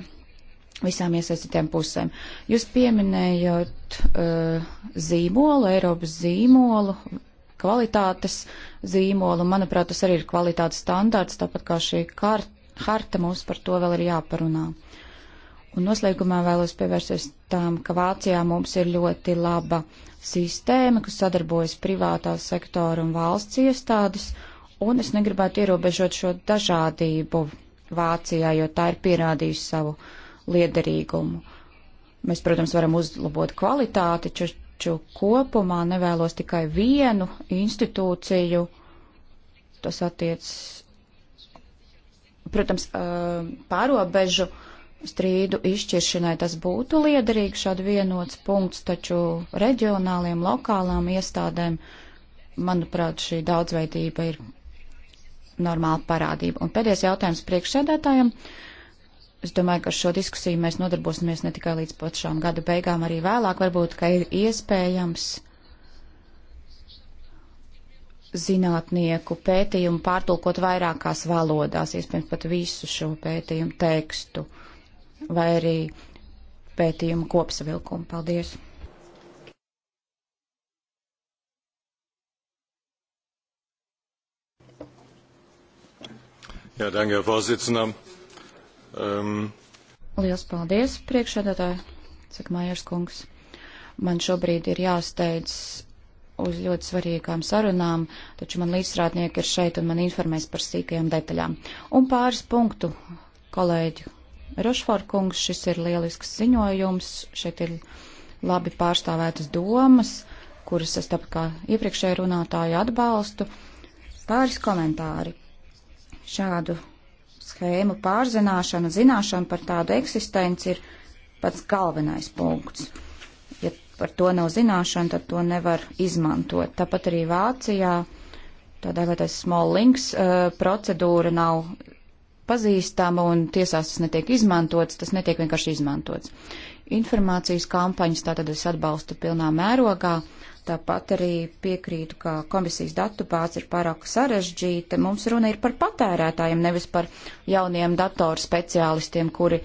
visām iesaistītēm pusēm. Jūs pieminējot uh, zīmolu, Eiropas zīmolu, kvalitātes zīmolu. Manuprāt, tas arī ir kvalitātes standārts, tāpat kā šī kart, harta mums par to vēl ir jāparunā. Un noslēgumā vēlos pievērsties tam, ka Vācijā mums ir ļoti laba sistēma, kas sadarbojas privātā sektora un valsts iestādes, un es negribētu ierobežot šo dažādību Vācijā, jo tā ir pierādījusi savu liederīgumu. Mēs, protams, varam uzlabot kvalitāti, taču taču kopumā nevēlos tikai vienu institūciju. Tas attiec, protams, pārobežu strīdu izšķiršanai tas būtu liederīgi šādi vienots punkts, taču reģionāliem, lokālām iestādēm, manuprāt, šī daudzveidība ir normāla parādība. Un pēdējais jautājums priekšsēdētājiem. Uh, Es domāju, ka ar šo diskusiju mēs nodarbosimies ne tikai līdz pat šām gadu beigām, arī vēlāk varbūt, ka ir iespējams zinātnieku pētījumu pārtulkot vairākās valodās, iespējams pat visu šo pētījumu tekstu vai arī pētījumu kopsavilkumu. Paldies! Ja, danke, Herr Vorsitzender. Um. Lielas paldies, priekšsēdētāji, saka Maiers kungs. Man šobrīd ir jāsteidz uz ļoti svarīgām sarunām, taču man līdzstrādnieki ir šeit un man informēs par sīkajām detaļām. Un pāris punktu, kolēģi. Rošfor kungs, šis ir lielisks ziņojums, šeit ir labi pārstāvētas domas, kuras es tāpat kā iepriekšēju runātāju atbalstu. Pāris komentāri. Šādu schēmu pārzināšana, zināšana par tādu eksistenci ir pats galvenais punkts. Ja par to nav zināšana, tad to nevar izmantot. Tāpat arī Vācijā tā dēvētais small links uh, procedūra nav pazīstama un tiesās tas netiek izmantots, tas netiek vienkārši izmantots informācijas kampaņas, tātad es atbalstu pilnā mērogā. Tāpat arī piekrītu, ka komisijas datu bāze ir pārāk sarežģīta. Mums runa ir par patērētājiem, nevis par jauniem datoru speciālistiem, kuri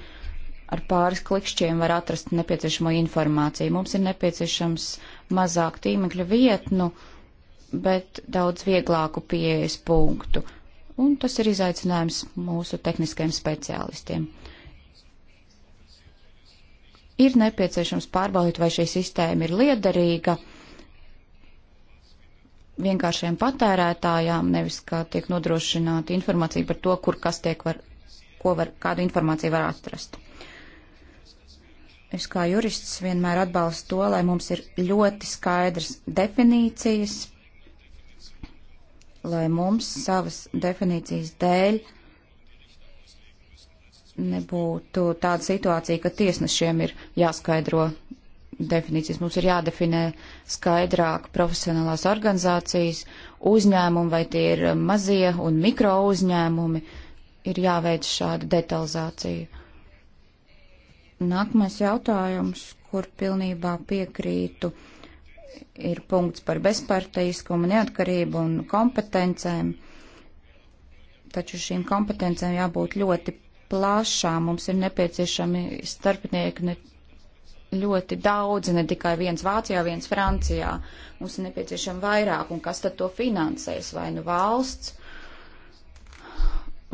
ar pāris klikšķiem var atrast nepieciešamo informāciju. Mums ir nepieciešams mazāk tīmekļa vietnu, bet daudz vieglāku pieejas punktu. Un tas ir izaicinājums mūsu tehniskajiem speciālistiem ir nepieciešams pārbaudīt, vai šī sistēma ir liederīga vienkāršiem patērētājām, nevis kā tiek nodrošināta informācija par to, kur kas tiek var, ko var, kādu informāciju var atrast. Es kā jurists vienmēr atbalstu to, lai mums ir ļoti skaidrs definīcijas, lai mums savas definīcijas dēļ nebūtu tāda situācija, ka tiesnešiem ir jāskaidro definīcijas. Mums ir jādefinē skaidrāk profesionālās organizācijas, uzņēmumi, vai tie ir mazie un mikro uzņēmumi, ir jāveic šāda detalizācija. Nākamais jautājums, kur pilnībā piekrītu, ir punkts par bezparteiskumu, neatkarību un kompetencēm. Taču šīm kompetencēm jābūt ļoti plašām. Mums ir nepieciešami starpnieki ne ļoti daudzi, ne tikai viens Vācijā, viens Francijā. Mums ir nepieciešami vairāk, un kas tad to finansēs? Vai nu valsts,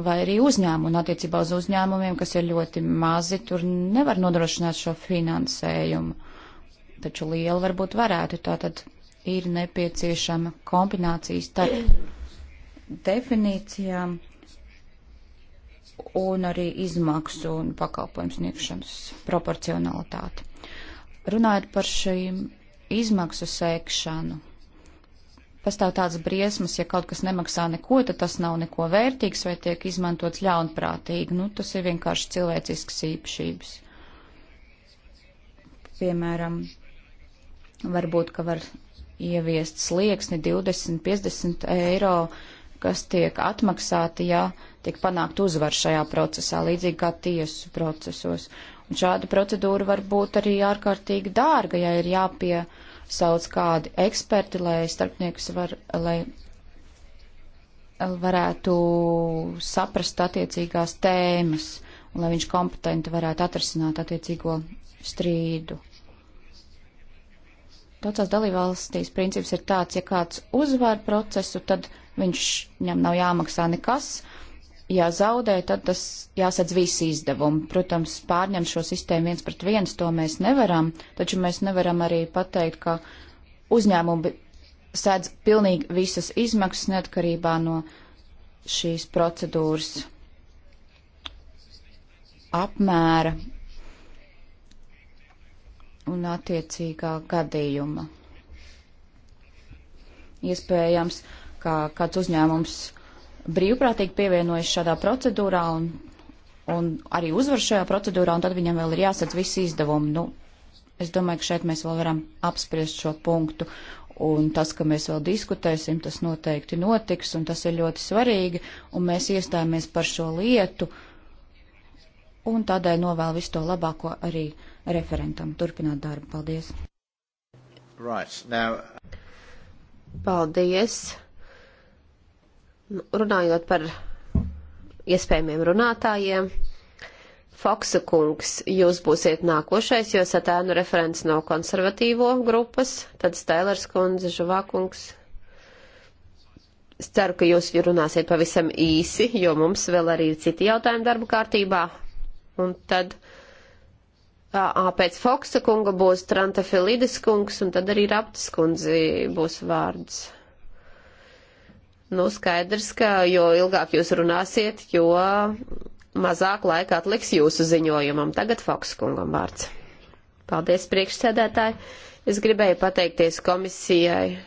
vai arī uzņēmumu. Un attiecībā uz uzņēmumiem, kas ir ļoti mazi, tur nevar nodrošināt šo finansējumu. Taču liela varbūt varētu. Tātad ir nepieciešama kombinācija starp definīcijām un arī izmaksu un pakalpojumu sniegšanas proporcionalitāti. Runājot par šīm izmaksu sēkšanu, pastāv tāds briesmas, ja kaut kas nemaksā neko, tad tas nav neko vērtīgs vai tiek izmantots ļaunprātīgi. Nu, tas ir vienkārši cilvēcisks īpašības. Piemēram, varbūt, ka var ieviest slieksni 20-50 eiro, kas tiek atmaksāti, ja tika panākt uzvar šajā procesā, līdzīgi kā tiesu procesos. Un šāda procedūra var būt arī ārkārtīgi dārga, ja ir jāpiesauc kādi eksperti, lai starpnieks var, lai varētu saprast attiecīgās tēmas, un lai viņš kompetenti varētu atrasināt attiecīgo strīdu. Daudzās dalībvalstīs princips ir tāds, ja kāds uzvar procesu, tad viņš, viņam nav jāmaksā nekas, ja zaudē, tad tas jāsadz visi izdevumi. Protams, pārņemt šo sistēmu viens pret viens, to mēs nevaram, taču mēs nevaram arī pateikt, ka uzņēmumi sēdz pilnīgi visas izmaksas neatkarībā no šīs procedūras apmēra un attiecīgā gadījuma. Iespējams, ka kāds uzņēmums brīvprātīgi pievienojas šādā procedūrā un, un arī uzvar šajā procedūrā, un tad viņam vēl ir jāsadz visi izdevumi. Nu, es domāju, ka šeit mēs vēl varam apspriest šo punktu, un tas, ka mēs vēl diskutēsim, tas noteikti notiks, un tas ir ļoti svarīgi, un mēs iestājāmies par šo lietu, un tādēļ novēlu visu to labāko arī referentam. Turpināt darbu. Paldies! Right, now... Paldies! Nu, runājot par iespējamiem runātājiem, Foksa kungs, jūs būsiet nākošais, jo esat ēnu referents no konservatīvo grupas, tad Stēlers kundze, Žuvā kungs. Es ceru, ka jūs runāsiet pavisam īsi, jo mums vēl arī ir citi jautājumi darba kārtībā. Un tad ā, pēc Foksa kunga būs Tranta Filides kungs, un tad arī Raptas kundze būs vārds. Nu, skaidrs, ka jo ilgāk jūs runāsiet, jo mazāk laika atliks jūsu ziņojumam. Tagad Foks kungam vārds. Paldies, priekšsēdētāji. Es gribēju pateikties komisijai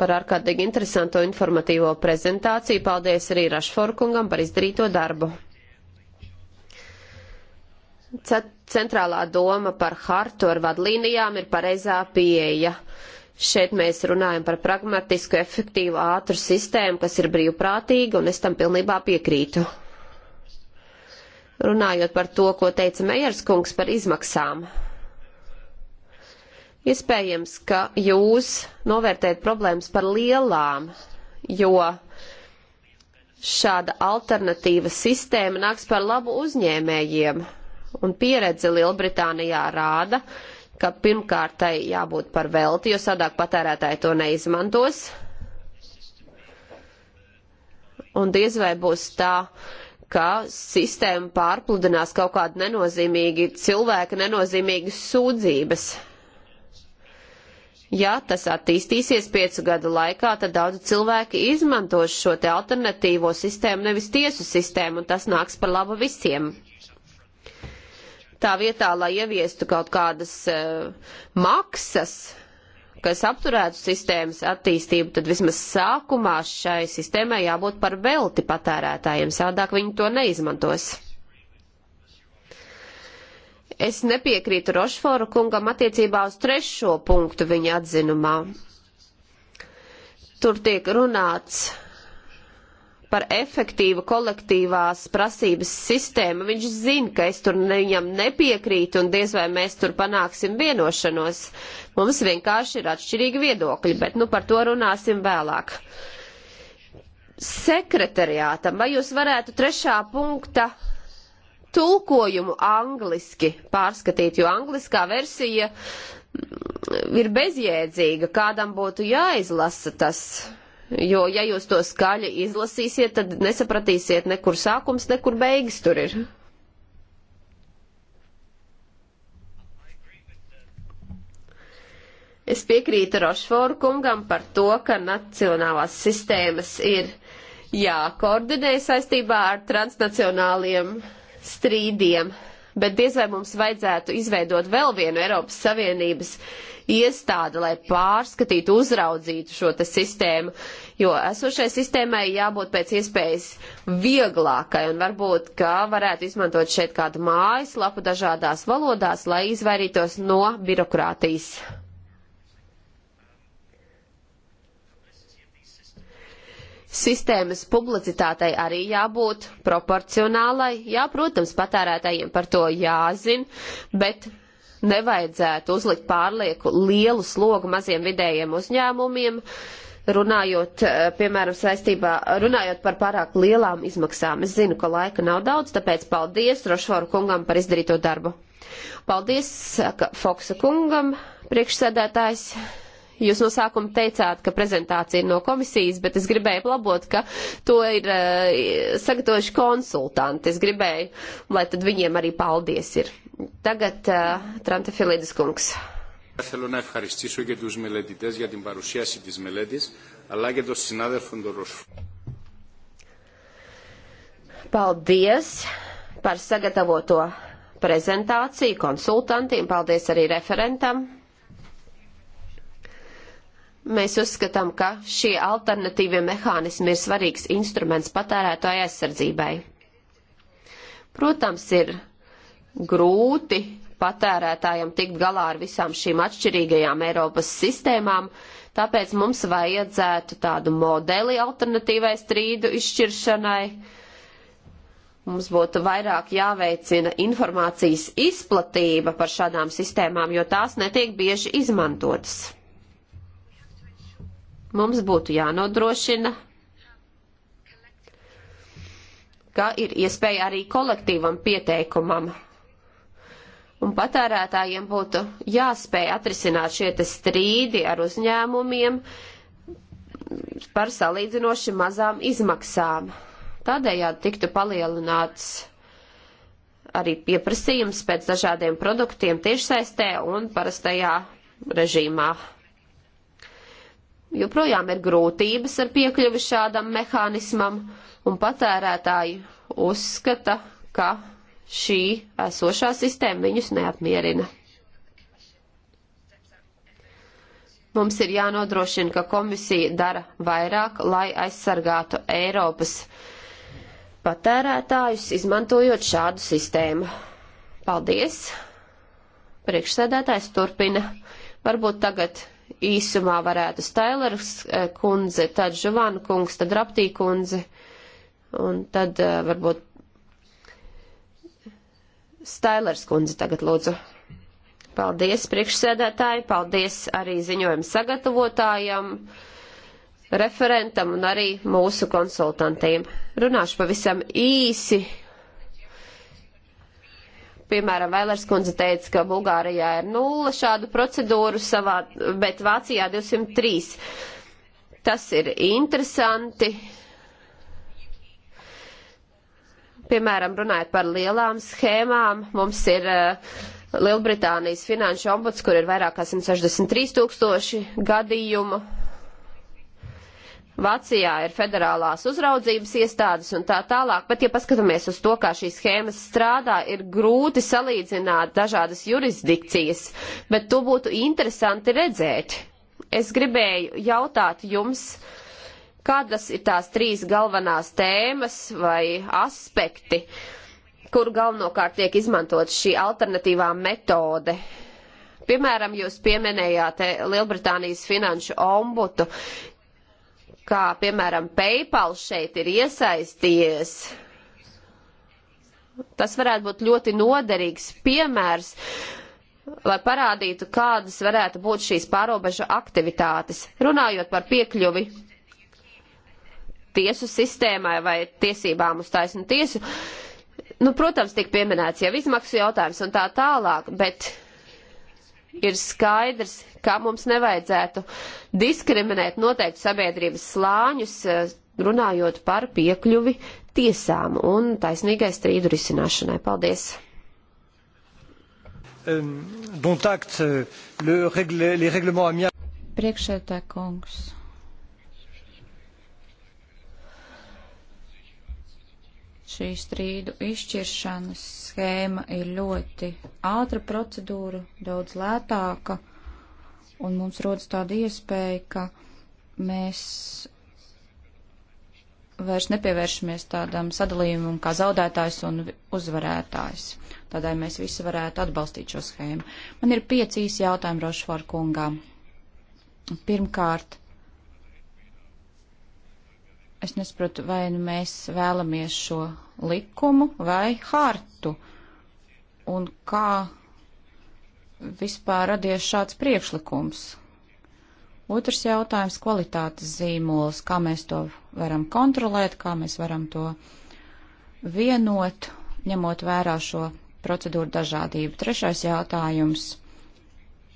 par ārkārtīgi interesanto informatīvo prezentāciju. Paldies arī Rašforkungam par izdarīto darbu. Cet centrālā doma par hartu ar vadlīnijām ir pareizā pieeja. Šeit mēs runājam par pragmatisku, efektīvu, ātru sistēmu, kas ir brīvprātīga, un es tam pilnībā piekrītu. Runājot par to, ko teica Mejers kungs par izmaksām. Iespējams, ka jūs novērtējat problēmas par lielām, jo šāda alternatīva sistēma nāks par labu uzņēmējiem, un pieredze Lielbritānijā rāda, ka ka pirmkārt tai jābūt par velti, jo sadāk patērētāji to neizmantos. Un diez vai būs tā, ka sistēma pārpludinās kaut kādu nenozīmīgi cilvēka nenozīmīgas sūdzības. Ja tas attīstīsies piecu gadu laikā, tad daudzi cilvēki izmantos šo te alternatīvo sistēmu, nevis tiesu sistēmu, un tas nāks par labu visiem tā vietā, lai ieviestu kaut kādas uh, maksas, kas apturētu sistēmas attīstību, tad vismaz sākumā šai sistēmai jābūt par velti patērētājiem, savādāk viņi to neizmantos. Es nepiekrītu Rošforu kungam attiecībā uz trešo punktu viņa atzinumā. Tur tiek runāts par efektīvu kolektīvās prasības sistēmu, viņš zina, ka es tur viņam nepiekrītu un diez vai mēs tur panāksim vienošanos. Mums vienkārši ir atšķirīgi viedokļi, bet nu par to runāsim vēlāk. Sekretariātam, vai jūs varētu trešā punkta tulkojumu angliski pārskatīt, jo angliskā versija ir bezjēdzīga, kādam būtu jāizlasa tas. Jo, ja jūs to skaļi izlasīsiet, tad nesapratīsiet nekur sākums, nekur beigas tur ir. Es piekrītu Rošforu kungam par to, ka nacionālās sistēmas ir jākoordinē saistībā ar transnacionāliem strīdiem bet diez vai mums vajadzētu izveidot vēl vienu Eiropas Savienības iestādi, lai pārskatītu, uzraudzītu šo sistēmu, jo esošai sistēmai jābūt pēc iespējas vieglākai un varbūt, ka varētu izmantot šeit kādu mājaslapu dažādās valodās, lai izvairītos no birokrātijas. Sistēmas publicitātei arī jābūt proporcionālai. Jā, protams, patērētājiem par to jāzina, bet nevajadzētu uzlikt pārlieku lielu slogu maziem vidējiem uzņēmumiem, runājot, eh, piemēram, saistībā, runājot par pārāk lielām izmaksām. Es zinu, ka laika nav daudz, tāpēc paldies Rošvaru kungam par izdarīto darbu. Paldies, saka Foksa kungam, priekšsēdētājs. Jūs no sākuma teicāt, ka prezentācija ir no komisijas, bet es gribēju labot, ka to ir uh, sagatavojuši konsultanti. Es gribēju, lai tad viņiem arī paldies ir. Tagad uh, eh, Tranta Filidis kungs. Θέλω να ευχαριστήσω και τους μελετητές για την παρουσίαση της μελέτης, αλλά και τον συνάδελφο τον Ροσφού. Paldies par sagatavoto prezentāciju konsultantiem, paldies arī referentam. Mēs uzskatām, ka šie alternatīvie mehānismi ir svarīgs instruments patērētāju aizsardzībai. Protams, ir grūti patērētājam tikt galā ar visām šīm atšķirīgajām Eiropas sistēmām, tāpēc mums vajadzētu tādu modeli alternatīvai strīdu izšķiršanai. Mums būtu vairāk jāveicina informācijas izplatība par šādām sistēmām, jo tās netiek bieži izmantotas. Mums būtu jānodrošina, ka ir iespēja arī kolektīvam pieteikumam. Un patērētājiem būtu jāspēj atrisināt šie strīdi ar uzņēmumiem par salīdzinoši mazām izmaksām. Tādējādi tiktu palielināts arī pieprasījums pēc dažādiem produktiem tiešsaistē un parastajā režīmā joprojām ir grūtības ar piekļuvi šādam mehānismam, un patērētāji uzskata, ka šī esošā sistēma viņus neapmierina. Mums ir jānodrošina, ka komisija dara vairāk, lai aizsargātu Eiropas patērētājus, izmantojot šādu sistēmu. Paldies! Priekšsēdētājs turpina. Varbūt tagad īsumā varētu Stailers eh, kundze, tad Žuvana kungs, tad Raptī kundze, un tad eh, varbūt Stailers kundze tagad lūdzu. Paldies priekšsēdētāji, paldies arī ziņojuma sagatavotājam, referentam un arī mūsu konsultantiem. Runāšu pavisam īsi piemēram, Vēlers kundze teica, ka Bulgārijā ir nulle šādu procedūru, savā, bet Vācijā 203. Tas ir interesanti. Piemēram, runājot par lielām schēmām, mums ir uh, Lielbritānijas finanšu ombuds, kur ir vairāk kā 163 tūkstoši gadījumu, Vācijā ir federālās uzraudzības iestādes un tā tālāk, bet ja paskatāmies uz to, kā šīs schēmas strādā, ir grūti salīdzināt dažādas jurisdikcijas, bet to būtu interesanti redzēt. Es gribēju jautāt jums, kādas ir tās trīs galvenās tēmas vai aspekti, kur galvenokārt tiek izmantot šī alternatīvā metode. Piemēram, jūs pieminējāt Lielbritānijas finanšu ombutu, kā piemēram PayPal šeit ir iesaistījies, tas varētu būt ļoti noderīgs piemērs, lai parādītu, kādas varētu būt šīs pārobežu aktivitātes. Runājot par piekļuvi tiesu sistēmai vai tiesībām uz taisnu tiesu, nu, protams, tik pieminēts jau izmaksu jautājums un tā tālāk, bet ir skaidrs, ka mums nevajadzētu diskriminēt noteikti sabiedrības slāņus, eh, runājot par piekļuvi tiesām un taisnīgai strīdu risināšanai. Paldies! Priekšētā kungs. Šī strīdu izšķiršanas schēma ir ļoti ātra procedūra, daudz lētāka, un mums rodas tāda iespēja, ka mēs vairs nepievēršamies tādam sadalījumam kā zaudētājs un uzvarētājs. Tādēļ mēs visi varētu atbalstīt šo schēmu. Man ir pieci īsi jautājumi Rošvar kungām. Pirmkārt, es nesaprotu, vai nu mēs vēlamies šo likumu vai hartu. Un kā vispār radies šāds priekšlikums? Otrs jautājums - kvalitātes zīmols, kā mēs to varam kontrolēt, kā mēs varam to vienot, ņemot vērā šo procedūru dažādību. Trešais jautājums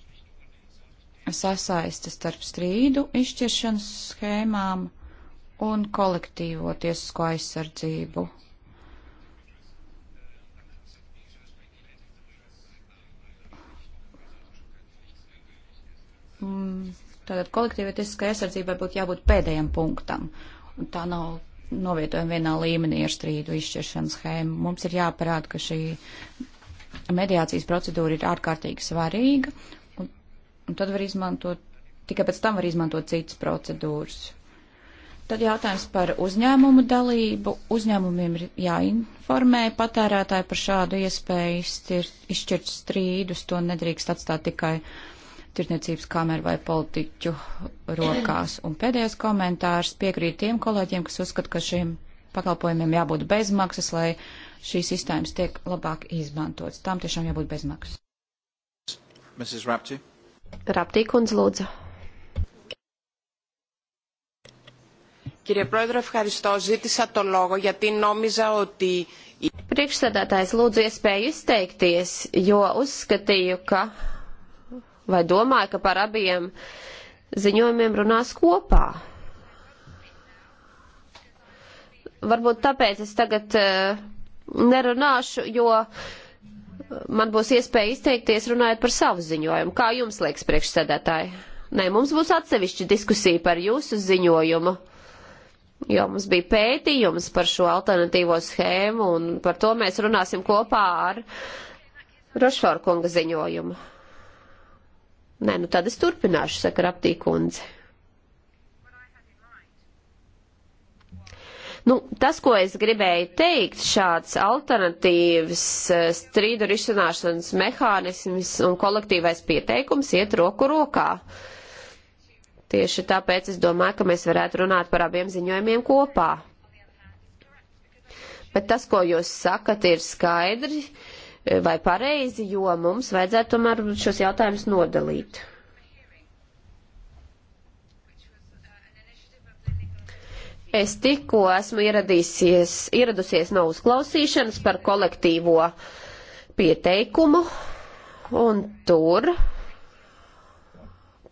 - sasaistas starp strīdu izšķiršanas schēmām un kolektīvo tiesisko aizsardzību. Mm, tātad kolektīvai tiesiskai aizsardzībai būtu jābūt pēdējiem punktam. Un tā nav novietojama vienā līmenī ar strīdu izšķiršanas schēmu. Mums ir jāparāda, ka šī mediācijas procedūra ir ārkārtīgi svarīga, un, un tad var izmantot, tikai pēc tam var izmantot citas procedūras. Tad jautājums par uzņēmumu dalību. Uzņēmumiem ir jāinformē patērētāji par šādu iespēju izšķirt strīdus. To nedrīkst atstāt tikai tirniecības kameru vai politiķu rokās. Un pēdējais komentārs piekrīt tiem kolēģiem, kas uzskata, ka šiem pakalpojumiem jābūt bezmaksas, lai šīs sistēmas tiek labāk izmantotas. Tām tiešām jābūt bezmaksas. Mrs. Rapti. Rapti kundze lūdzu. Κύριε Πρόεδρε, ευχαριστώ. Ζήτησα το λόγο γιατί νόμιζα ότι. Priekšsēdētājs lūdzu iespēju izteikties, jo uzskatīju, ka vai domāju, ka par abiem ziņojumiem runās kopā. Varbūt tāpēc es tagad uh, nerunāšu, jo man būs iespēja izteikties runājot par savu ziņojumu. Kā jums liekas, priekšsēdētāji? Nē, mums būs atsevišķa diskusija par jūsu ziņojumu. Uh, jo mums bija pētījums par šo alternatīvo schēmu, un par to mēs runāsim kopā ar Rošforu kunga ziņojumu. Nē, nu tad es turpināšu, saka Raptī kundze. Nu, tas, ko es gribēju teikt, šāds alternatīvs eh, strīdu risināšanas mehānisms un kolektīvais pieteikums iet roku rokā. Uh, Tieši tāpēc es domāju, ka mēs varētu runāt par abiem ziņojumiem kopā. Bet tas, ko jūs sakat, ir skaidri e, vai pareizi, jo mums vajadzētu tomēr šos jautājumus nodalīt. Es tikko esmu ieradusies no uzklausīšanas par kolektīvo pieteikumu, un tur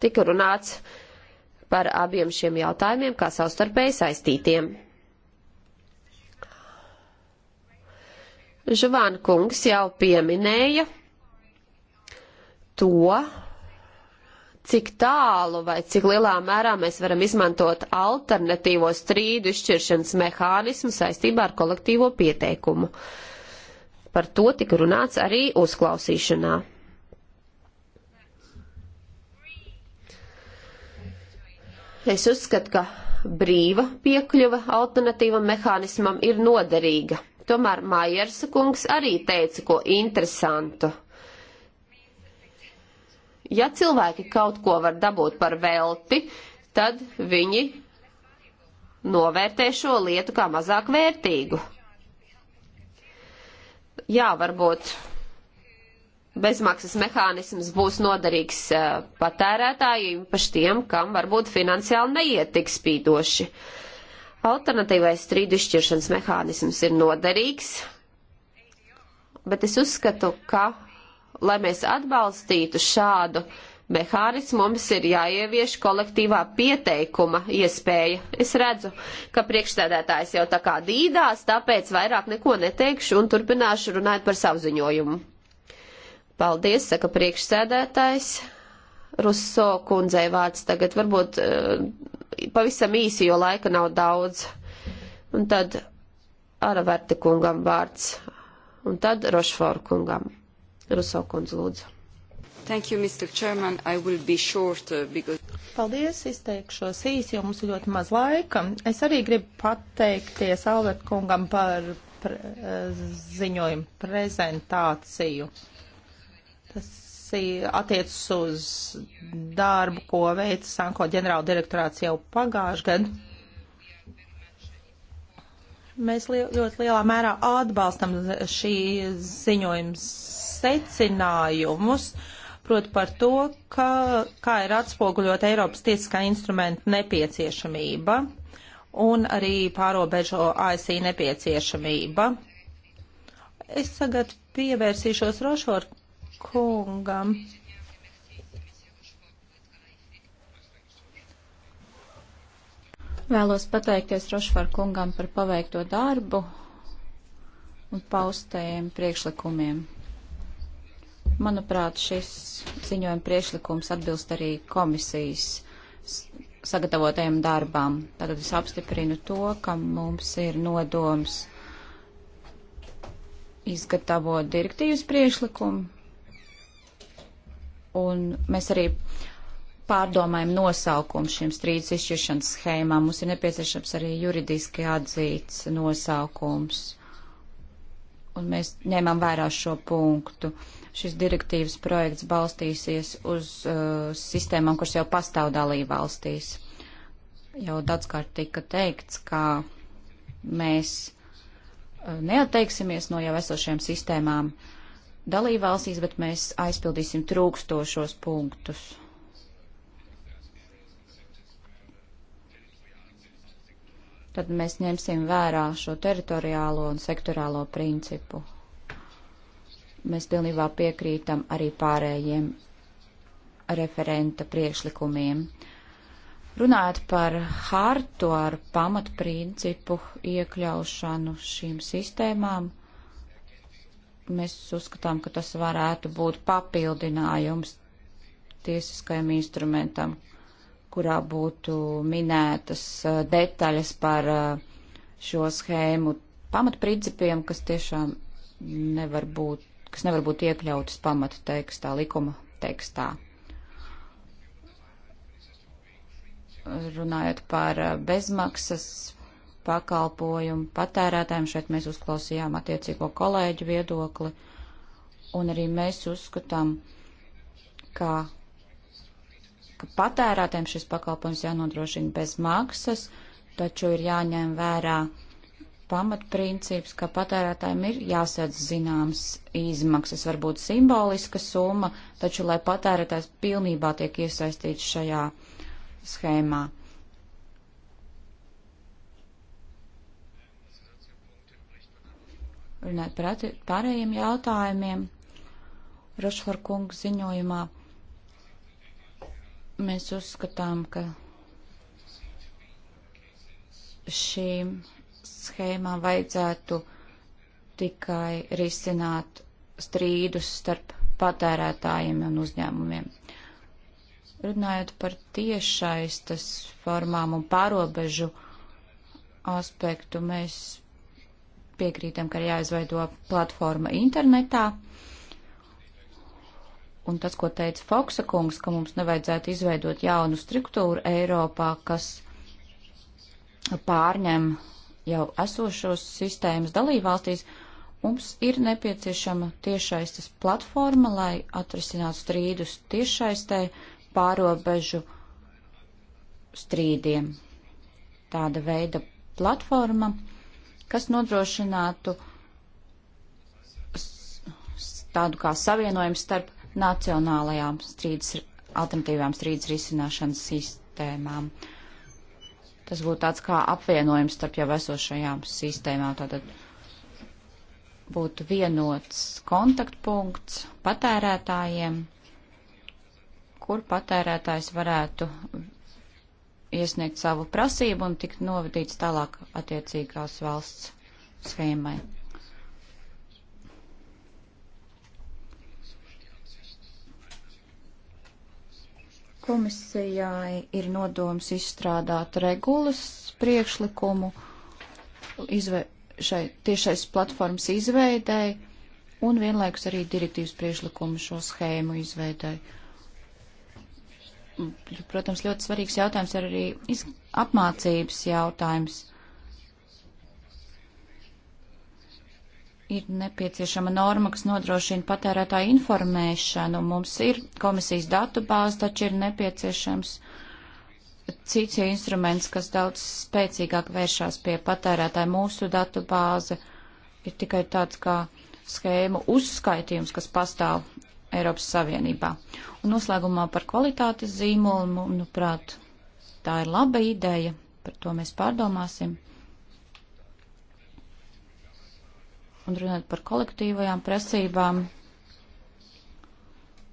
tika runāts par abiem šiem jautājumiem kā savstarpēji saistītiem. Žvāna kungs jau pieminēja to, cik tālu vai cik lielā mērā mēs varam izmantot alternatīvo strīdu izšķiršanas mehānismu saistībā ar kolektīvo pieteikumu. Par to tika runāts arī uzklausīšanā. Es uzskatu, ka brīva piekļuva alternatīvam mehānismam ir noderīga. Tomēr Majersa kungs arī teica ko interesantu. Ja cilvēki kaut ko var dabūt par velti, tad viņi novērtē šo lietu kā mazāk vērtīgu. Jā, varbūt bezmaksas mehānisms būs noderīgs uh, patērētājiem, paši tiem, kam varbūt finansiāli neiet tik spīdoši. Alternatīvais strīdu izšķiršanas mehānisms ir noderīgs, bet es uzskatu, ka, lai mēs atbalstītu šādu mehānismu, mums ir jāievieš kolektīvā pieteikuma iespēja. Es redzu, ka priekšstādētājs jau tā kā dīdās, tāpēc vairāk neko neteikšu un turpināšu runāt par savu ziņojumu. Paldies, saka priekšsēdētājs. Russo kundzei vārds tagad varbūt eh, pavisam īsi, jo laika nav daudz. Un tad Araverti kungam vārds. Un tad Rošforu kungam. Russo kundze lūdzu. Thank you, Mr. Chairman. I will be short eh, because. Paldies, izteikšos īsi, jo mums ir ļoti maz laika. Es arī gribu pateikties Albert kungam par pre ziņojumu prezentāciju. Uh, Tas attiecas uz darbu, ko veica Sanko ģenerāla direktorāts jau pagājušajā gadā. Mēs li ļoti lielā mērā atbalstam šī ziņojuma secinājumus, proti par to, ka, kā ir atspoguļot Eiropas tiesiskā instrumenta nepieciešamība un arī pārobežo ASI nepieciešamība. Es tagad pievērsīšos Rošoru kungam. Vēlos pateikties Rošvar kungam par paveikto darbu un paustajiem priekšlikumiem. Manuprāt, šis ziņojuma priekšlikums atbilst arī komisijas sagatavotajam darbam. Tātad es apstiprinu to, ka mums ir nodoms izgatavot direktīvas priekšlikumu, un mēs arī pārdomājam nosaukumu šīm strīdus izšķiršanas schēmām. Mums ir nepieciešams arī juridiski atzīts nosaukums. Un mēs ņēmām vērā šo punktu. Šis direktīvas projekts balstīsies uz uh, sistēmām, kuras jau pastāv dalībvalstīs. Jau daudzkārt tika teikts, ka mēs uh, neatteiksimies no jau esošajām sistēmām. Uh, dalībvalstīs, bet mēs aizpildīsim trūkstošos punktus. Tad mēs ņemsim vērā šo teritoriālo un sektorālo principu. Mēs pilnībā piekrītam arī pārējiem referenta priekšlikumiem. Runājot par hartu ar pamatprincipu iekļaušanu šīm sistēmām, Mēs uzskatām, ka tas varētu būt papildinājums tiesiskajam instrumentam, kurā būtu minētas eh, detaļas par eh, šo schēmu pamatprincipiem, kas tiešām nevar būt, kas nevar būt iekļautas pamata tekstā, likuma tekstā. Runājot par eh, bezmaksas pakalpojumu patērētājiem. Šeit mēs uzklausījām attiecīgo kolēģu viedokli, un arī mēs uzskatām, ka, ka patērētājiem šis pakalpojums jānodrošina bez maksas, taču ir jāņem vērā pamatprincips, ka patērētājiem ir jāsadz zināms izmaksas, varbūt simboliska summa, taču lai patērētājs pilnībā tiek iesaistīts šajā schēmā. runāt par pārējiem jautājumiem. Rošvar kungs ziņojumā mēs uzskatām, ka šīm schēmām vajadzētu tikai risināt strīdus starp patērētājiem un uzņēmumiem. Runājot par tiešaistas formām un pārobežu aspektu, mēs piekrītam, ka ir jāizveido platforma internetā. Un tas, ko teica Foksa kungs, ka mums nevajadzētu izveidot jaunu struktūru Eiropā, kas pārņem jau esošos sistēmas dalībvalstīs, mums ir nepieciešama tiešaistes platforma, lai atrisinātu strīdus tiešaistē pārobežu strīdiem. Tāda veida platforma kas nodrošinātu tādu kā savienojumu starp nacionālajām strīdus, alternatīvām strīdus risināšanas sistēmām. Tas būtu tāds kā apvienojums starp jau esošajām sistēmām. Tātad būtu vienots kontaktpunkts patērētājiem, kur patērētājs varētu iesniegt savu prasību un tikt novadīts tālāk attiecīgās valsts schēmai. Komisijai ir nodoms izstrādāt regulas priekšlikumu izve, šai, tiešais platformas izveidēji un vienlaikus arī direktīvas priekšlikumu šo schēmu izveidēji protams, ļoti svarīgs jautājums ir arī apmācības jautājums. Ir nepieciešama norma, kas nodrošina patērētāju informēšanu. Mums ir komisijas datubāze, taču ir nepieciešams cits instruments, kas daudz spēcīgāk vēršās pie patērētāju. Mūsu datubāze ir tikai tāds kā schēmu uzskaitījums, kas pastāv Eiropas Savienībā. Un noslēgumā par kvalitātes zīmolu, nu, manuprāt, tā ir laba ideja, par to mēs pārdomāsim. Un runāt par kolektīvajām prasībām,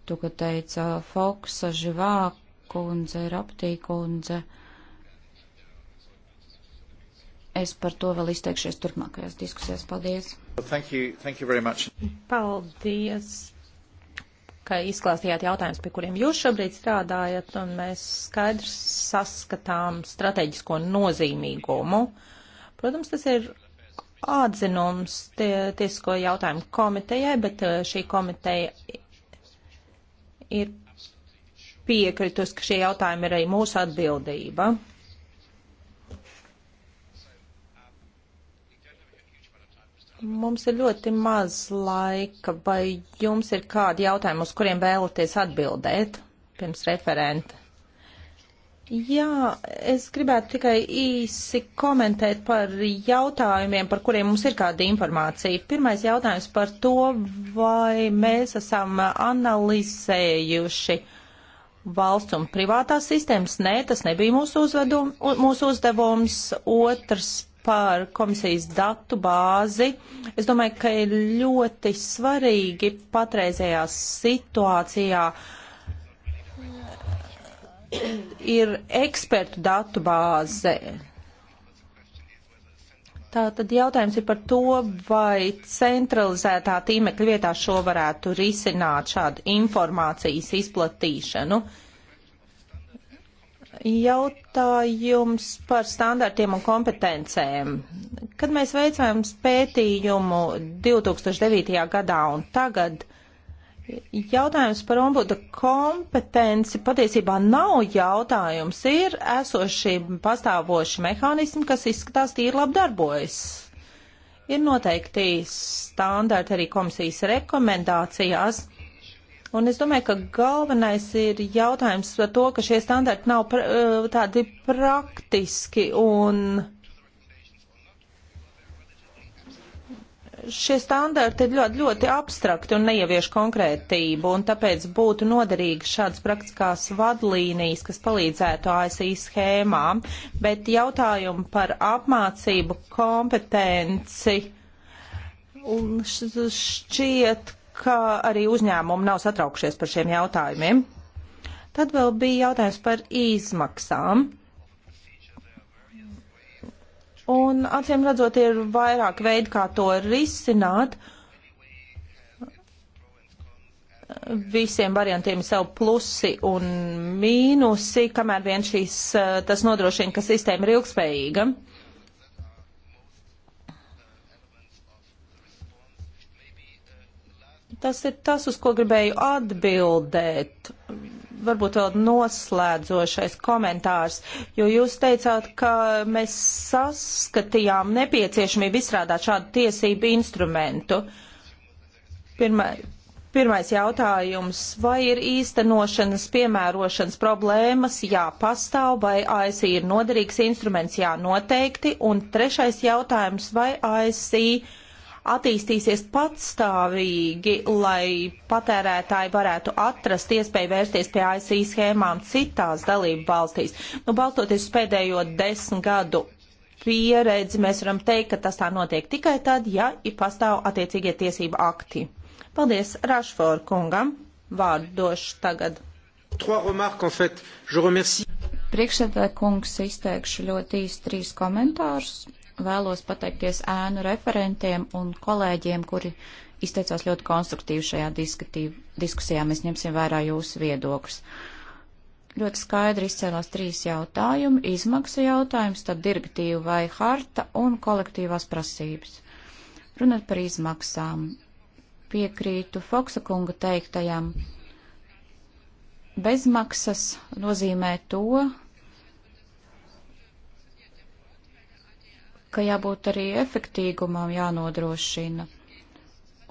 to, ko teica Foksa, Živā kundze, Raptī kundze, es par to vēl izteikšies turpmākajās diskusijās. Paldies! Thank you, thank you Paldies ka izklāstījāt jautājumus, pie kuriem jūs šobrīd strādājat, un mēs skaidrs saskatām strateģisko nozīmīgumu. Protams, tas ir atzinums tie, tiesisko jautājumu komitejai, bet uh, šī komiteja ir piekritus, ka šie jautājumi ir arī mūsu atbildība. Mums ir ļoti maz laika. Vai jums ir kādi jautājumi, uz kuriem vēlaties atbildēt pirms referenta? Jā, es gribētu tikai īsi komentēt par jautājumiem, par kuriem mums ir kāda informācija. Pirmais jautājums par to, vai mēs esam analizējuši valsts un privātās sistēmas. Nē, tas nebija mūsu, uzvedum, mūsu uzdevums. Otrs par komisijas datu bāzi. Es domāju, ka ir ļoti svarīgi patreizējā situācijā eh, ir ekspertu datu bāze. Tā tad jautājums ir par to, vai centralizētā tīmekļa vietā šo varētu risināt šādu informācijas izplatīšanu. Uh, Jautājums par standartiem un kompetencēm. Kad mēs veicām pētījumu 2009. gadā un tagad, jautājums par ombuda kompetenci patiesībā nav jautājums. Ir esoši pastāvoši mehānismi, kas izskatās tīri labi darbojas. Ir noteikti standarti arī komisijas rekomendācijās Un es domāju, ka galvenais ir jautājums par to, ka šie standarti nav pra, eh, tādi praktiski un šie standarti ir ļoti, ļoti abstrakti un neievieš konkrētību, un tāpēc būtu noderīgi šādas praktiskās vadlīnijas, kas palīdzētu ASI schēmām, bet jautājumu par apmācību kompetenci šķiet, ka arī uzņēmumi nav satraukšies par šiem jautājumiem. Tad vēl bija jautājums par izmaksām. Un acīm redzot, ir vairāk veidu, kā to risināt. Visiem variantiem sev plusi un mīnusi, kamēr vien šīs, eh, tas nodrošina, ka sistēma ir ilgspējīga. Uh, Tas ir tas, uz ko gribēju atbildēt. Varbūt vēl noslēdzošais komentārs, jo jūs teicāt, ka mēs saskatījām nepieciešamību izstrādāt šādu tiesību instrumentu. Pirmai, pirmais jautājums. Vai ir īstenošanas piemērošanas problēmas? Jā, pastāv, vai ASI ir noderīgs instruments? Jā, noteikti. Un trešais jautājums, vai ASI attīstīsies patstāvīgi, lai patērētāji varētu atrast iespēju vērsties pie ASI schēmām citās dalību valstīs. Nu, balstoties uz pēdējo desmit gadu pieredzi, mēs varam teikt, ka tas tā notiek tikai tad, ja ir pastāv attiecīgie tiesība akti. Paldies Rašfor kungam. Vārdu došu tagad. Priekšsēdētāj kungs izteikšu ļoti īsti trīs komentārus vēlos pateikties ēnu referentiem un kolēģiem, kuri izteicās ļoti konstruktīvi šajā diskusijā. Mēs ņemsim vērā jūsu viedokļus. Ļoti skaidri izcēlās trīs jautājumi - izmaksu jautājums, tad direktīva vai harta un kolektīvās prasības. Runāt par izmaksām. Piekrītu Foksa kunga teiktajam. Bezmaksas nozīmē to, ka jābūt arī efektīgumam jānodrošina.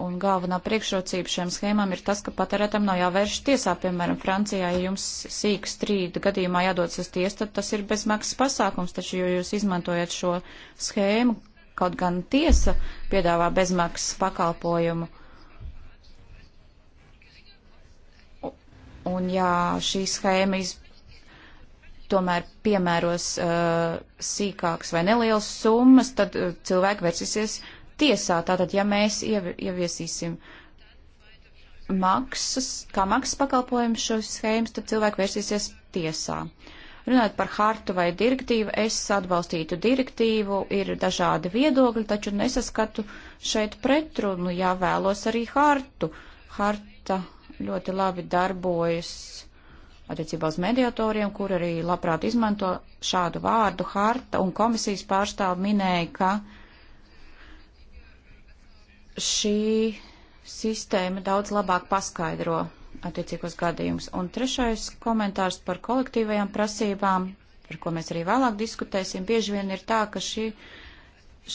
Un galvenā priekšrocība šiem schēmām ir tas, ka patērētam nav jāvērš tiesā. Piemēram, Francijā, ja jums sīk strīda gadījumā jādodas uz tiesu, tad tas ir bezmaksas pasākums, taču, jo jūs izmantojat šo schēmu, kaut gan tiesa piedāvā bezmaksas pakalpojumu. Un ja šī schēma iz, tomēr piemēros uh, sīkāks vai nelielas summas, tad uh, cilvēki versīsies tiesā. Tātad, ja mēs iev ieviesīsim maksas, kā maksas pakalpojumu šos schēmas, tad cilvēki versīsies tiesā. Runājot par hartu vai direktīvu, es atbalstītu direktīvu, ir dažādi viedokļi, taču nesaskatu šeit pretrunu, ja vēlos arī hartu. Harta ļoti labi darbojas attiecībā uz mediatoriem, kur arī labprāt izmanto šādu vārdu harta, un komisijas pārstāvi minēja, ka šī sistēma daudz labāk paskaidro attiecīgos gadījumus. Un trešais komentārs par kolektīvajām prasībām, par ko mēs arī vēlāk diskutēsim, bieži vien ir tā, ka šī,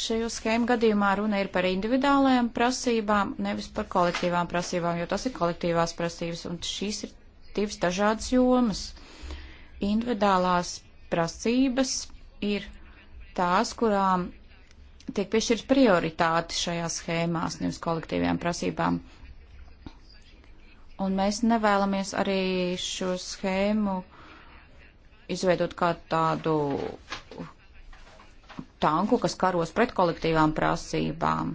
šajā schēma gadījumā runa ir par individuālajām prasībām, nevis par kolektīvām prasībām, jo tas ir kolektīvās prasības, un šīs ir divas dažādas jomas. Individuālās prasības ir tās, kurām tiek piešķirts prioritāti šajās schēmās, nevis kolektīvajām prasībām. Un mēs nevēlamies arī šo schēmu izveidot kā tādu tanku, kas karos pret kolektīvām prasībām.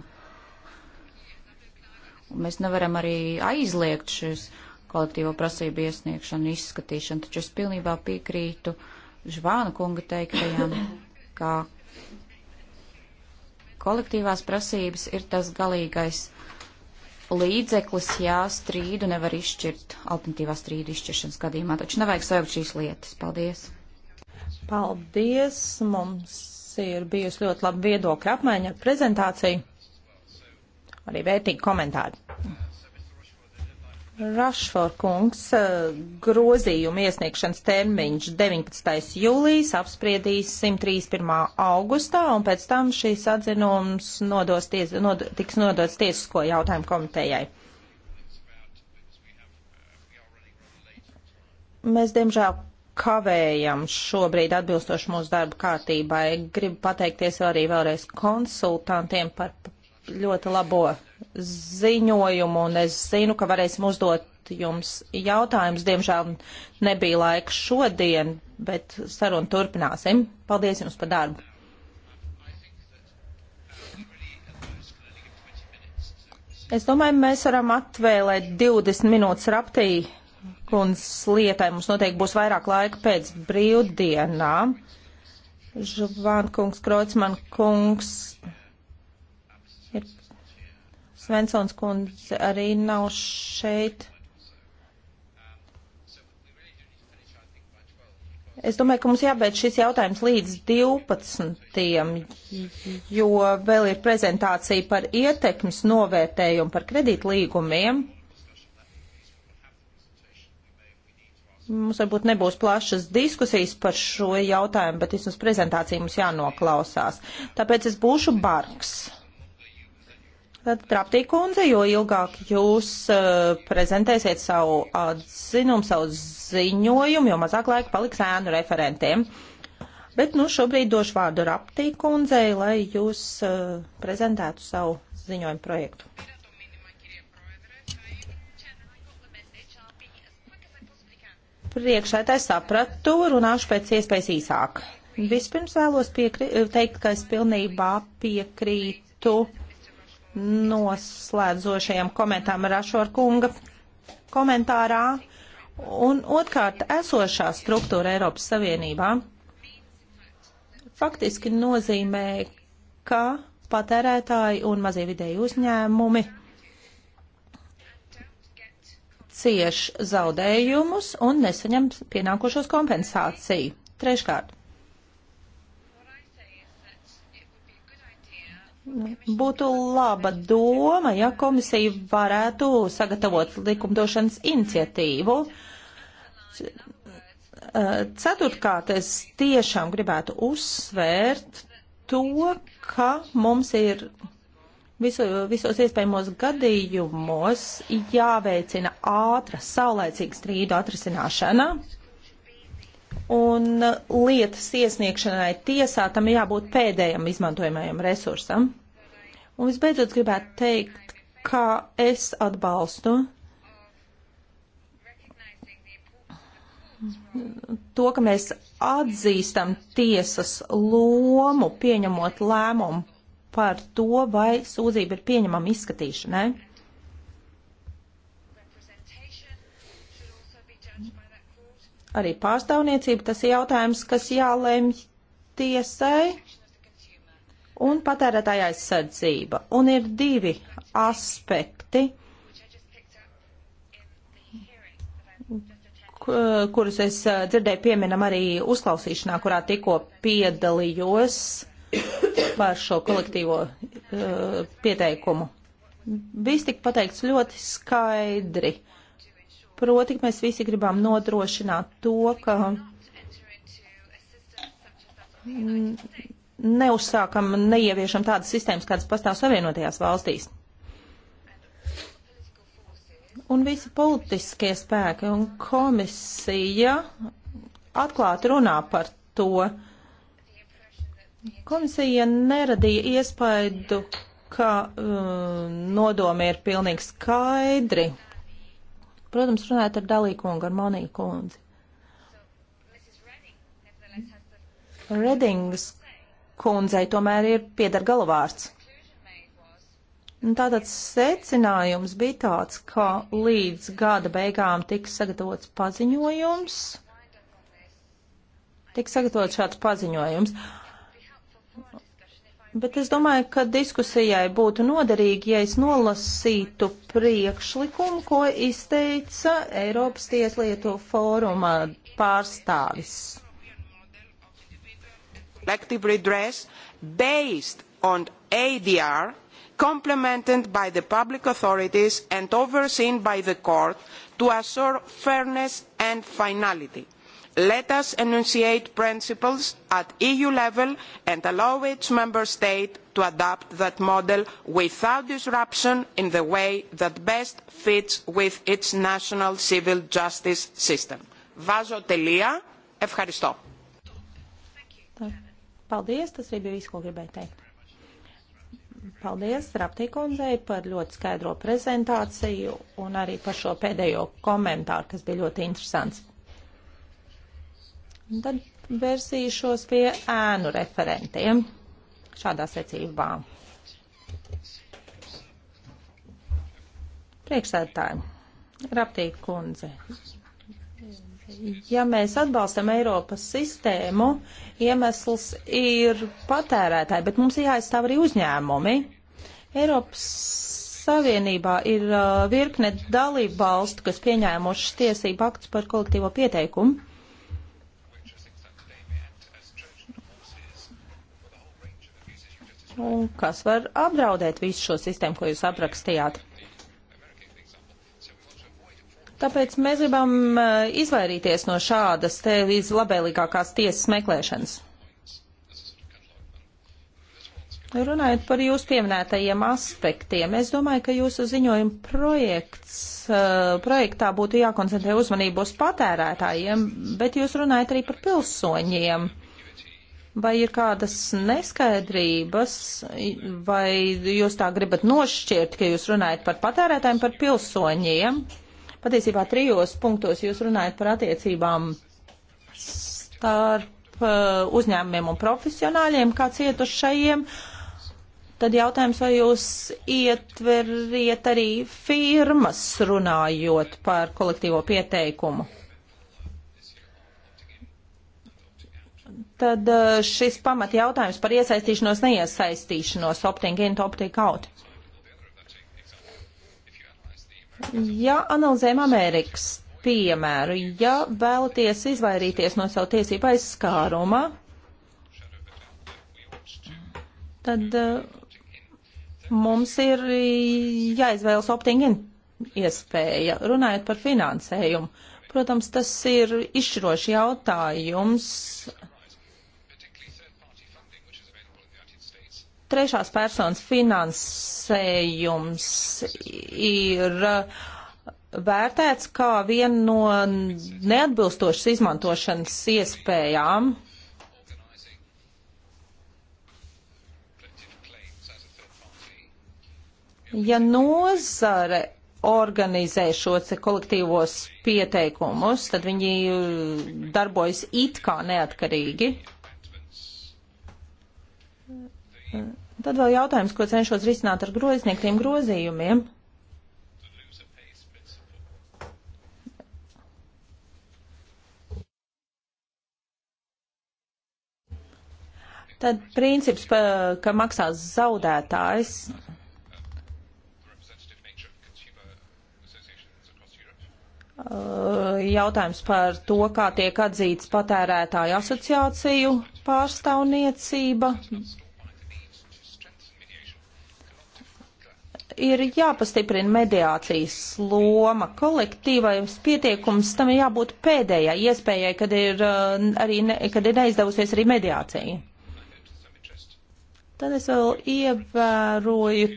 Un mēs nevaram arī aizliegt šis kolektīvo prasību iesniegšanu, izskatīšanu, taču es pilnībā piekrītu Žvāna kunga teiktajam, ka kolektīvās prasības ir tas galīgais līdzeklis, jā, strīdu nevar izšķirt alternatīvā strīdu izšķiršanas gadījumā, taču nevajag sajaukt šīs lietas. Paldies! Paldies! Mums ir bijusi ļoti laba viedokļa apmaiņa ar prezentāciju, arī vērtīgi komentāri. Rašfor kungs eh, grozījuma iesniegšanas termiņš 19. jūlijas apspriedīs 131. augustā un pēc tam šīs atzinums nodos ties, nod, tiks nodots tiesisko jautājumu komitejai. Mēs, diemžēl, kavējam šobrīd atbilstoši mūsu darba kārtībai. Gribu pateikties arī vēlreiz konsultantiem par ļoti labo ziņojumu, un es zinu, ka varēsim uzdot jums jautājumus. Diemžēl nebija laika šodien, bet sarunu turpināsim. Paldies jums par darbu! Es domāju, mēs varam atvēlēt 20 minūtes raptī kundzes lietai. Mums noteikti būs vairāk laika pēc brīvdienām. Žvankungs, Kreutzmann kungs. Svensons kundze arī nav šeit. Es domāju, ka mums jābeidz šis jautājums līdz 12. jo vēl ir prezentācija par ietekmes novērtējumu par kredītlīgumiem. Mums varbūt nebūs plašas diskusijas par šo jautājumu, bet vismaz prezentācija mums jānoklausās. Tāpēc es būšu bargs. Traptī kundze, jo ilgāk jūs uh, prezentēsiet savu atzinumu, savu ziņojumu, jo mazāk laika paliks ēnu referentiem. Bet nu šobrīd došu vārdu Raptī kundzei, lai jūs uh, prezentētu savu ziņojumu projektu. Priekšētāji sapratu, runāšu pēc iespējas īsāk. Vispirms vēlos piekri, teikt, ka es pilnībā piekrītu noslēdzošajam komentāram Rašor kunga komentārā. Un otrkārt, esošā struktūra Eiropas Savienībā faktiski nozīmē, ka patērētāji un mazie vidēji uzņēmumi cieš zaudējumus un nesaņem pienākošos kompensāciju. Treškārt, būtu laba doma, ja komisija varētu sagatavot likumdošanas iniciatīvu. Ceturtkārt, es tiešām gribētu uzsvērt to, ka mums ir visu, visos iespējamos gadījumos jāveicina ātra, saulēcīga strīdu atrisināšana. Un lietas iesniegšanai tiesā tam jābūt pēdējam izmantojamajam resursam. Un visbeidzot gribētu teikt, ka es atbalstu to, ka mēs atzīstam tiesas lomu, pieņemot lēmumu par to, vai sūdzība ir pieņemama izskatīšanai. Arī pārstāvniecība tas ir jautājums, kas jālēmj tiesai un patērētāja aizsardzība. Un ir divi aspekti, kurus es eh, dzirdēju pieminam arī uzklausīšanā, kurā tikko piedalījos par šo kolektīvo uh, pieteikumu. Viss tika pateikts ļoti skaidri. Proti, ka mēs visi gribam nodrošināt to, ka mm, neuzsākam, neieviešam tādas sistēmas, kādas pastāv Savienotajās valstīs. Un visi politiskie spēki un komisija atklāti runā par to. Komisija neradīja iespaidu, ka um, nodomi ir pilnīgi skaidri. Protams, runājot ar Dalīkungu, ar Moniju kundzi. Redingas kundzei tomēr ir pieder galvārds. Tātad secinājums bija tāds, ka līdz gada beigām tiks sagatavots paziņojums. Tiks sagatavots šāds paziņojums. Bet es domāju, ka diskusijai būtu noderīgi, ja es nolasītu priekšlikumu, ko izteica Eiropas tieslietu fóruma pārstāvis collective redress based on adr complemented by the public authorities and overseen by the court to assure fairness and finality. let us enunciate principles at eu level and allow each member state to adopt that model without disruption in the way that best fits with its national civil justice system. Βάζω τελεία. Ευχαριστώ. Paldies, tas arī bija viss, ko gribēju teikt. Paldies Raptīkundzei par ļoti skaidro prezentāciju un arī par šo pēdējo komentāru, kas bija ļoti interesants. Un tad versīšos pie ēnu referentiem šādā secībā. Priekšsēdētāji, Raptīkundze, ja mēs atbalstam Eiropas sistēmu, iemesls ir patērētāji, bet mums ir jāaizstāv arī uzņēmumi. Eiropas Savienībā ir uh, virkne dalību valstu, kas pieņēmušas tiesību aktus par kolektīvo pieteikumu. Un kas var apdraudēt visu šo sistēmu, ko jūs aprakstījāt? Tāpēc mēs gribam eh, izvairīties no šādas te vislabēlīgākās tiesas meklēšanas. Runājot par jūsu pieminētajiem aspektiem, es domāju, ka jūsu ziņojuma projekts, eh, projektā būtu jākoncentrē uzmanību uz patērētājiem, bet jūs runājat arī par pilsoņiem. Vai ir kādas neskaidrības, vai jūs tā gribat nošķirt, ka jūs runājat par patērētājiem, par pilsoņiem? Uh, Patiesībā trijos punktos jūs runājat par attiecībām starp uh, uzņēmumiem un profesionāļiem, kā cietušajiem. Tad jautājums, vai jūs ietveriet arī firmas runājot par kolektīvo pieteikumu? Tad uh, šis pamat jautājums par iesaistīšanos, neiesaistīšanos, opting in, opting out. Uh, Ja analizējam Amerikas piemēru, ja vēlaties izvairīties no savu tiesību aizskāruma, tad eh, mums ir jāizvēlas opting-in iespēja. Runājot par finansējumu, protams, tas ir izšķiroši jautājums trešās personas finansējums ir uh, vērtēts kā viena no neatbilstošas izmantošanas iespējām. Ja nozare organizē šos kolektīvos pieteikumus, tad viņi darbojas it kā neatkarīgi. Tad vēl jautājums, ko cenšos risināt ar grozniekiem grozījumiem. Tad princips, ka maksās zaudētājs. Uh, jautājums par to, kā tiek atzīts patērētāju asociāciju pārstāvniecība. ir jāpastiprina mediācijas loma kolektīvais pietiekums, tam ir jābūt pēdējai iespējai, kad ir, uh, arī ne, kad ir neizdevusies arī mediācija. Tad es vēl ievēroju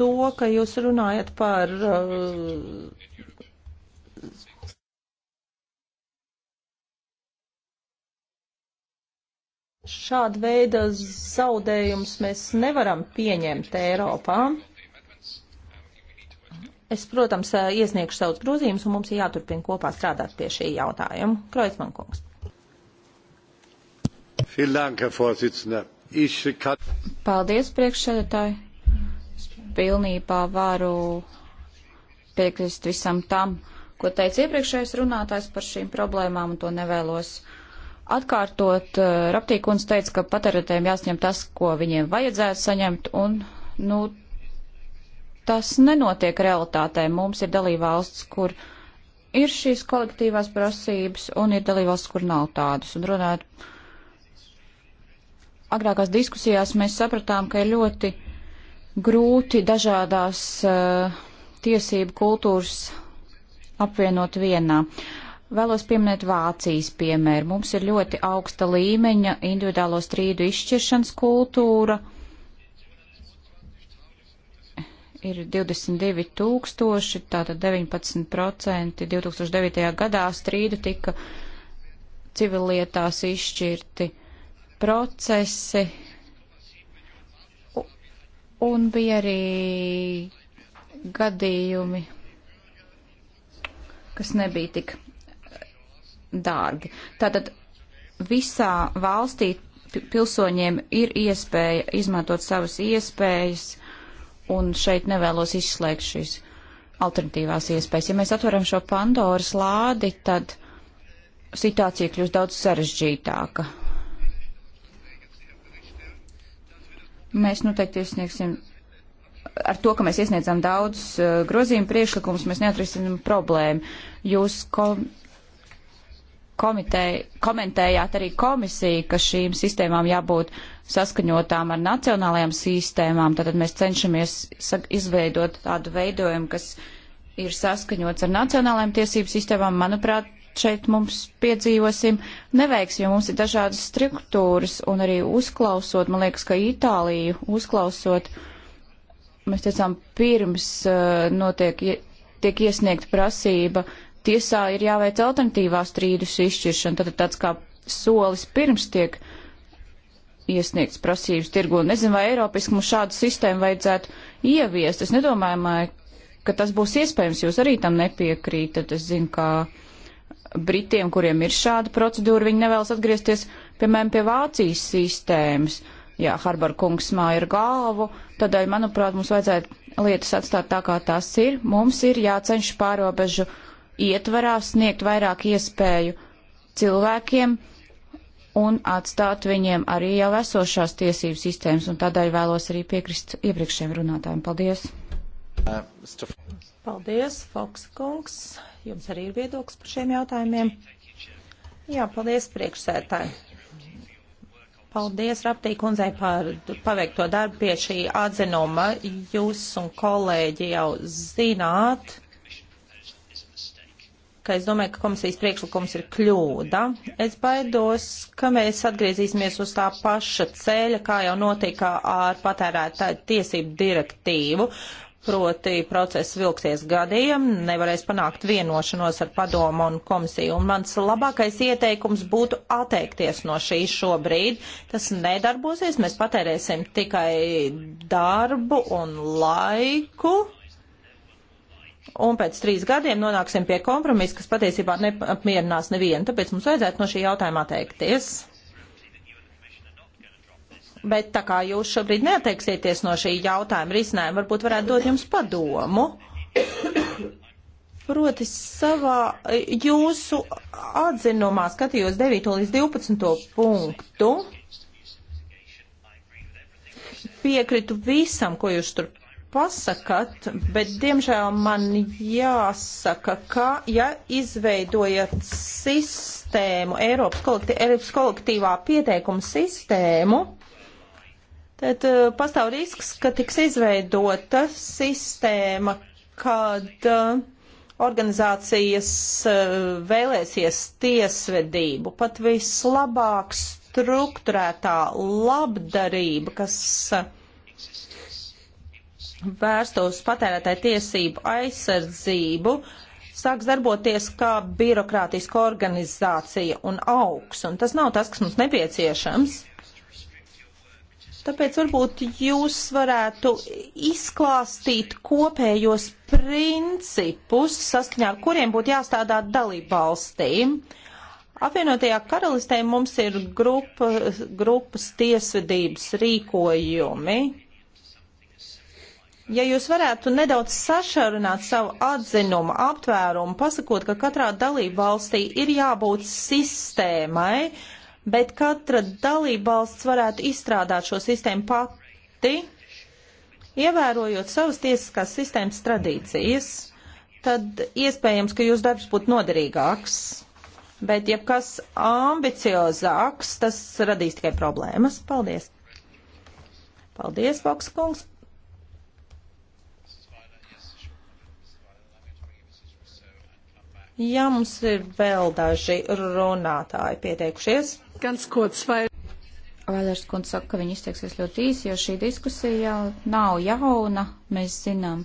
to, ka jūs runājat par uh, Šāda veida zaudējumus mēs nevaram pieņemt Eiropā. Es, protams, iesniegšu savus grozījumus, un mums ir jāturpina kopā strādāt pie šī jautājuma. Kreuzman kungs. Paldies, priekšsēdētāji. Es pilnībā varu piekrist visam tam, ko teica iepriekšējais runātājs par šīm problēmām, un to nevēlos atkārtot, eh, Raptīkuns teica, ka patērētēm jāsņem tas, ko viņiem vajadzētu saņemt, un, nu, tas nenotiek realitātē. Mums ir dalībvalsts, kur ir šīs kolektīvās prasības, un ir dalībvalsts, kur nav tādas. Un runājot, agrākās diskusijās mēs sapratām, ka ir ļoti grūti dažādās uh, tiesību kultūras apvienot vienā. Uh, Vēlos pieminēt Vācijas piemēru. Mums ir ļoti augsta līmeņa individuālo strīdu izšķiršanas kultūra. Ir 22 tūkstoši, tātad 19% 2009. gadā strīdu tika civilietās izšķirti procesi. Un bija arī gadījumi, kas nebija tik dārgi. Tātad visā valstī pilsoņiem ir iespēja izmantot savas iespējas, un šeit nevēlos izslēgt šīs alternatīvās iespējas. Ja mēs atveram šo Pandoras lādi, tad situācija kļūst daudz sarežģītāka. Mēs noteikti nu, iesniegsim, ar to, ka mēs iesniedzam daudz eh, grozījumu priekšlikumus, mēs neatrisinām problēmu. Jūs, ko, komitei, komentējāt arī komisiju, ka šīm sistēmām jābūt saskaņotām ar nacionālajām sistēmām, tad mēs cenšamies izveidot tādu veidojumu, kas ir saskaņots ar nacionālajām tiesību sistēmām. Manuprāt, šeit mums piedzīvosim neveiks, jo mums ir dažādas struktūras un arī uzklausot, man liekas, ka Itāliju uzklausot, mēs teicām, pirms uh, notiek, tiek iesniegta prasība uh, tiesā ir jāveic alternatīvā strīdus izšķiršana, tad tāds kā solis pirms tiek iesniegts prasības tirgu. Nezinu, vai Eiropiski mums šādu sistēmu vajadzētu ieviest. Es nedomāju, ka tas būs iespējams. Jūs arī tam nepiekrītat. Es zinu, ka Britiem, kuriem ir šāda procedūra, viņi nevēlas atgriezties, piemēram, pie Vācijas sistēmas. Jā, Harbar kungs māja ir galvu, tādēļ, manuprāt, mums vajadzētu lietas atstāt tā, kā tās ir. Mums ir jāceņš pārobežu ietvarā sniegt vairāk iespēju cilvēkiem un atstāt viņiem arī jau esošās tiesību sistēmas, un tādēļ vēlos arī piekrist iepriekšējiem runātājiem. Paldies! Paldies, Foks kungs! Jums arī ir viedoklis par šiem jautājumiem. Jā, paldies priekšsētāji. Paldies Raptī kundzei par paveikto darbu pie šī atzinuma. Jūs un kolēģi jau zināt, ka es domāju, ka komisijas priekšlikums ir kļūda. Es baidos, ka mēs atgriezīsimies uz tā paša ceļa, kā jau notika ar patērētāju tiesību direktīvu, proti process vilksies gadiem, nevarēs panākt vienošanos ar padomu un komisiju. Un mans labākais ieteikums būtu atteikties no šīs šobrīd. Tas nedarbosies, mēs patērēsim tikai darbu un laiku un pēc trīs gadiem nonāksim pie kompromisa, kas patiesībā neapmierinās nevienu. Tāpēc mums vajadzētu no šī jautājuma atteikties. Bet tā kā jūs šobrīd neatteiksieties no šī jautājuma risinājuma, varbūt varētu dot jums padomu. Proti savā jūsu atzinumā skatījos 9. līdz 12. punktu. Piekritu visam, ko jūs tur pasakat, bet diemžēl man jāsaka, ka ja izveidojat sistēmu, Eiropas, kolekti, Eiropas kolektīvā pieteikuma sistēmu, tad uh, pastāv risks, ka tiks izveidota sistēma, kad uh, organizācijas uh, vēlēsies tiesvedību, pat vislabāk strukturētā labdarība, kas uh, vērsta uz patērētāju tiesību aizsardzību, sāks darboties kā birokrātiska organizācija un augs, un tas nav tas, kas mums nepieciešams. Tāpēc varbūt jūs varētu izklāstīt kopējos principus, saskaņā ar kuriem būtu jāstādā dalību valstīm. Apvienotajā karalistē mums ir grupa, grupas tiesvedības rīkojumi, Ja jūs varētu nedaudz sašarināt savu atzinumu, aptvērumu, pasakot, ka katrā dalība valstī ir jābūt sistēmai, bet katra dalība valsts varētu izstrādāt šo sistēmu pati, ievērojot savas tiesiskās sistēmas tradīcijas, tad iespējams, ka jūs darbs būtu noderīgāks. Bet, ja kas ambiciozāks, tas radīs tikai problēmas. Paldies! Paldies, Foks kungs! Ja mums ir vēl daži runātāji pieteikušies. Gans kods vai. Vailers kundze saka, ka viņi izteiksies ļoti īsi, jo šī diskusija nav jauna. Mēs zinām,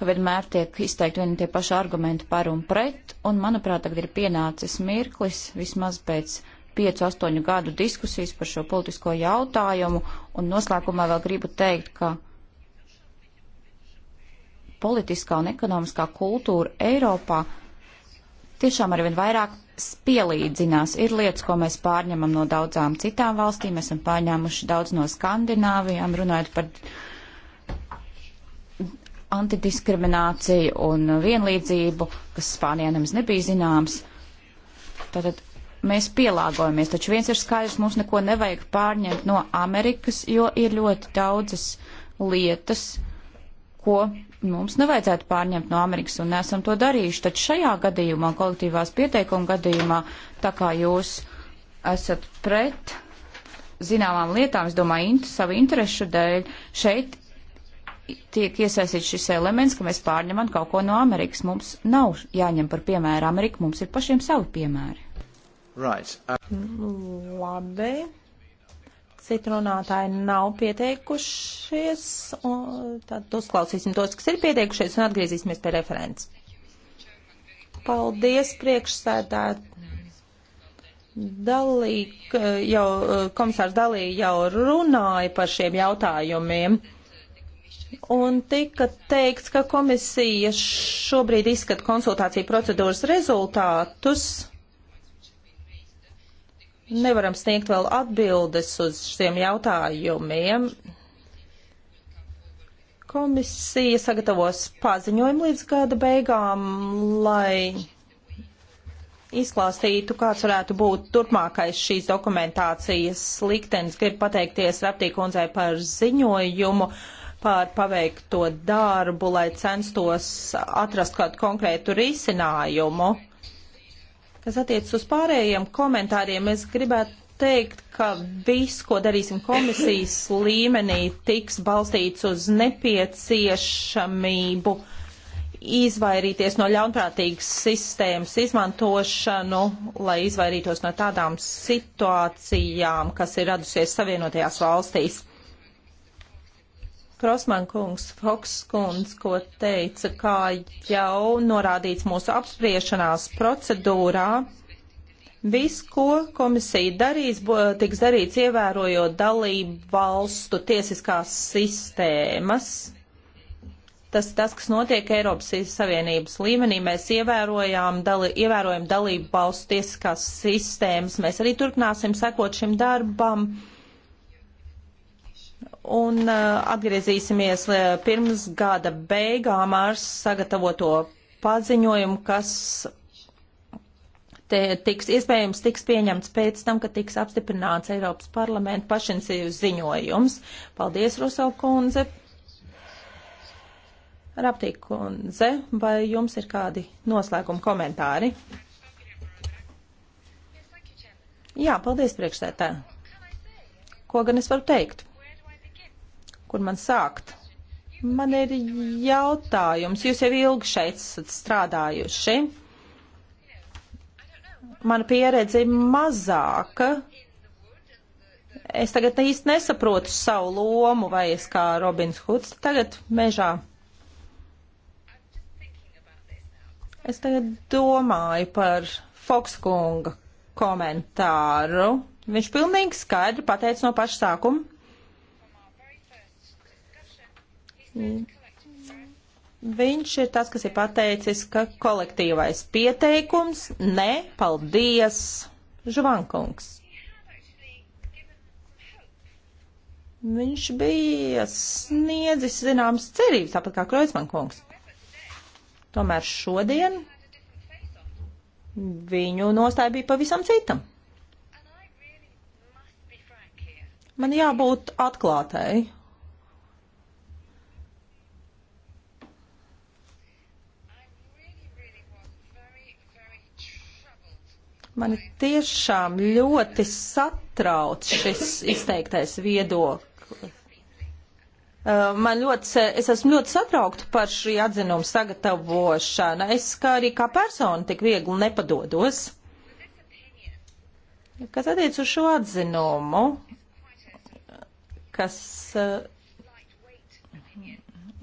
ka vienmēr tiek izteikti vieni tie paši argumenti par un pret, un manuprāt, tagad ir pienācis mirklis vismaz pēc 5-8 gadu diskusijas par šo politisko jautājumu, un noslēgumā vēl gribu teikt, ka politiskā un ekonomiskā kultūra Eiropā tiešām arvien vairāk spielīdzinās. Ir lietas, ko mēs pārņemam no daudzām citām valstīm, esam pārņēmuši daudz no Skandināvijām, runājot par antidiskrimināciju un vienlīdzību, kas Spānijā nemaz nebija zināms. Tātad mēs pielāgojamies, taču viens ir skaidrs, mums neko nevajag pārņemt no Amerikas, jo ir ļoti daudzas lietas, ko mums nevajadzētu pārņemt no Amerikas un nesam to darījuši. Tad šajā gadījumā, kolektīvās pieteikuma gadījumā, tā kā jūs esat pret zināmām lietām, es domāju, int, savu interesu dēļ, šeit tiek iesaistīts šis elements, ka mēs pārņemam kaut ko no Amerikas. Mums nav jāņem par piemēru Ameriku, mums ir pašiem savi piemēri. Right. Uh... Labi. Citu runātāji nav pieteikušies, un tad uzklausīsim tos, kas ir pieteikušies, un atgriezīsimies pie referents. Paldies, priekšsēdētāji. Dalī, jau, komisārs Dalī jau runāja par šiem jautājumiem. Un tika teikts, ka komisija šobrīd izskata konsultāciju procedūras rezultātus nevaram sniegt vēl atbildes uz šiem jautājumiem. Komisija sagatavos paziņojumu līdz gada beigām, lai izklāstītu, kāds varētu būt turpmākais šīs dokumentācijas liktenis. Gribu pateikties Raptīkundzei par ziņojumu, par paveikto darbu, lai censtos atrast kādu konkrētu risinājumu. Kas attiecas uz pārējiem komentāriem, es gribētu teikt, ka viss, ko darīsim komisijas līmenī, tiks balstīts uz nepieciešamību izvairīties no ļaunprātīgas sistēmas izmantošanu, lai izvairītos no tādām situācijām, kas ir radusies Savienotajās valstīs. Krosman kungs, Foks kungs, ko teica, kā jau norādīts mūsu apspriešanās procedūrā, viss, ko komisija darīs, tiks darīts ievērojot dalību valstu tiesiskās sistēmas. Tas ir tas, kas notiek Eiropas Savienības līmenī. Mēs ievērojām, dali, ievērojam dalību valstu tiesiskās sistēmas. Mēs arī turpināsim sekot šim darbam. Uh, un uh, atgriezīsimies uh, pirms gada beigām ar sagatavoto paziņojumu, kas te tiks iespējams tiks pieņemts pēc tam, kad tiks apstiprināts Eiropas parlamenta pašinsīvs ziņojums. Paldies, Rusau kundze. Raptī kundze, vai jums ir kādi noslēguma komentāri? Jā, paldies priekšsētā. Ko gan es varu teikt? Kur man sākt? Man ir jautājums. Jūs jau ilgi šeit esat strādājuši. Mana pieredze ir mazāka. Es tagad īsti nesaprotu savu lomu, vai es kā Robins Huds tagad mežā. Es tagad domāju par Fokskunga komentāru. Viņš pilnīgi skaidri pateica no paša sākuma, Viņš ir tas, kas ir pateicis, ka kolektīvais pieteikums ne, paldies, Žvankungs. Viņš bija sniedzis zināmas cerības, tāpat kā Kreuzmankungs. Tomēr šodien viņu nostāja bija pavisam citam. Man jābūt atklātai Mani tiešām ļoti satrauc šis izteiktais viedoklis. Uh, man ļoti, es esmu ļoti satraukta par šī atzinuma sagatavošanu. Es kā arī kā persona tik viegli nepadodos. Kas attiec uz šo atzinumu, kas uh,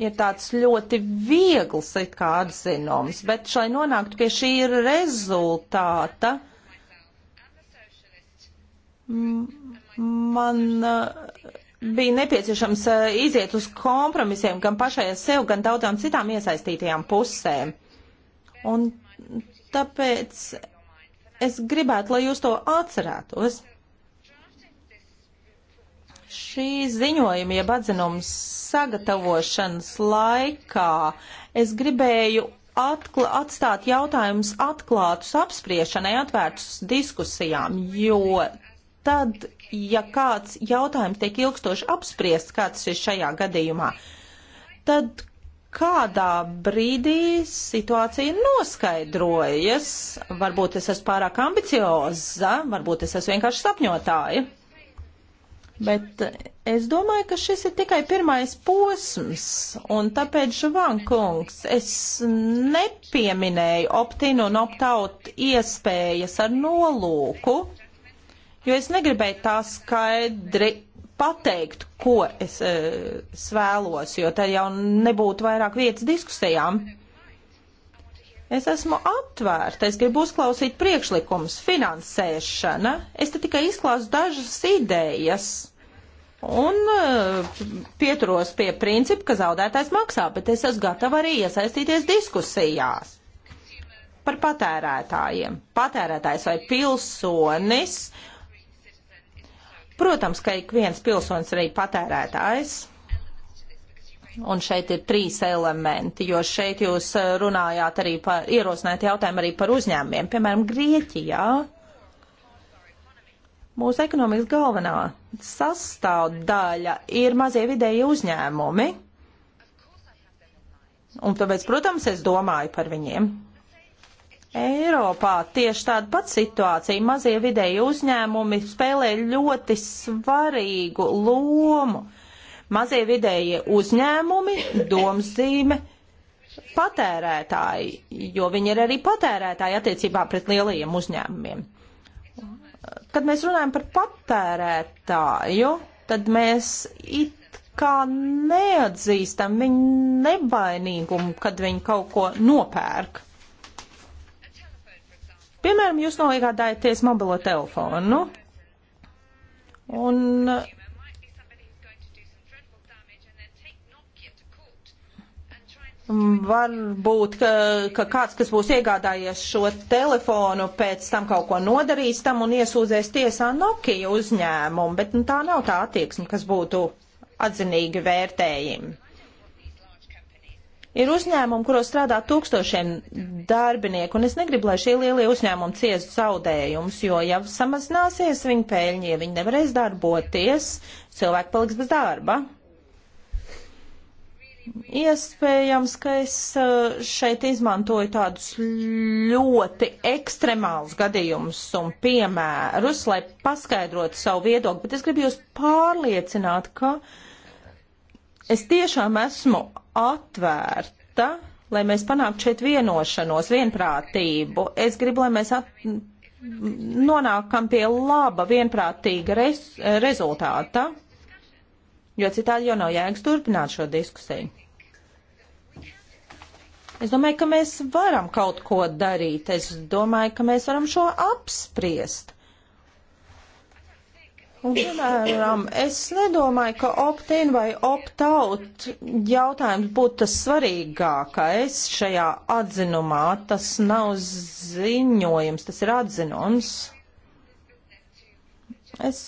ir tāds ļoti viegls it kā atzinums, bet šai nonāktu pie šī rezultāta. Uh, man eh, bija nepieciešams eh, iziet uz kompromisiem gan pašai sev, gan daudzām citām iesaistītajām pusēm. Un tāpēc es gribētu, lai jūs to atcerētos. Šī ziņojuma jeb atzinums sagatavošanas laikā es gribēju atkla, atstāt jautājumus atklātus apspriešanai, atvērtus diskusijām, jo tad, ja kāds jautājums tiek ilgstoši apspriests, kāds ir šajā gadījumā, tad kādā brīdī situācija noskaidrojas. Varbūt es esmu pārāk ambicioza, varbūt es esmu vienkārši sapņotāja. Bet es domāju, ka šis ir tikai pirmais posms, un tāpēc, Žvankungs, es nepieminēju optinu un optaut iespējas ar nolūku, jo es negribēju tā skaidri pateikt, ko es, e, es vēlos, jo tad jau nebūtu vairāk vietas diskusijām. Es esmu atvērta, es gribu uzklausīt priekšlikumus, finansēšana, es te tikai izklāstu dažas idejas un uh, pieturos pie principa, ka zaudētājs maksā, bet es esmu gatava arī iesaistīties diskusijās par patērētājiem. Patērētājs vai pilsonis uh, Protams, ka ik viens pilsonis arī patērētājs. Un šeit ir trīs elementi, jo šeit jūs eh, runājāt arī par, ierosināt jautājumu arī par uzņēmumiem. Piemēram, Grieķijā mūsu ekonomikas galvenā sastāvdaļa ir mazie vidēji uzņēmumi. Un tāpēc, protams, es domāju par viņiem. Eiropā tieši tāda pati situācija. Mazie vidēji uzņēmumi spēlē ļoti svarīgu lomu. Mazie vidējie uzņēmumi, domzīme, patērētāji, jo viņi ir arī patērētāji attiecībā pret lielajiem uzņēmumiem. Kad mēs runājam par patērētāju, tad mēs it kā neatzīstam viņu nevainīgumu, kad viņi kaut ko nopērk. Piemēram, jūs noliegādājaties mobilo telefonu un mm, Varbūt, ka, ka kāds, kas būs iegādājies šo telefonu, pēc tam kaut ko nodarīs tam un iesūdzēs tiesā Nokia uzņēmumu, bet nu, tā nav tā attieksme, kas būtu atzinīgi vērtējumi. Ir uzņēmumi, kuros strādā tūkstošiem darbinieku, un es negribu, lai šie lielie uzņēmumi ciestu zaudējumus, jo ja samazināsies viņu pēļņi, ja viņi nevarēs darboties, cilvēki paliks bez darba. Iespējams, ka es eh, šeit izmantoju tādus ļoti ekstremālus gadījumus un piemērus, lai paskaidrotu savu viedokli, bet es gribu jūs pārliecināt, ka es tiešām esmu atvērta, lai mēs panāktu šeit vienošanos, vienprātību. Es gribu, lai mēs at... nonākam pie laba, vienprātīga res... rezultāta, jo citādi jau nav jēgas turpināt šo diskusiju. Es domāju, ka mēs varam kaut ko darīt. Es domāju, ka mēs varam šo apspriest. Un, piemēram, es nedomāju, ka opt-in vai opt-out jautājums būtu tas svarīgākais šajā atzinumā. Tas nav ziņojums, tas ir atzinums. Es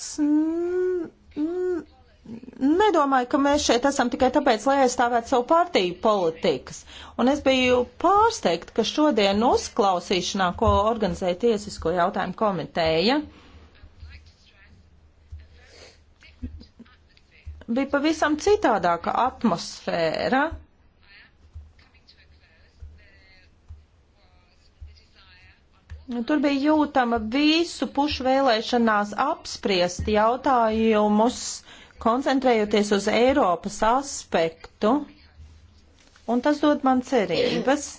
nedomāju, ka mēs šeit esam tikai tāpēc, lai aizstāvētu savu partiju politikas. Un es biju pārsteigta, ka šodien uzklausīšanā, ko organizēja Tiesisko jautājumu komiteja, ja? bija pavisam citādāka atmosfēra. Tur bija jūtama visu pušu vēlēšanās apspriest jautājumus, koncentrējoties uz Eiropas aspektu, un tas dod man cerības.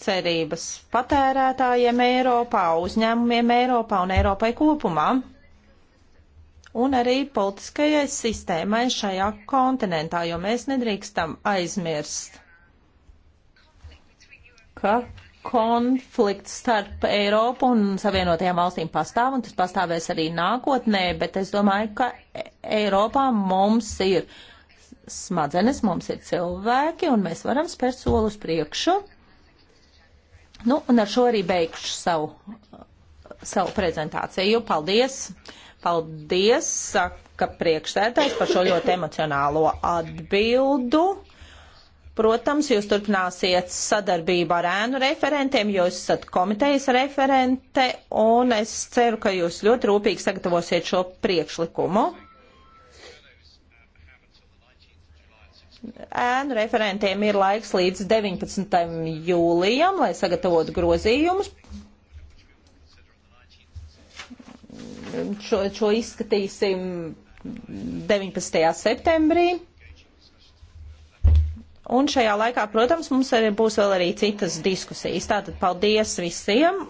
Cerības patērētājiem Eiropā, uzņēmumiem Eiropā un Eiropai kopumā un arī politiskajai sistēmai šajā kontinentā, jo mēs nedrīkstam aizmirst, ka konflikts starp Eiropu un Savienotajām valstīm pastāv, un tas pastāvēs arī nākotnē, bet es domāju, ka Eiropā mums ir smadzenes, mums ir cilvēki, un mēs varam spērt soli uz priekšu. Nu, un ar šo arī beigšu savu, savu prezentāciju. Paldies! Paldies, saka priekšsēdētājs par šo ļoti emocionālo atbildu. Protams, jūs turpināsiet sadarbību ar ēnu referentiem, jo jūs esat komitejas referente, un es ceru, ka jūs ļoti rūpīgi sagatavosiet šo priekšlikumu. Ēnu referentiem ir laiks līdz 19. jūlijam, lai sagatavotu grozījumus. šo, šo izskatīsim 19. septembrī. Un šajā laikā, protams, mums arī būs vēl arī citas diskusijas. Tātad paldies visiem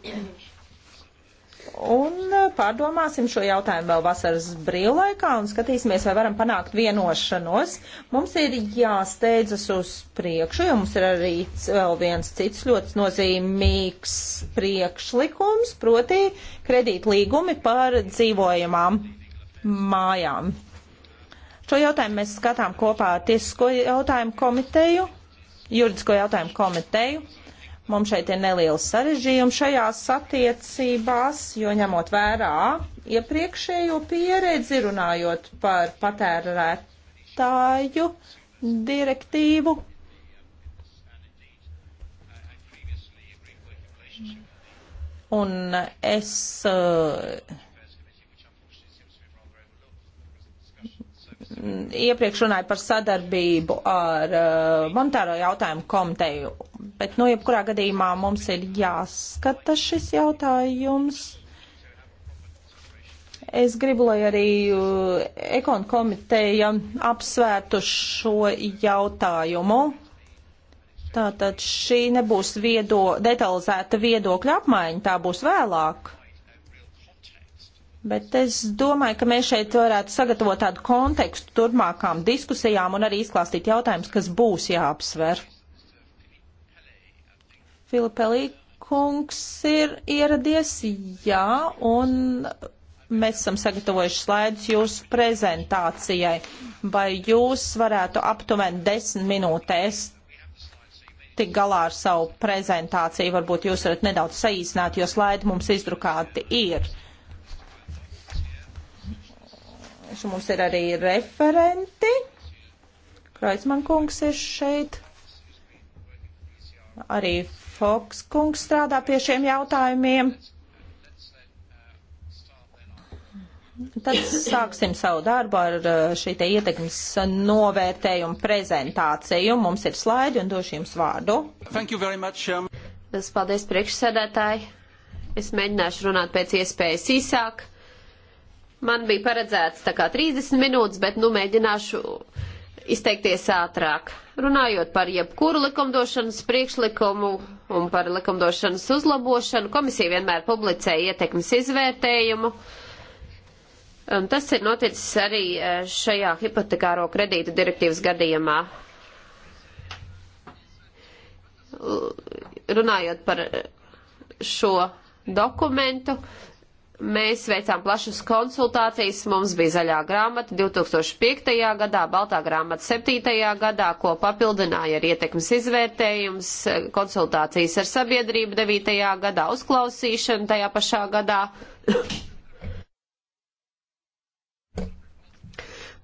un e, pārdomāsim šo jautājumu vēl vasaras brīvlaikā un skatīsimies, vai varam panākt vienošanos. Mums ir jāsteidzas uz priekšu, jo mums ir arī vēl viens cits ļoti nozīmīgs priekšlikums, proti kredīt līgumi par dzīvojamām mājām. Šo jautājumu mēs skatām kopā ar Tiesisko jautājumu komiteju, Juridisko jautājumu komiteju Mums šeit ir neliels sarežģījums šajās attiecībās, jo ņemot vērā iepriekšējo pieredzi, runājot par patērētāju direktīvu. Un es uh, iepriekš runāju par sadarbību ar uh, monetāro jautājumu komiteju, bet, nu, jebkurā gadījumā mums ir jāskata šis jautājums. Es gribu, lai arī uh, eh, ekonu komiteja apsvērtu šo jautājumu. Tātad šī nebūs viedo, detalizēta viedokļa apmaiņa, tā būs vēlāk. Bet es domāju, ka mēs šeit varētu sagatavot tādu kontekstu turpmākām diskusijām un arī izklāstīt jautājumus, kas būs jāapsver. Filipelī kungs ir ieradies, jā, un mēs esam sagatavojuši slaidus jūsu prezentācijai. Vai jūs varētu aptuveni desmit minūtēs tik galā ar savu prezentāciju? Varbūt jūs varat nedaudz saīsināt, jo slaidi mums izdrukāti ir. Šo mums ir arī referenti. Kreuzman kungs ir šeit. Arī Foks kungs strādā pie šiem jautājumiem. Tad sāksim savu darbu ar uh, šī te ietekmes novērtējumu prezentāciju. Mums ir slaidi un došu jums vārdu. Much, um... Es paldies priekšsēdētāji. Es mēģināšu runāt pēc iespējas īsāk. Man bija paredzēts tā kā 30 minūtes, bet nu mēģināšu izteikties ātrāk. Runājot par jebkuru likumdošanas priekšlikumu un par likumdošanas uzlabošanu, komisija vienmēr publicē ietekmes izvērtējumu. Un tas ir noticis arī e, šajā hipotekāro kredītu direktīvas gadījumā. Runājot par e, šo dokumentu, Mēs veicām plašas konsultācijas, mums bija zaļā grāmata 2005. gadā, baltā grāmata 7. gadā, ko papildināja ar ietekmes izvērtējums, konsultācijas ar sabiedrību 9. gadā, uzklausīšana tajā pašā gadā.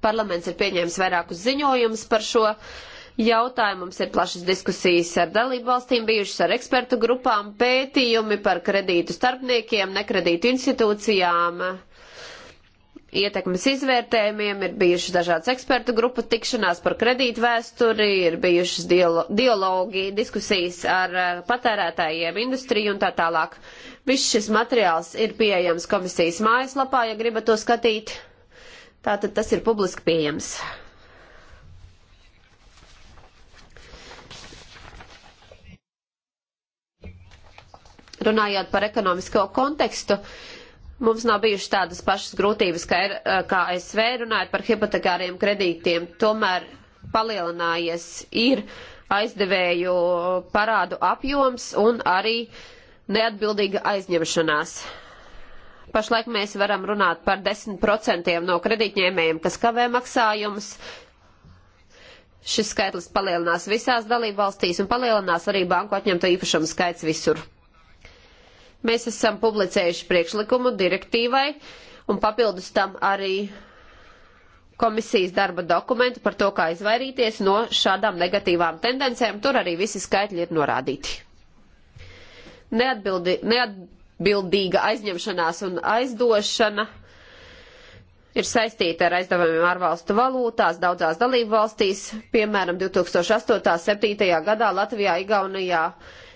Parlaments ir pieņēmis vairākus ziņojumus par šo uh, jautājumu. Mums ir plašas diskusijas ar dalību valstīm bijušas, ar ekspertu grupām, pētījumi par kredītu starpniekiem, nekredītu institūcijām. Ietekmes izvērtējumiem ir bijušas dažādas ekspertu grupu tikšanās par kredītu vēsturi, ir bijušas dialogi, diskusijas ar eh, patērētājiem, industriju un tā tālāk. Viss šis materiāls ir pieejams komisijas mājaslapā, ja gribat to skatīt. Tātad tas ir publiski pieejams. Runājot par ekonomisko kontekstu, mums nav bijušas tādas pašas grūtības, kā, ir, er, kā ASV runājot par hipotekāriem kredītiem. Tomēr palielinājies ir aizdevēju parādu apjoms un arī neatbildīga aizņemšanās. Pašlaik mēs varam runāt par 10% no kredītņēmējiem, kas kavē maksājumus. Šis skaitlis palielinās visās dalībvalstīs un palielinās arī banku atņemto īpašumu skaits visur. Mēs esam publicējuši priekšlikumu direktīvai un papildus tam arī komisijas darba dokumentu par to, kā izvairīties no šādām negatīvām tendencēm. Tur arī visi skaitļi ir norādīti. Neatbildi, neatbildīga aizņemšanās un aizdošana ir saistīta ar aizdevumiem ārvalstu valūtās daudzās dalību valstīs, piemēram, 2008. un 2007. gadā Latvijā, Igaunijā,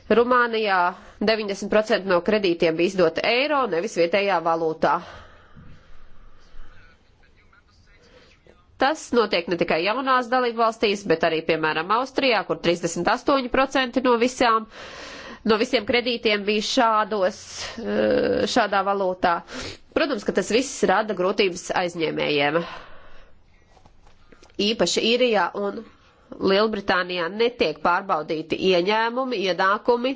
Rumānijā 90% no kredītiem bija izdota eiro, nevis vietējā valūtā. Tas notiek ne tikai jaunās dalībvalstīs, bet arī, piemēram, Austrijā, kur 38% no, visām, no visiem kredītiem bija šādos, eh, šādā valūtā. Protams, ka tas viss rada grūtības aizņēmējiem. Īpaši īrijā un Lielbritānijā netiek pārbaudīti ieņēmumi, ienākumi.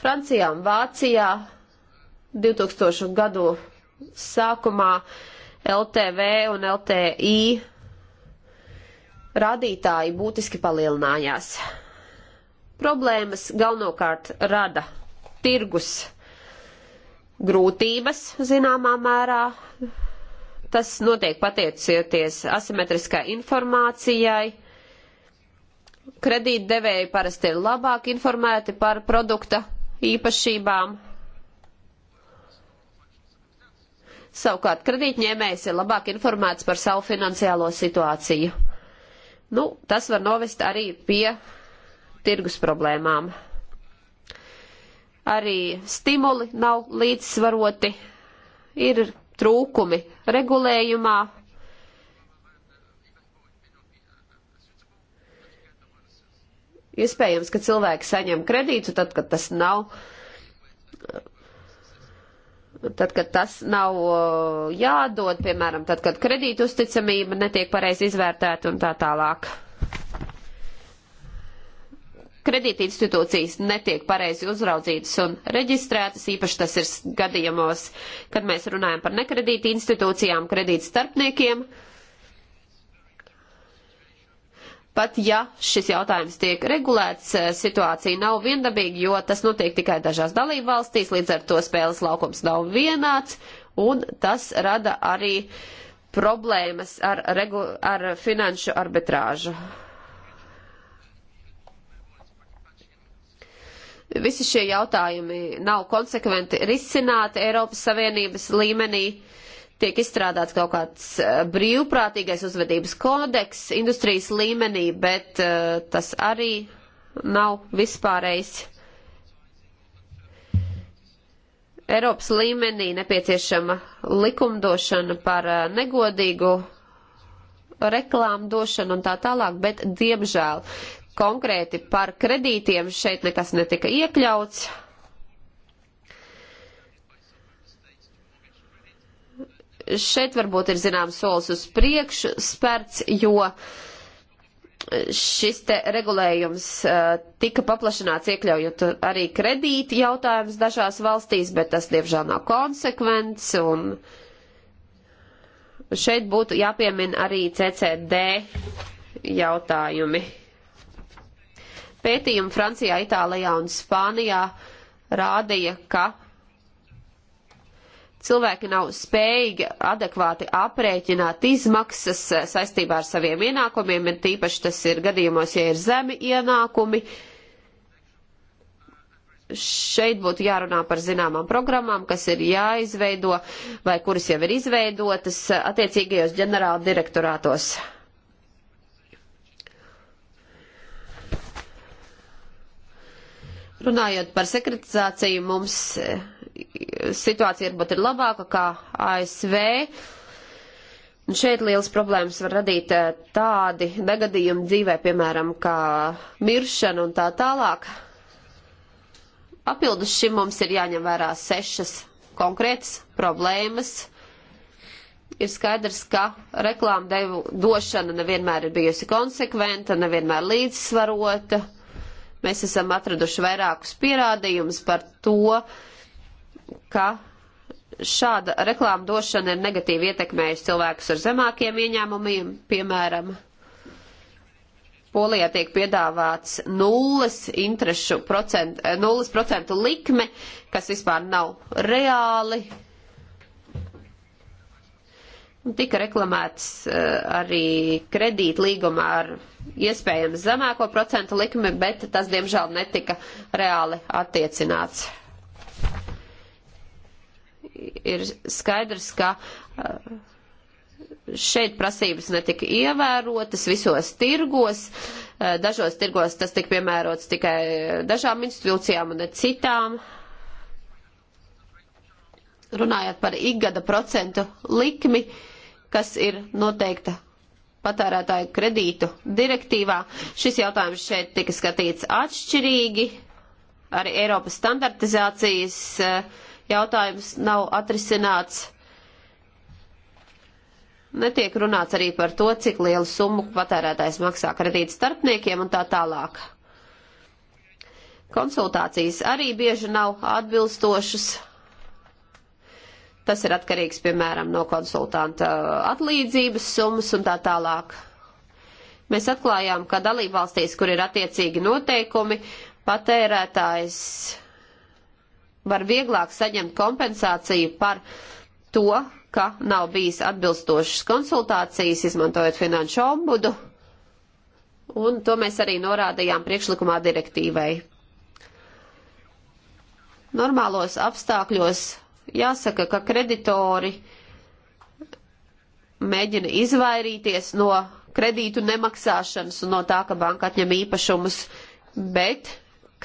Francijā un Vācijā 2000 gadu sākumā LTV un LTI rādītāji būtiski palielinājās. Problēmas galvenokārt rada tirgus grūtības zināmā mērā. Tas notiek pateicoties asimetriskai informācijai kredītdevēji parasti ir labāk informēti par produkta īpašībām. Savukārt kredītņēmējs ir labāk informēts par savu finansiālo situāciju. Nu, tas var novest arī pie tirgus problēmām. Arī stimuli nav līdzsvaroti, ir trūkumi regulējumā, Iespējams, ka cilvēki saņem kredītu tad, kad tas nav. Tad, kad tas nav uh, jādod, piemēram, tad, kad kredītu uzticamība netiek pareizi izvērtēta un tā tālāk. Kredīti institūcijas netiek pareizi uzraudzītas un reģistrētas, īpaši tas ir gadījumos, kad mēs runājam par nekredīti institūcijām, kredīt starpniekiem. Uh, Pat ja šis jautājums tiek regulēts, eh, situācija nav viendabīga, jo tas notiek tikai dažās dalību valstīs, līdz ar to spēles laukums nav vienāds, un tas rada arī problēmas ar, regu, ar finanšu arbitrāžu. Visi šie jautājumi nav konsekventi risināti Eiropas Savienības līmenī. Uh, tiek izstrādāts kaut kāds eh, brīvprātīgais uzvedības kodeks industrijas līmenī, bet uh, tas arī nav vispārējs. Eiropas līmenī nepieciešama likumdošana par uh, negodīgu reklāmu došanu un tā tālāk, bet diemžēl konkrēti par kredītiem šeit nekas netika iekļauts šeit varbūt ir zināms solis uz priekšu spērts, jo šis te regulējums eh, tika paplašināts iekļaujot arī kredīti jautājums dažās valstīs, bet tas diemžēl nav konsekvents un šeit būtu jāpiemina arī CCD jautājumi. Pētījumi Francijā, Itālijā un Spānijā rādīja, ka cilvēki nav spējīgi adekvāti aprēķināt izmaksas eh, saistībā ar saviem ienākumiem, un tīpaši tas ir gadījumos, ja ir zemi ienākumi. Šeit būtu jārunā par zināmām programmām, kas ir jāizveido vai kuras jau ir izveidotas attiecīgajos ģenerāla direktorātos. Runājot par sekretizāciju, mums eh, situācija varbūt ir labāka kā ASV. Un šeit liels problēmas var radīt eh, tādi negadījumi dzīvē, piemēram, kā miršana un tā tālāk. Papildus šim mums ir jāņem vērā sešas konkrētas problēmas. Ir skaidrs, ka reklāmu došana nevienmēr ir bijusi konsekventa, nevienmēr līdzsvarota Mēs esam atraduši vairākus pierādījumus par to, ka šāda reklāma došana ir negatīvi ietekmējusi cilvēkus ar zemākiem ieņēmumiem, piemēram, Polijā tiek piedāvāts 0% eh, likme, kas vispār nav reāli. Un tika reklamēts uh, arī kredīt līgumā ar iespējams zemāko procentu likmi, bet tas, diemžēl, netika reāli attiecināts. Ir skaidrs, ka eh, šeit prasības netika ievērotas visos tirgos. Eh, dažos tirgos tas tika piemērots tikai dažām institūcijām un ne citām. Runājot par ikgada procentu likmi, kas ir noteikta patērētāju kredītu direktīvā. Šis jautājums šeit tika skatīts atšķirīgi. Arī Eiropas standartizācijas e, jautājums nav atrisināts. Netiek runāts arī par to, cik lielu summu patērētājs maksā kredīt starpniekiem un tā tālāk. Konsultācijas arī bieži nav atbilstošas, Tas ir atkarīgs, piemēram, no konsultanta uh, atlīdzības summas un tā tālāk. Mēs atklājām, ka dalībvalstīs, kur ir attiecīgi noteikumi, patērētājs var vieglāk saņemt kompensāciju par to, ka nav bijis atbilstošas konsultācijas, izmantojot finanšu ombudu, un to mēs arī norādījām priekšlikumā direktīvai. Normālos apstākļos jāsaka, ka kreditori mēģina izvairīties no kredītu nemaksāšanas un no tā, ka banka atņem īpašumus, bet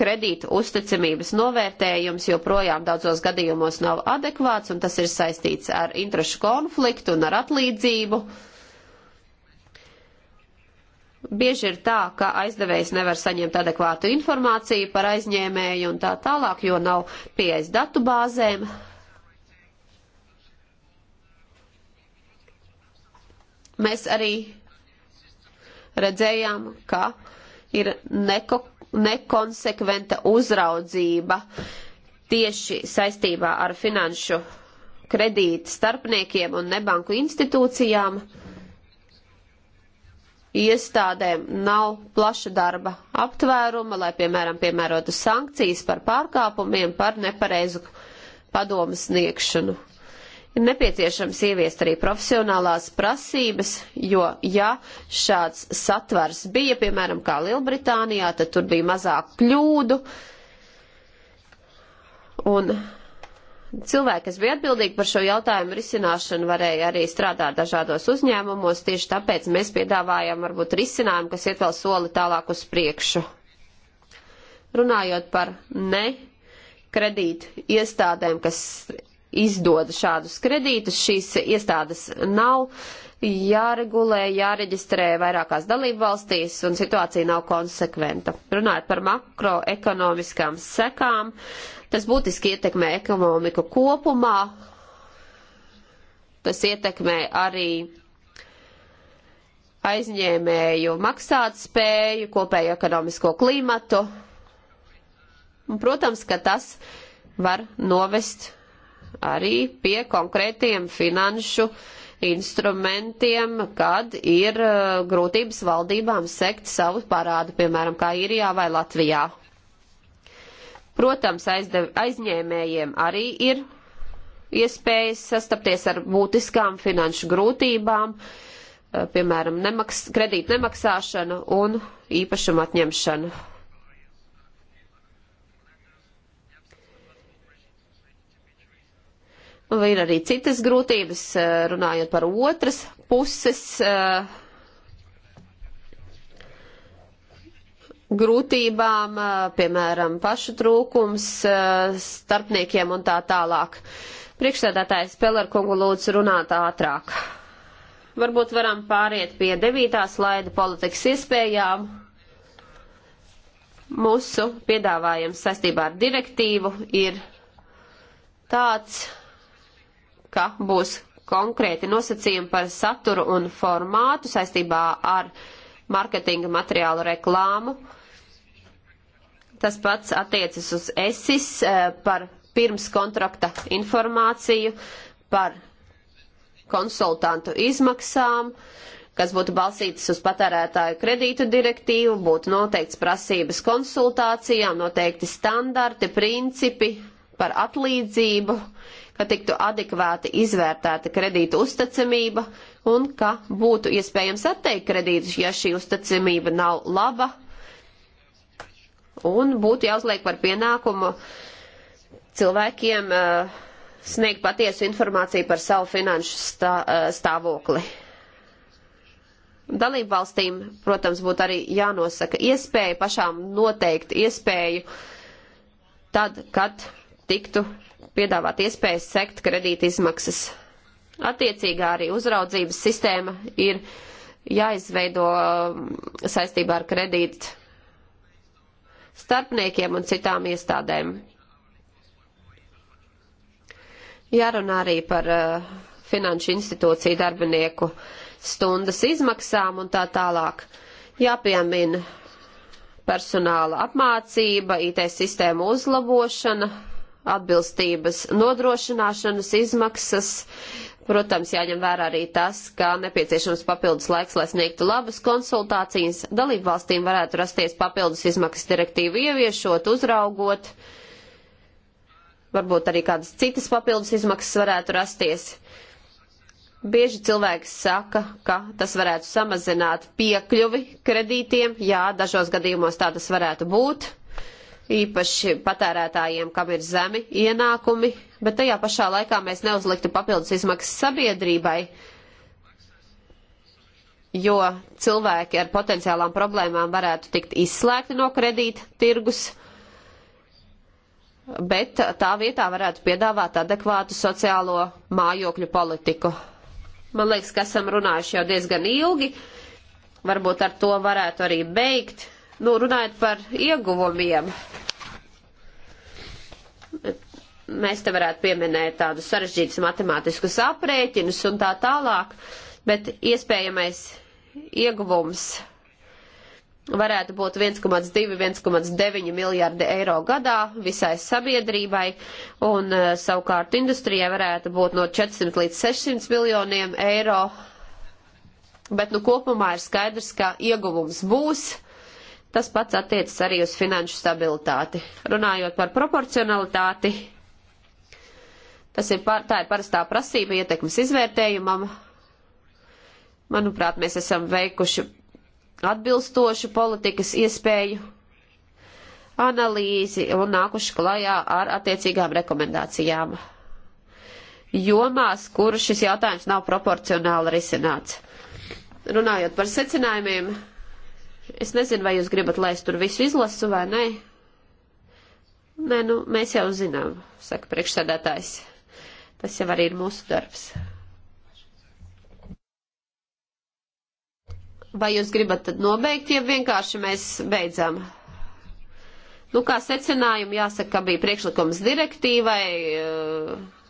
kredītu uzticamības novērtējums joprojām daudzos gadījumos nav adekvāts, un tas ir saistīts ar interešu konfliktu un ar atlīdzību. Bieži ir tā, ka aizdevējs nevar saņemt adekvātu informāciju par aizņēmēju un tā tālāk, jo nav pieejas datubāzēm, Mēs arī redzējām, ka ir neko, nekonsekventa uzraudzība tieši saistībā ar finanšu kredītu starpniekiem un nebanku institūcijām. Iestādēm nav plaša darba aptvēruma, lai, piemēram, piemērotu sankcijas par pārkāpumiem, par nepareizu padomu sniegšanu ir nepieciešams ieviest arī profesionālās prasības, jo ja šāds satvers bija, piemēram, kā Lielbritānijā, tad tur bija mazāk kļūdu. Un cilvēki, kas bija atbildīgi par šo jautājumu risināšanu, varēja arī strādāt dažādos uzņēmumos, tieši tāpēc mēs piedāvājam varbūt risinājumu, kas iet vēl soli tālāk uz priekšu. Runājot par ne kredīt iestādēm, kas izdod šādus kredītus. Šīs iestādes nav jāregulē, jāreģistrē vairākās dalību valstīs, un situācija nav konsekventa. Runājot par makroekonomiskām sekām, tas būtiski ietekmē ekonomiku kopumā. Tas ietekmē arī aizņēmēju maksāt spēju, kopēju ekonomisko klimatu. Un, protams, ka tas var novest arī pie konkrētiem finanšu instrumentiem, kad ir uh, grūtības valdībām sekt savu parādu, piemēram, kā Irijā vai Latvijā. Protams, aizdev, aizņēmējiem arī ir iespējas sastapties ar būtiskām finanšu grūtībām, uh, piemēram, nemaks, kredīt nemaksāšana un īpašuma atņemšana. Ir arī citas grūtības, eh, runājot par otras puses eh, grūtībām, eh, piemēram, pašu trūkums starpniekiem un tā tālāk. Priekšsēdētājs Pelerkungu lūdzu runāt ātrāk. Varbūt varam pāriet pie devītā slaida politikas iespējām. Mūsu piedāvājums saistībā ar direktīvu ir tāds, ka būs konkrēti nosacījumi par saturu un formātu saistībā ar marketinga materiālu reklāmu. Tas pats attiecas uz ESIS eh, par pirms kontrakta informāciju, par konsultantu izmaksām, kas būtu balstītas uz patērētāju kredītu direktīvu, būtu noteikts prasības konsultācijām, noteikti standarti, principi par atlīdzību, uh, ka tiktu adekvāti izvērtēta kredīta uzticamība un ka būtu iespējams atteikt kredītus, ja šī uzticamība nav laba un būtu jāuzliek par pienākumu cilvēkiem uh, sniegt patiesu informāciju par savu finanšu stā, uh, eh, stāvokli. Dalību valstīm, protams, būtu arī jānosaka iespēja pašām noteikt iespēju tad, kad tiktu piedāvāt iespējas sekt kredīt izmaksas. Attiecīgā arī uzraudzības sistēma ir jāizveido um, saistībā ar kredīt starpniekiem un citām iestādēm. Jārunā arī par uh, finanšu institūciju darbinieku stundas izmaksām un tā tālāk. Jāpiemina personāla apmācība, IT sistēma uzlabošana, atbilstības nodrošināšanas izmaksas. Protams, jāņem vērā arī tas, ka nepieciešams papildus laiks, lai sniegtu labas konsultācijas. Dalību valstīm varētu rasties papildus izmaksas direktīvu ieviešot, uzraugot. Varbūt arī kādas citas papildus izmaksas varētu rasties. Bieži cilvēki saka, ka tas varētu samazināt piekļuvi kredītiem. Jā, dažos gadījumos tā tas varētu būt īpaši patērētājiem, kam ir zemi ienākumi, bet tajā pašā laikā mēs neuzliktu papildus izmaksas sabiedrībai, jo cilvēki ar potenciālām problēmām varētu tikt izslēgti no kredīta tirgus, bet tā vietā varētu piedāvāt adekvātu sociālo mājokļu politiku. Man liekas, ka esam runājuši jau diezgan ilgi, varbūt ar to varētu arī beigt. Nu, runājot par ieguvumiem, mēs te varētu pieminēt tādus sarežģītus matemātiskus aprēķinus un tā tālāk, bet iespējamais ieguvums varētu būt 1,2-1,9 miljārdi eiro gadā visai sabiedrībai, un eh, savukārt industrijai varētu būt no 400 līdz 600 miljoniem eiro. Bet nu kopumā ir skaidrs, ka ieguvums būs. Uh, Tas pats attiecas arī uz finanšu stabilitāti. Runājot par proporcionalitāti, tas ir, par, tā ir parastā prasība ietekmes izvērtējumam. Manuprāt, mēs esam veikuši atbilstošu politikas iespēju analīzi un nākuši klajā ar attiecīgām rekomendācijām jomās, kur šis jautājums nav proporcionāli risināts. Runājot par secinājumiem, Es nezinu, vai jūs gribat, lai es tur visu izlasu vai nē. Nē, nu, mēs jau zinām, saka priekšsēdētājs. Tas jau arī ir mūsu darbs. Vai jūs gribat tad nobeigt, ja vienkārši mēs beidzam? Nu, kā secinājumu jāsaka, ka bija priekšlikums direktīvai. Uh,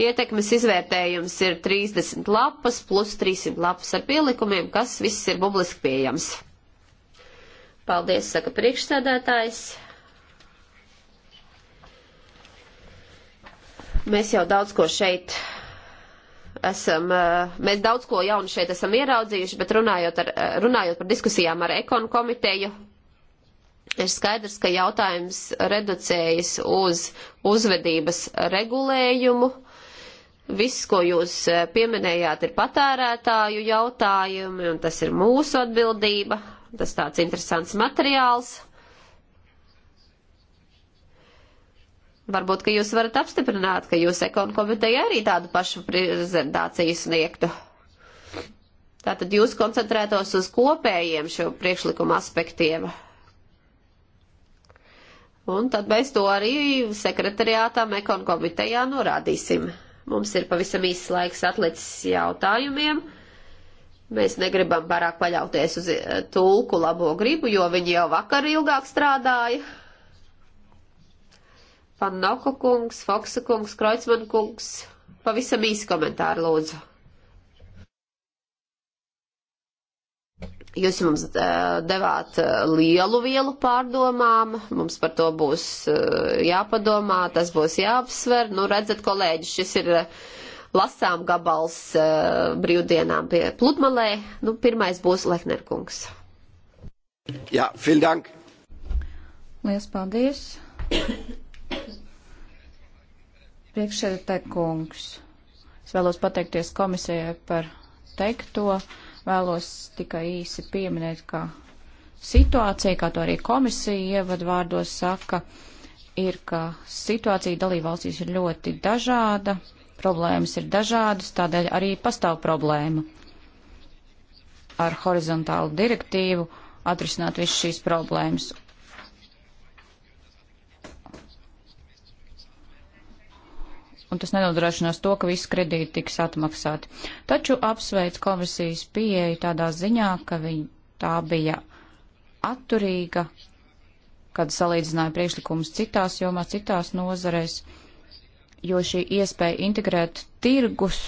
Ietekmes izvērtējums ir 30 lapas plus 300 lapas ar pielikumiem, kas viss ir publiski pieejams. Paldies, saka priekšsēdētājs. Mēs jau daudz ko šeit esam, eh, mēs daudz ko jaunu šeit esam ieraudzījuši, bet runājot, ar, eh, runājot par diskusijām ar ekonu komiteju, ir skaidrs, ka jautājums reducējas uz uzvedības regulējumu Viss, ko jūs eh, pieminējāt, ir patērētāju jautājumi, un tas ir mūsu atbildība. Tas tāds interesants materiāls. Varbūt, ka jūs varat apstiprināt, ka jūs ekonu komiteja arī tādu pašu prezentāciju sniegtu. Tātad jūs koncentrētos uz kopējiem šo priekšlikumu aspektiem. Un tad mēs to arī sekretariātām ekonu komitejā norādīsim. Mums ir pavisam īsts laiks atlicis jautājumiem. Mēs negribam pārāk paļauties uz eh, tulku labo gribu, jo viņi jau vakar ilgāk strādāja. Pannoko kungs, Foksa kungs, Kreutzmann kungs, pavisam īsi komentāri lūdzu. Jūs mums devāt lielu vielu pārdomām, mums par to būs jāpadomā, tas būs jāapsver. Nu, redzat, kolēģi, šis ir lasām gabals brīvdienām pie pludmalē. Nu, pirmais būs Lehnerkungs. Jā, vielen dank! Lies paldies! Priekšsēdētāj kungs, es vēlos pateikties komisijai par teikto. Vēlos tikai īsi pieminēt, ka situācija, kā to arī komisija ievadvārdos saka, ir, ka situācija dalībvalstīs ir ļoti dažāda, problēmas ir dažādas, tādēļ arī pastāv problēma ar horizontālu direktīvu atrisināt visas šīs problēmas. un tas nenodrošinās to, ka visi kredīti tiks atmaksāti. Taču apsveic komisijas pieeju tādā ziņā, ka viņa tā bija atturīga, kad salīdzināja priekšlikumus citās jomās, citās nozarēs, jo šī iespēja integrēt tirgus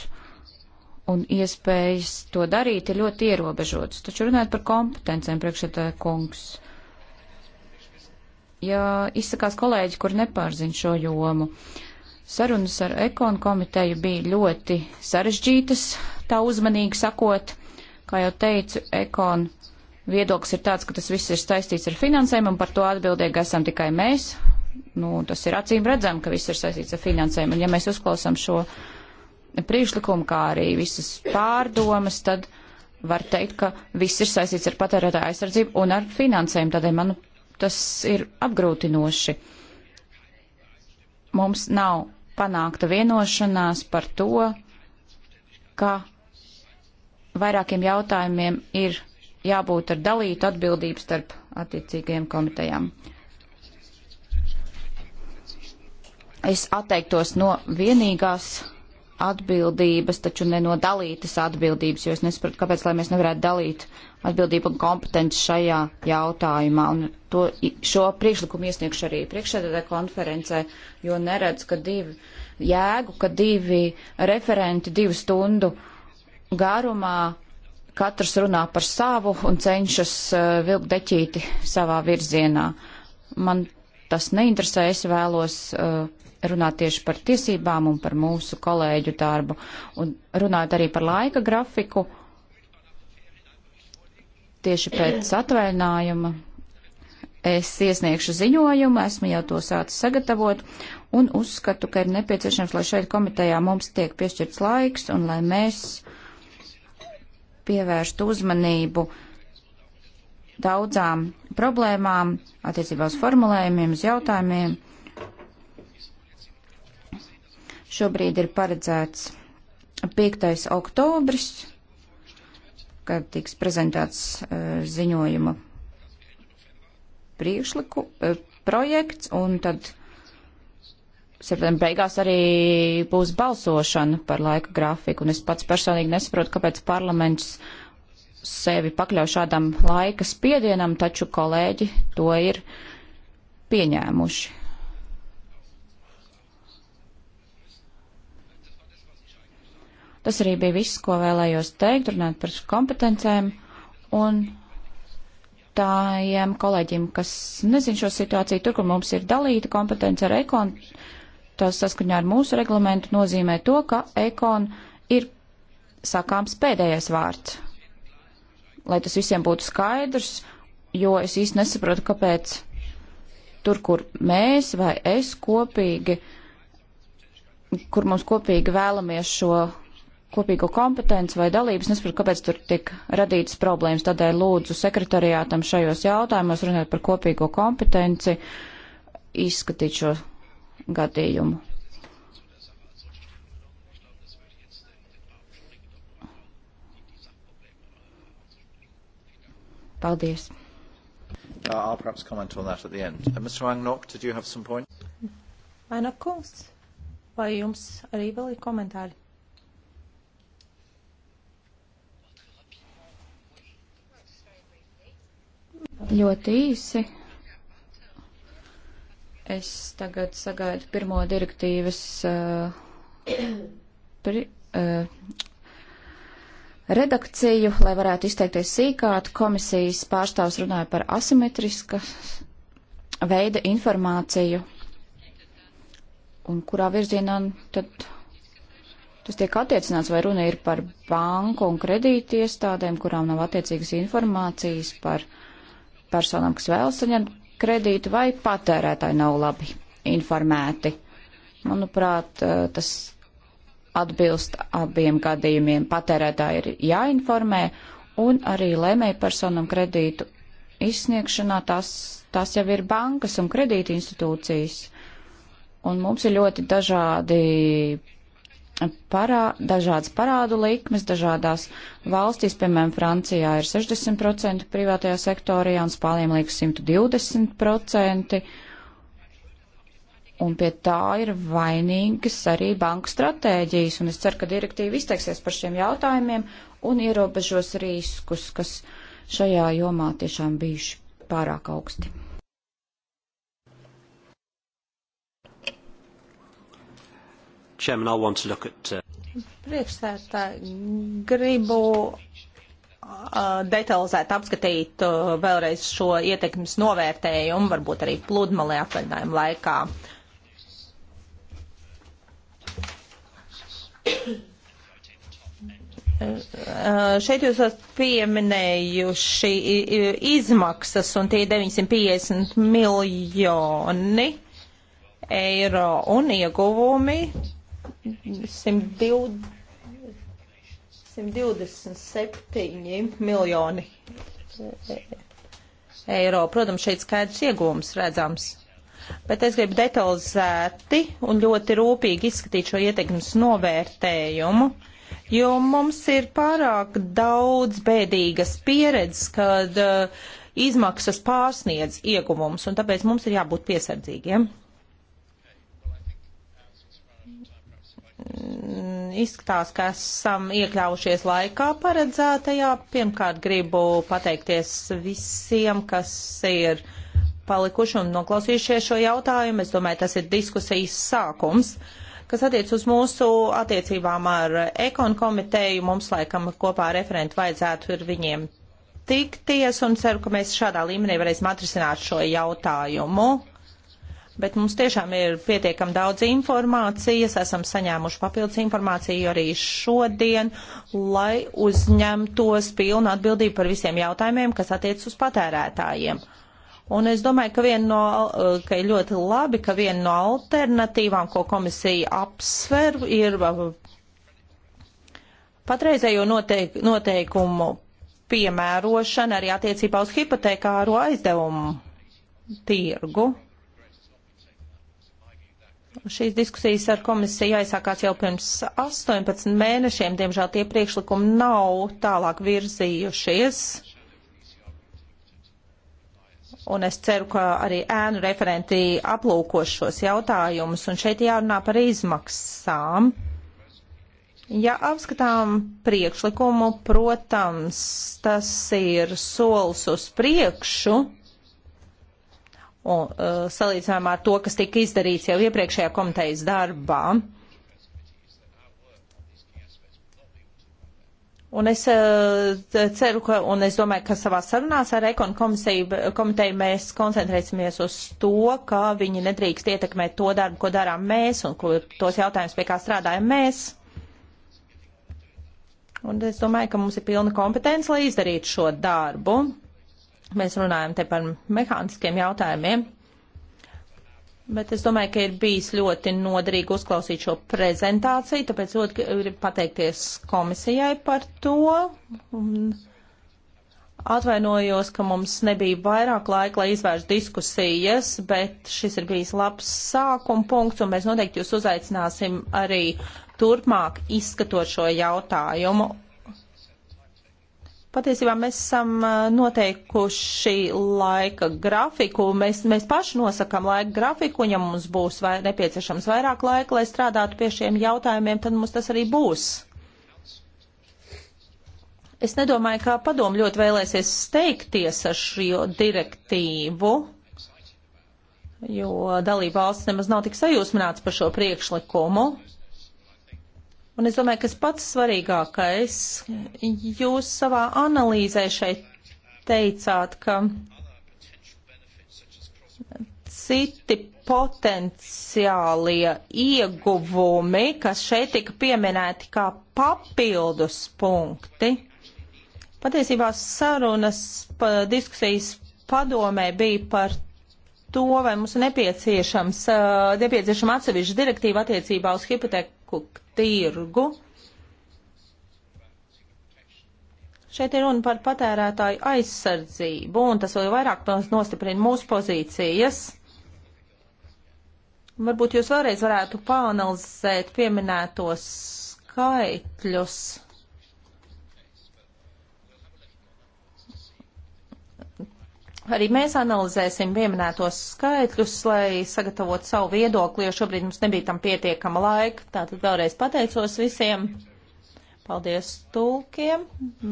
un iespējas to darīt ir ļoti ierobežotas. Taču runājot par kompetencēm, priekšētāja kungs, ja izsakās kolēģi, kur nepārzin šo jomu, uh, Sarunas ar ekonu komiteju bija ļoti sarežģītas, tā uzmanīgi sakot. Kā jau teicu, ekonu viedoklis ir tāds, ka tas viss ir saistīts ar finansēm, un par to atbildīgi esam tikai mēs. Nu, tas ir acīm redzam, ka viss ir saistīts ar finansēm, un ja mēs uzklausām šo priekšlikumu, kā arī visas pārdomas, tad var teikt, ka viss ir saistīts ar patērētāju aizsardzību un ar finansēm, tādēļ man tas ir apgrūtinoši mums nav panākta vienošanās par to, ka vairākiem jautājumiem ir jābūt ar dalītu atbildību starp attiecīgajiem komitejām. Es atteiktos no vienīgās atbildības, taču ne no dalītas atbildības, jo es nesaprotu, kāpēc, lai mēs nevarētu dalīt atbildību un kompetenci šajā jautājumā. Un to, šo priekšlikumu iesniegšu arī priekšsēdētā konferencē, jo neredz, ka divi jēgu, ka divi referenti divu stundu garumā katrs runā par savu un cenšas uh, vilkt deķīti savā virzienā. Man tas neinteresē, es vēlos uh, runāt tieši par tiesībām un par mūsu kolēģu darbu un runāt arī par laika grafiku tieši pēc atvaļinājuma es iesniegšu ziņojumu, esmu jau to sācis sagatavot un uzskatu, ka ir nepieciešams, lai šeit komitejā mums tiek piešķirts laiks un lai mēs pievērstu uzmanību daudzām problēmām attiecībā uz formulējumiem, uz jautājumiem. Šobrīd ir paredzēts 5. oktobris kad tiks prezentēts e, ziņojuma priekšliku e, projekts, un tad septembra beigās arī būs balsošana par laika grafiku, un es pats personīgi nesaprotu, kāpēc parlaments sevi pakļauj šādam laika spiedienam, taču kolēģi to ir pieņēmuši. Tas arī bija viss, ko vēlējos teikt, runāt par kompetencēm un tājiem kolēģiem, kas nezin šo situāciju, tur, kur mums ir dalīta kompetence ar ekonu, tas saskaņā ar mūsu reglamentu nozīmē to, ka ekonu ir sakāms pēdējais vārds. Lai tas visiem būtu skaidrs, jo es īsti nesaprotu, kāpēc tur, kur mēs vai es kopīgi, kur mums kopīgi vēlamies šo kopīgo kompetenci vai dalības. Nesaprotu, kāpēc tur tik radītas problēmas. Tādēļ lūdzu sekretariātam šajos jautājumos runāt par kopīgo kompetenci, izskatīt šo gadījumu. Paldies. Uh, I'll perhaps comment on that at the end. Uh, Mr. Angnok, did you have some points? Angnok, vai jums arī vēl ir komentāri? Ļoti īsi. Es tagad sagaidu pirmo direktīvas uh, pri, uh, redakciju, lai varētu izteikties sīkāk. Komisijas pārstāvs runāja par asimetriska veida informāciju un kurā virzienā tad tas tiek attiecināts, vai runa ir par banku un kredīti iestādēm, kurām nav attiecīgas informācijas par uh, personām, kas vēlas saņemt kredītu, vai patērētāji nav labi informēti. Manuprāt, eh, tas atbilst abiem gadījumiem. Patērētāji ir jāinformē, un arī lēmēju personam kredītu izsniegšanā tas, tas jau ir bankas un kredīti institūcijas. Un mums ir ļoti dažādi parā, dažādas parādu likmes dažādās valstīs, piemēram, Francijā ir 60% privātajā sektorijā un Spānijam liekas 120%, un pie tā ir vainīgas arī banku stratēģijas, un es ceru, ka direktīva izteiksies par šiem jautājumiem un ierobežos riskus, kas šajā jomā tiešām bijuši pārāk augsti. Chairman, I want to look at. Uh... Priekšsētāji, gribu uh, detalizēt apskatīt uh, vēlreiz šo ietekmes novērtējumu, varbūt arī pludmalē atvaļinājumu laikā. Uh, šeit jūs esat pieminējuši izmaksas, un tie 950 miljoni eiro un ieguvumi 127 miljoni eiro. Protams, šeit skaidrs iegūms redzams. Bet es gribu detalizēti un ļoti rūpīgi izskatīt šo ietekmes novērtējumu, jo mums ir pārāk daudz bēdīgas pieredzes, kad uh, izmaksas pārsniedz ieguvums, un tāpēc mums ir jābūt piesardzīgiem. Ja? Mm, izskatās, ka esam iekļaujušies laikā paredzētajā. Pirmkārt, gribu pateikties visiem, kas ir palikuši un noklausījušies šo jautājumu. Es domāju, tas ir diskusijas sākums. Kas attiec uz mūsu attiecībām ar ekonu komiteju, mums laikam kopā ar referentu vajadzētu ir viņiem tikties un ceru, ka mēs šādā līmenī varēsim atrisināt šo jautājumu bet mums tiešām ir pietiekam daudz informācijas, esam saņēmuši papildus informāciju arī šodien, lai uzņemtos pilnu atbildību par visiem jautājumiem, kas attiec uz patērētājiem. Un es domāju, ka, no, ka ir ļoti labi, ka viena no alternatīvām, ko komisija apsver, ir patreizējo noteik, noteikumu piemērošana arī attiecībā uz hipotekāro aizdevumu tirgu. Šīs diskusijas ar komisiju aizsākās jau pirms 18 mēnešiem. Diemžēl tie priekšlikumi nav tālāk virzījušies. Un es ceru, ka arī ēnu referenti aplūkos šos jautājumus. Un šeit jārunā par izmaksām. Ja apskatām priekšlikumu, protams, tas ir solis uz priekšu un, uh, salīdzinājumā ar to, kas tika izdarīts jau iepriekšējā komitejas darbā. Un es uh, ceru, ka, un es domāju, ka savā sarunās ar ekonu komisiju, komiteju mēs koncentrēsimies uz to, ka viņi nedrīkst ietekmēt to darbu, ko darām mēs un ko, tos jautājumus, pie kā strādājam mēs. Un es domāju, ka mums ir pilna kompetence, lai izdarītu šo darbu. Mēs runājam te par mehāniskiem jautājumiem, bet es domāju, ka ir bijis ļoti noderīgi uzklausīt šo prezentāciju, tāpēc ļoti gribu pateikties komisijai par to. Un Atvainojos, ka mums nebija vairāk laika, lai izvērstu diskusijas, bet šis ir bijis labs sākuma punkts, un mēs noteikti jūs uzaicināsim arī turpmāk izskatot šo jautājumu Patiesībā mēs esam noteikuši laika grafiku, mēs, mēs paši nosakam laika grafiku, un ja mums būs vai, nepieciešams vairāk laika, lai strādātu pie šiem jautājumiem, tad mums tas arī būs. Es nedomāju, ka padomu ļoti vēlēsies steigties ar šo direktīvu, jo dalība valsts nemaz nav tik sajūsmināts par šo priekšlikumu. Un es domāju, kas pats svarīgākais, jūs savā analīzē šeit teicāt, ka citi potenciālie ieguvumi, kas šeit tika pieminēti kā papildus punkti. Patiesībā sarunas pa, diskusijas padomē bija par to, vai mums nepieciešams, nepieciešama atsevišķa direktīva attiecībā uz hipoteku tirgu. Šeit ir runa par patērētāju aizsardzību, un tas vēl vairāk nostiprina mūsu pozīcijas. Varbūt jūs vēlreiz varētu pāanalizēt pieminētos skaitļus. Arī mēs analizēsim pieminētos skaitļus, lai sagatavotu savu viedokli, jo šobrīd mums nebija tam pietiekama laika. Tātad vēlreiz pateicos visiem. Paldies tulkiem.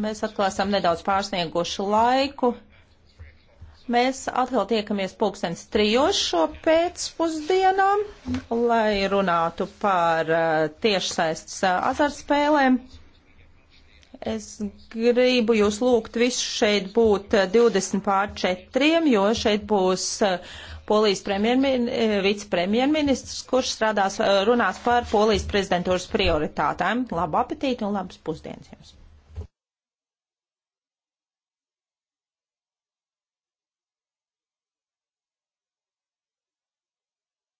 Mēs atkal esam nedaudz pārsnieguši laiku. Mēs atkal tiekamies pulkstens trijošo pēcpusdienām, lai runātu par eh, tiešsaistes eh, azartspēlēm. Es gribu jūs lūgt visu šeit būt 20 pār 4, jo šeit būs eh, Polijas premjermin, eh, vicepremjerministrs, kurš strādās, eh, runās par Polijas prezidentūras prioritātēm. Labu apetīti un labas pusdienas jums!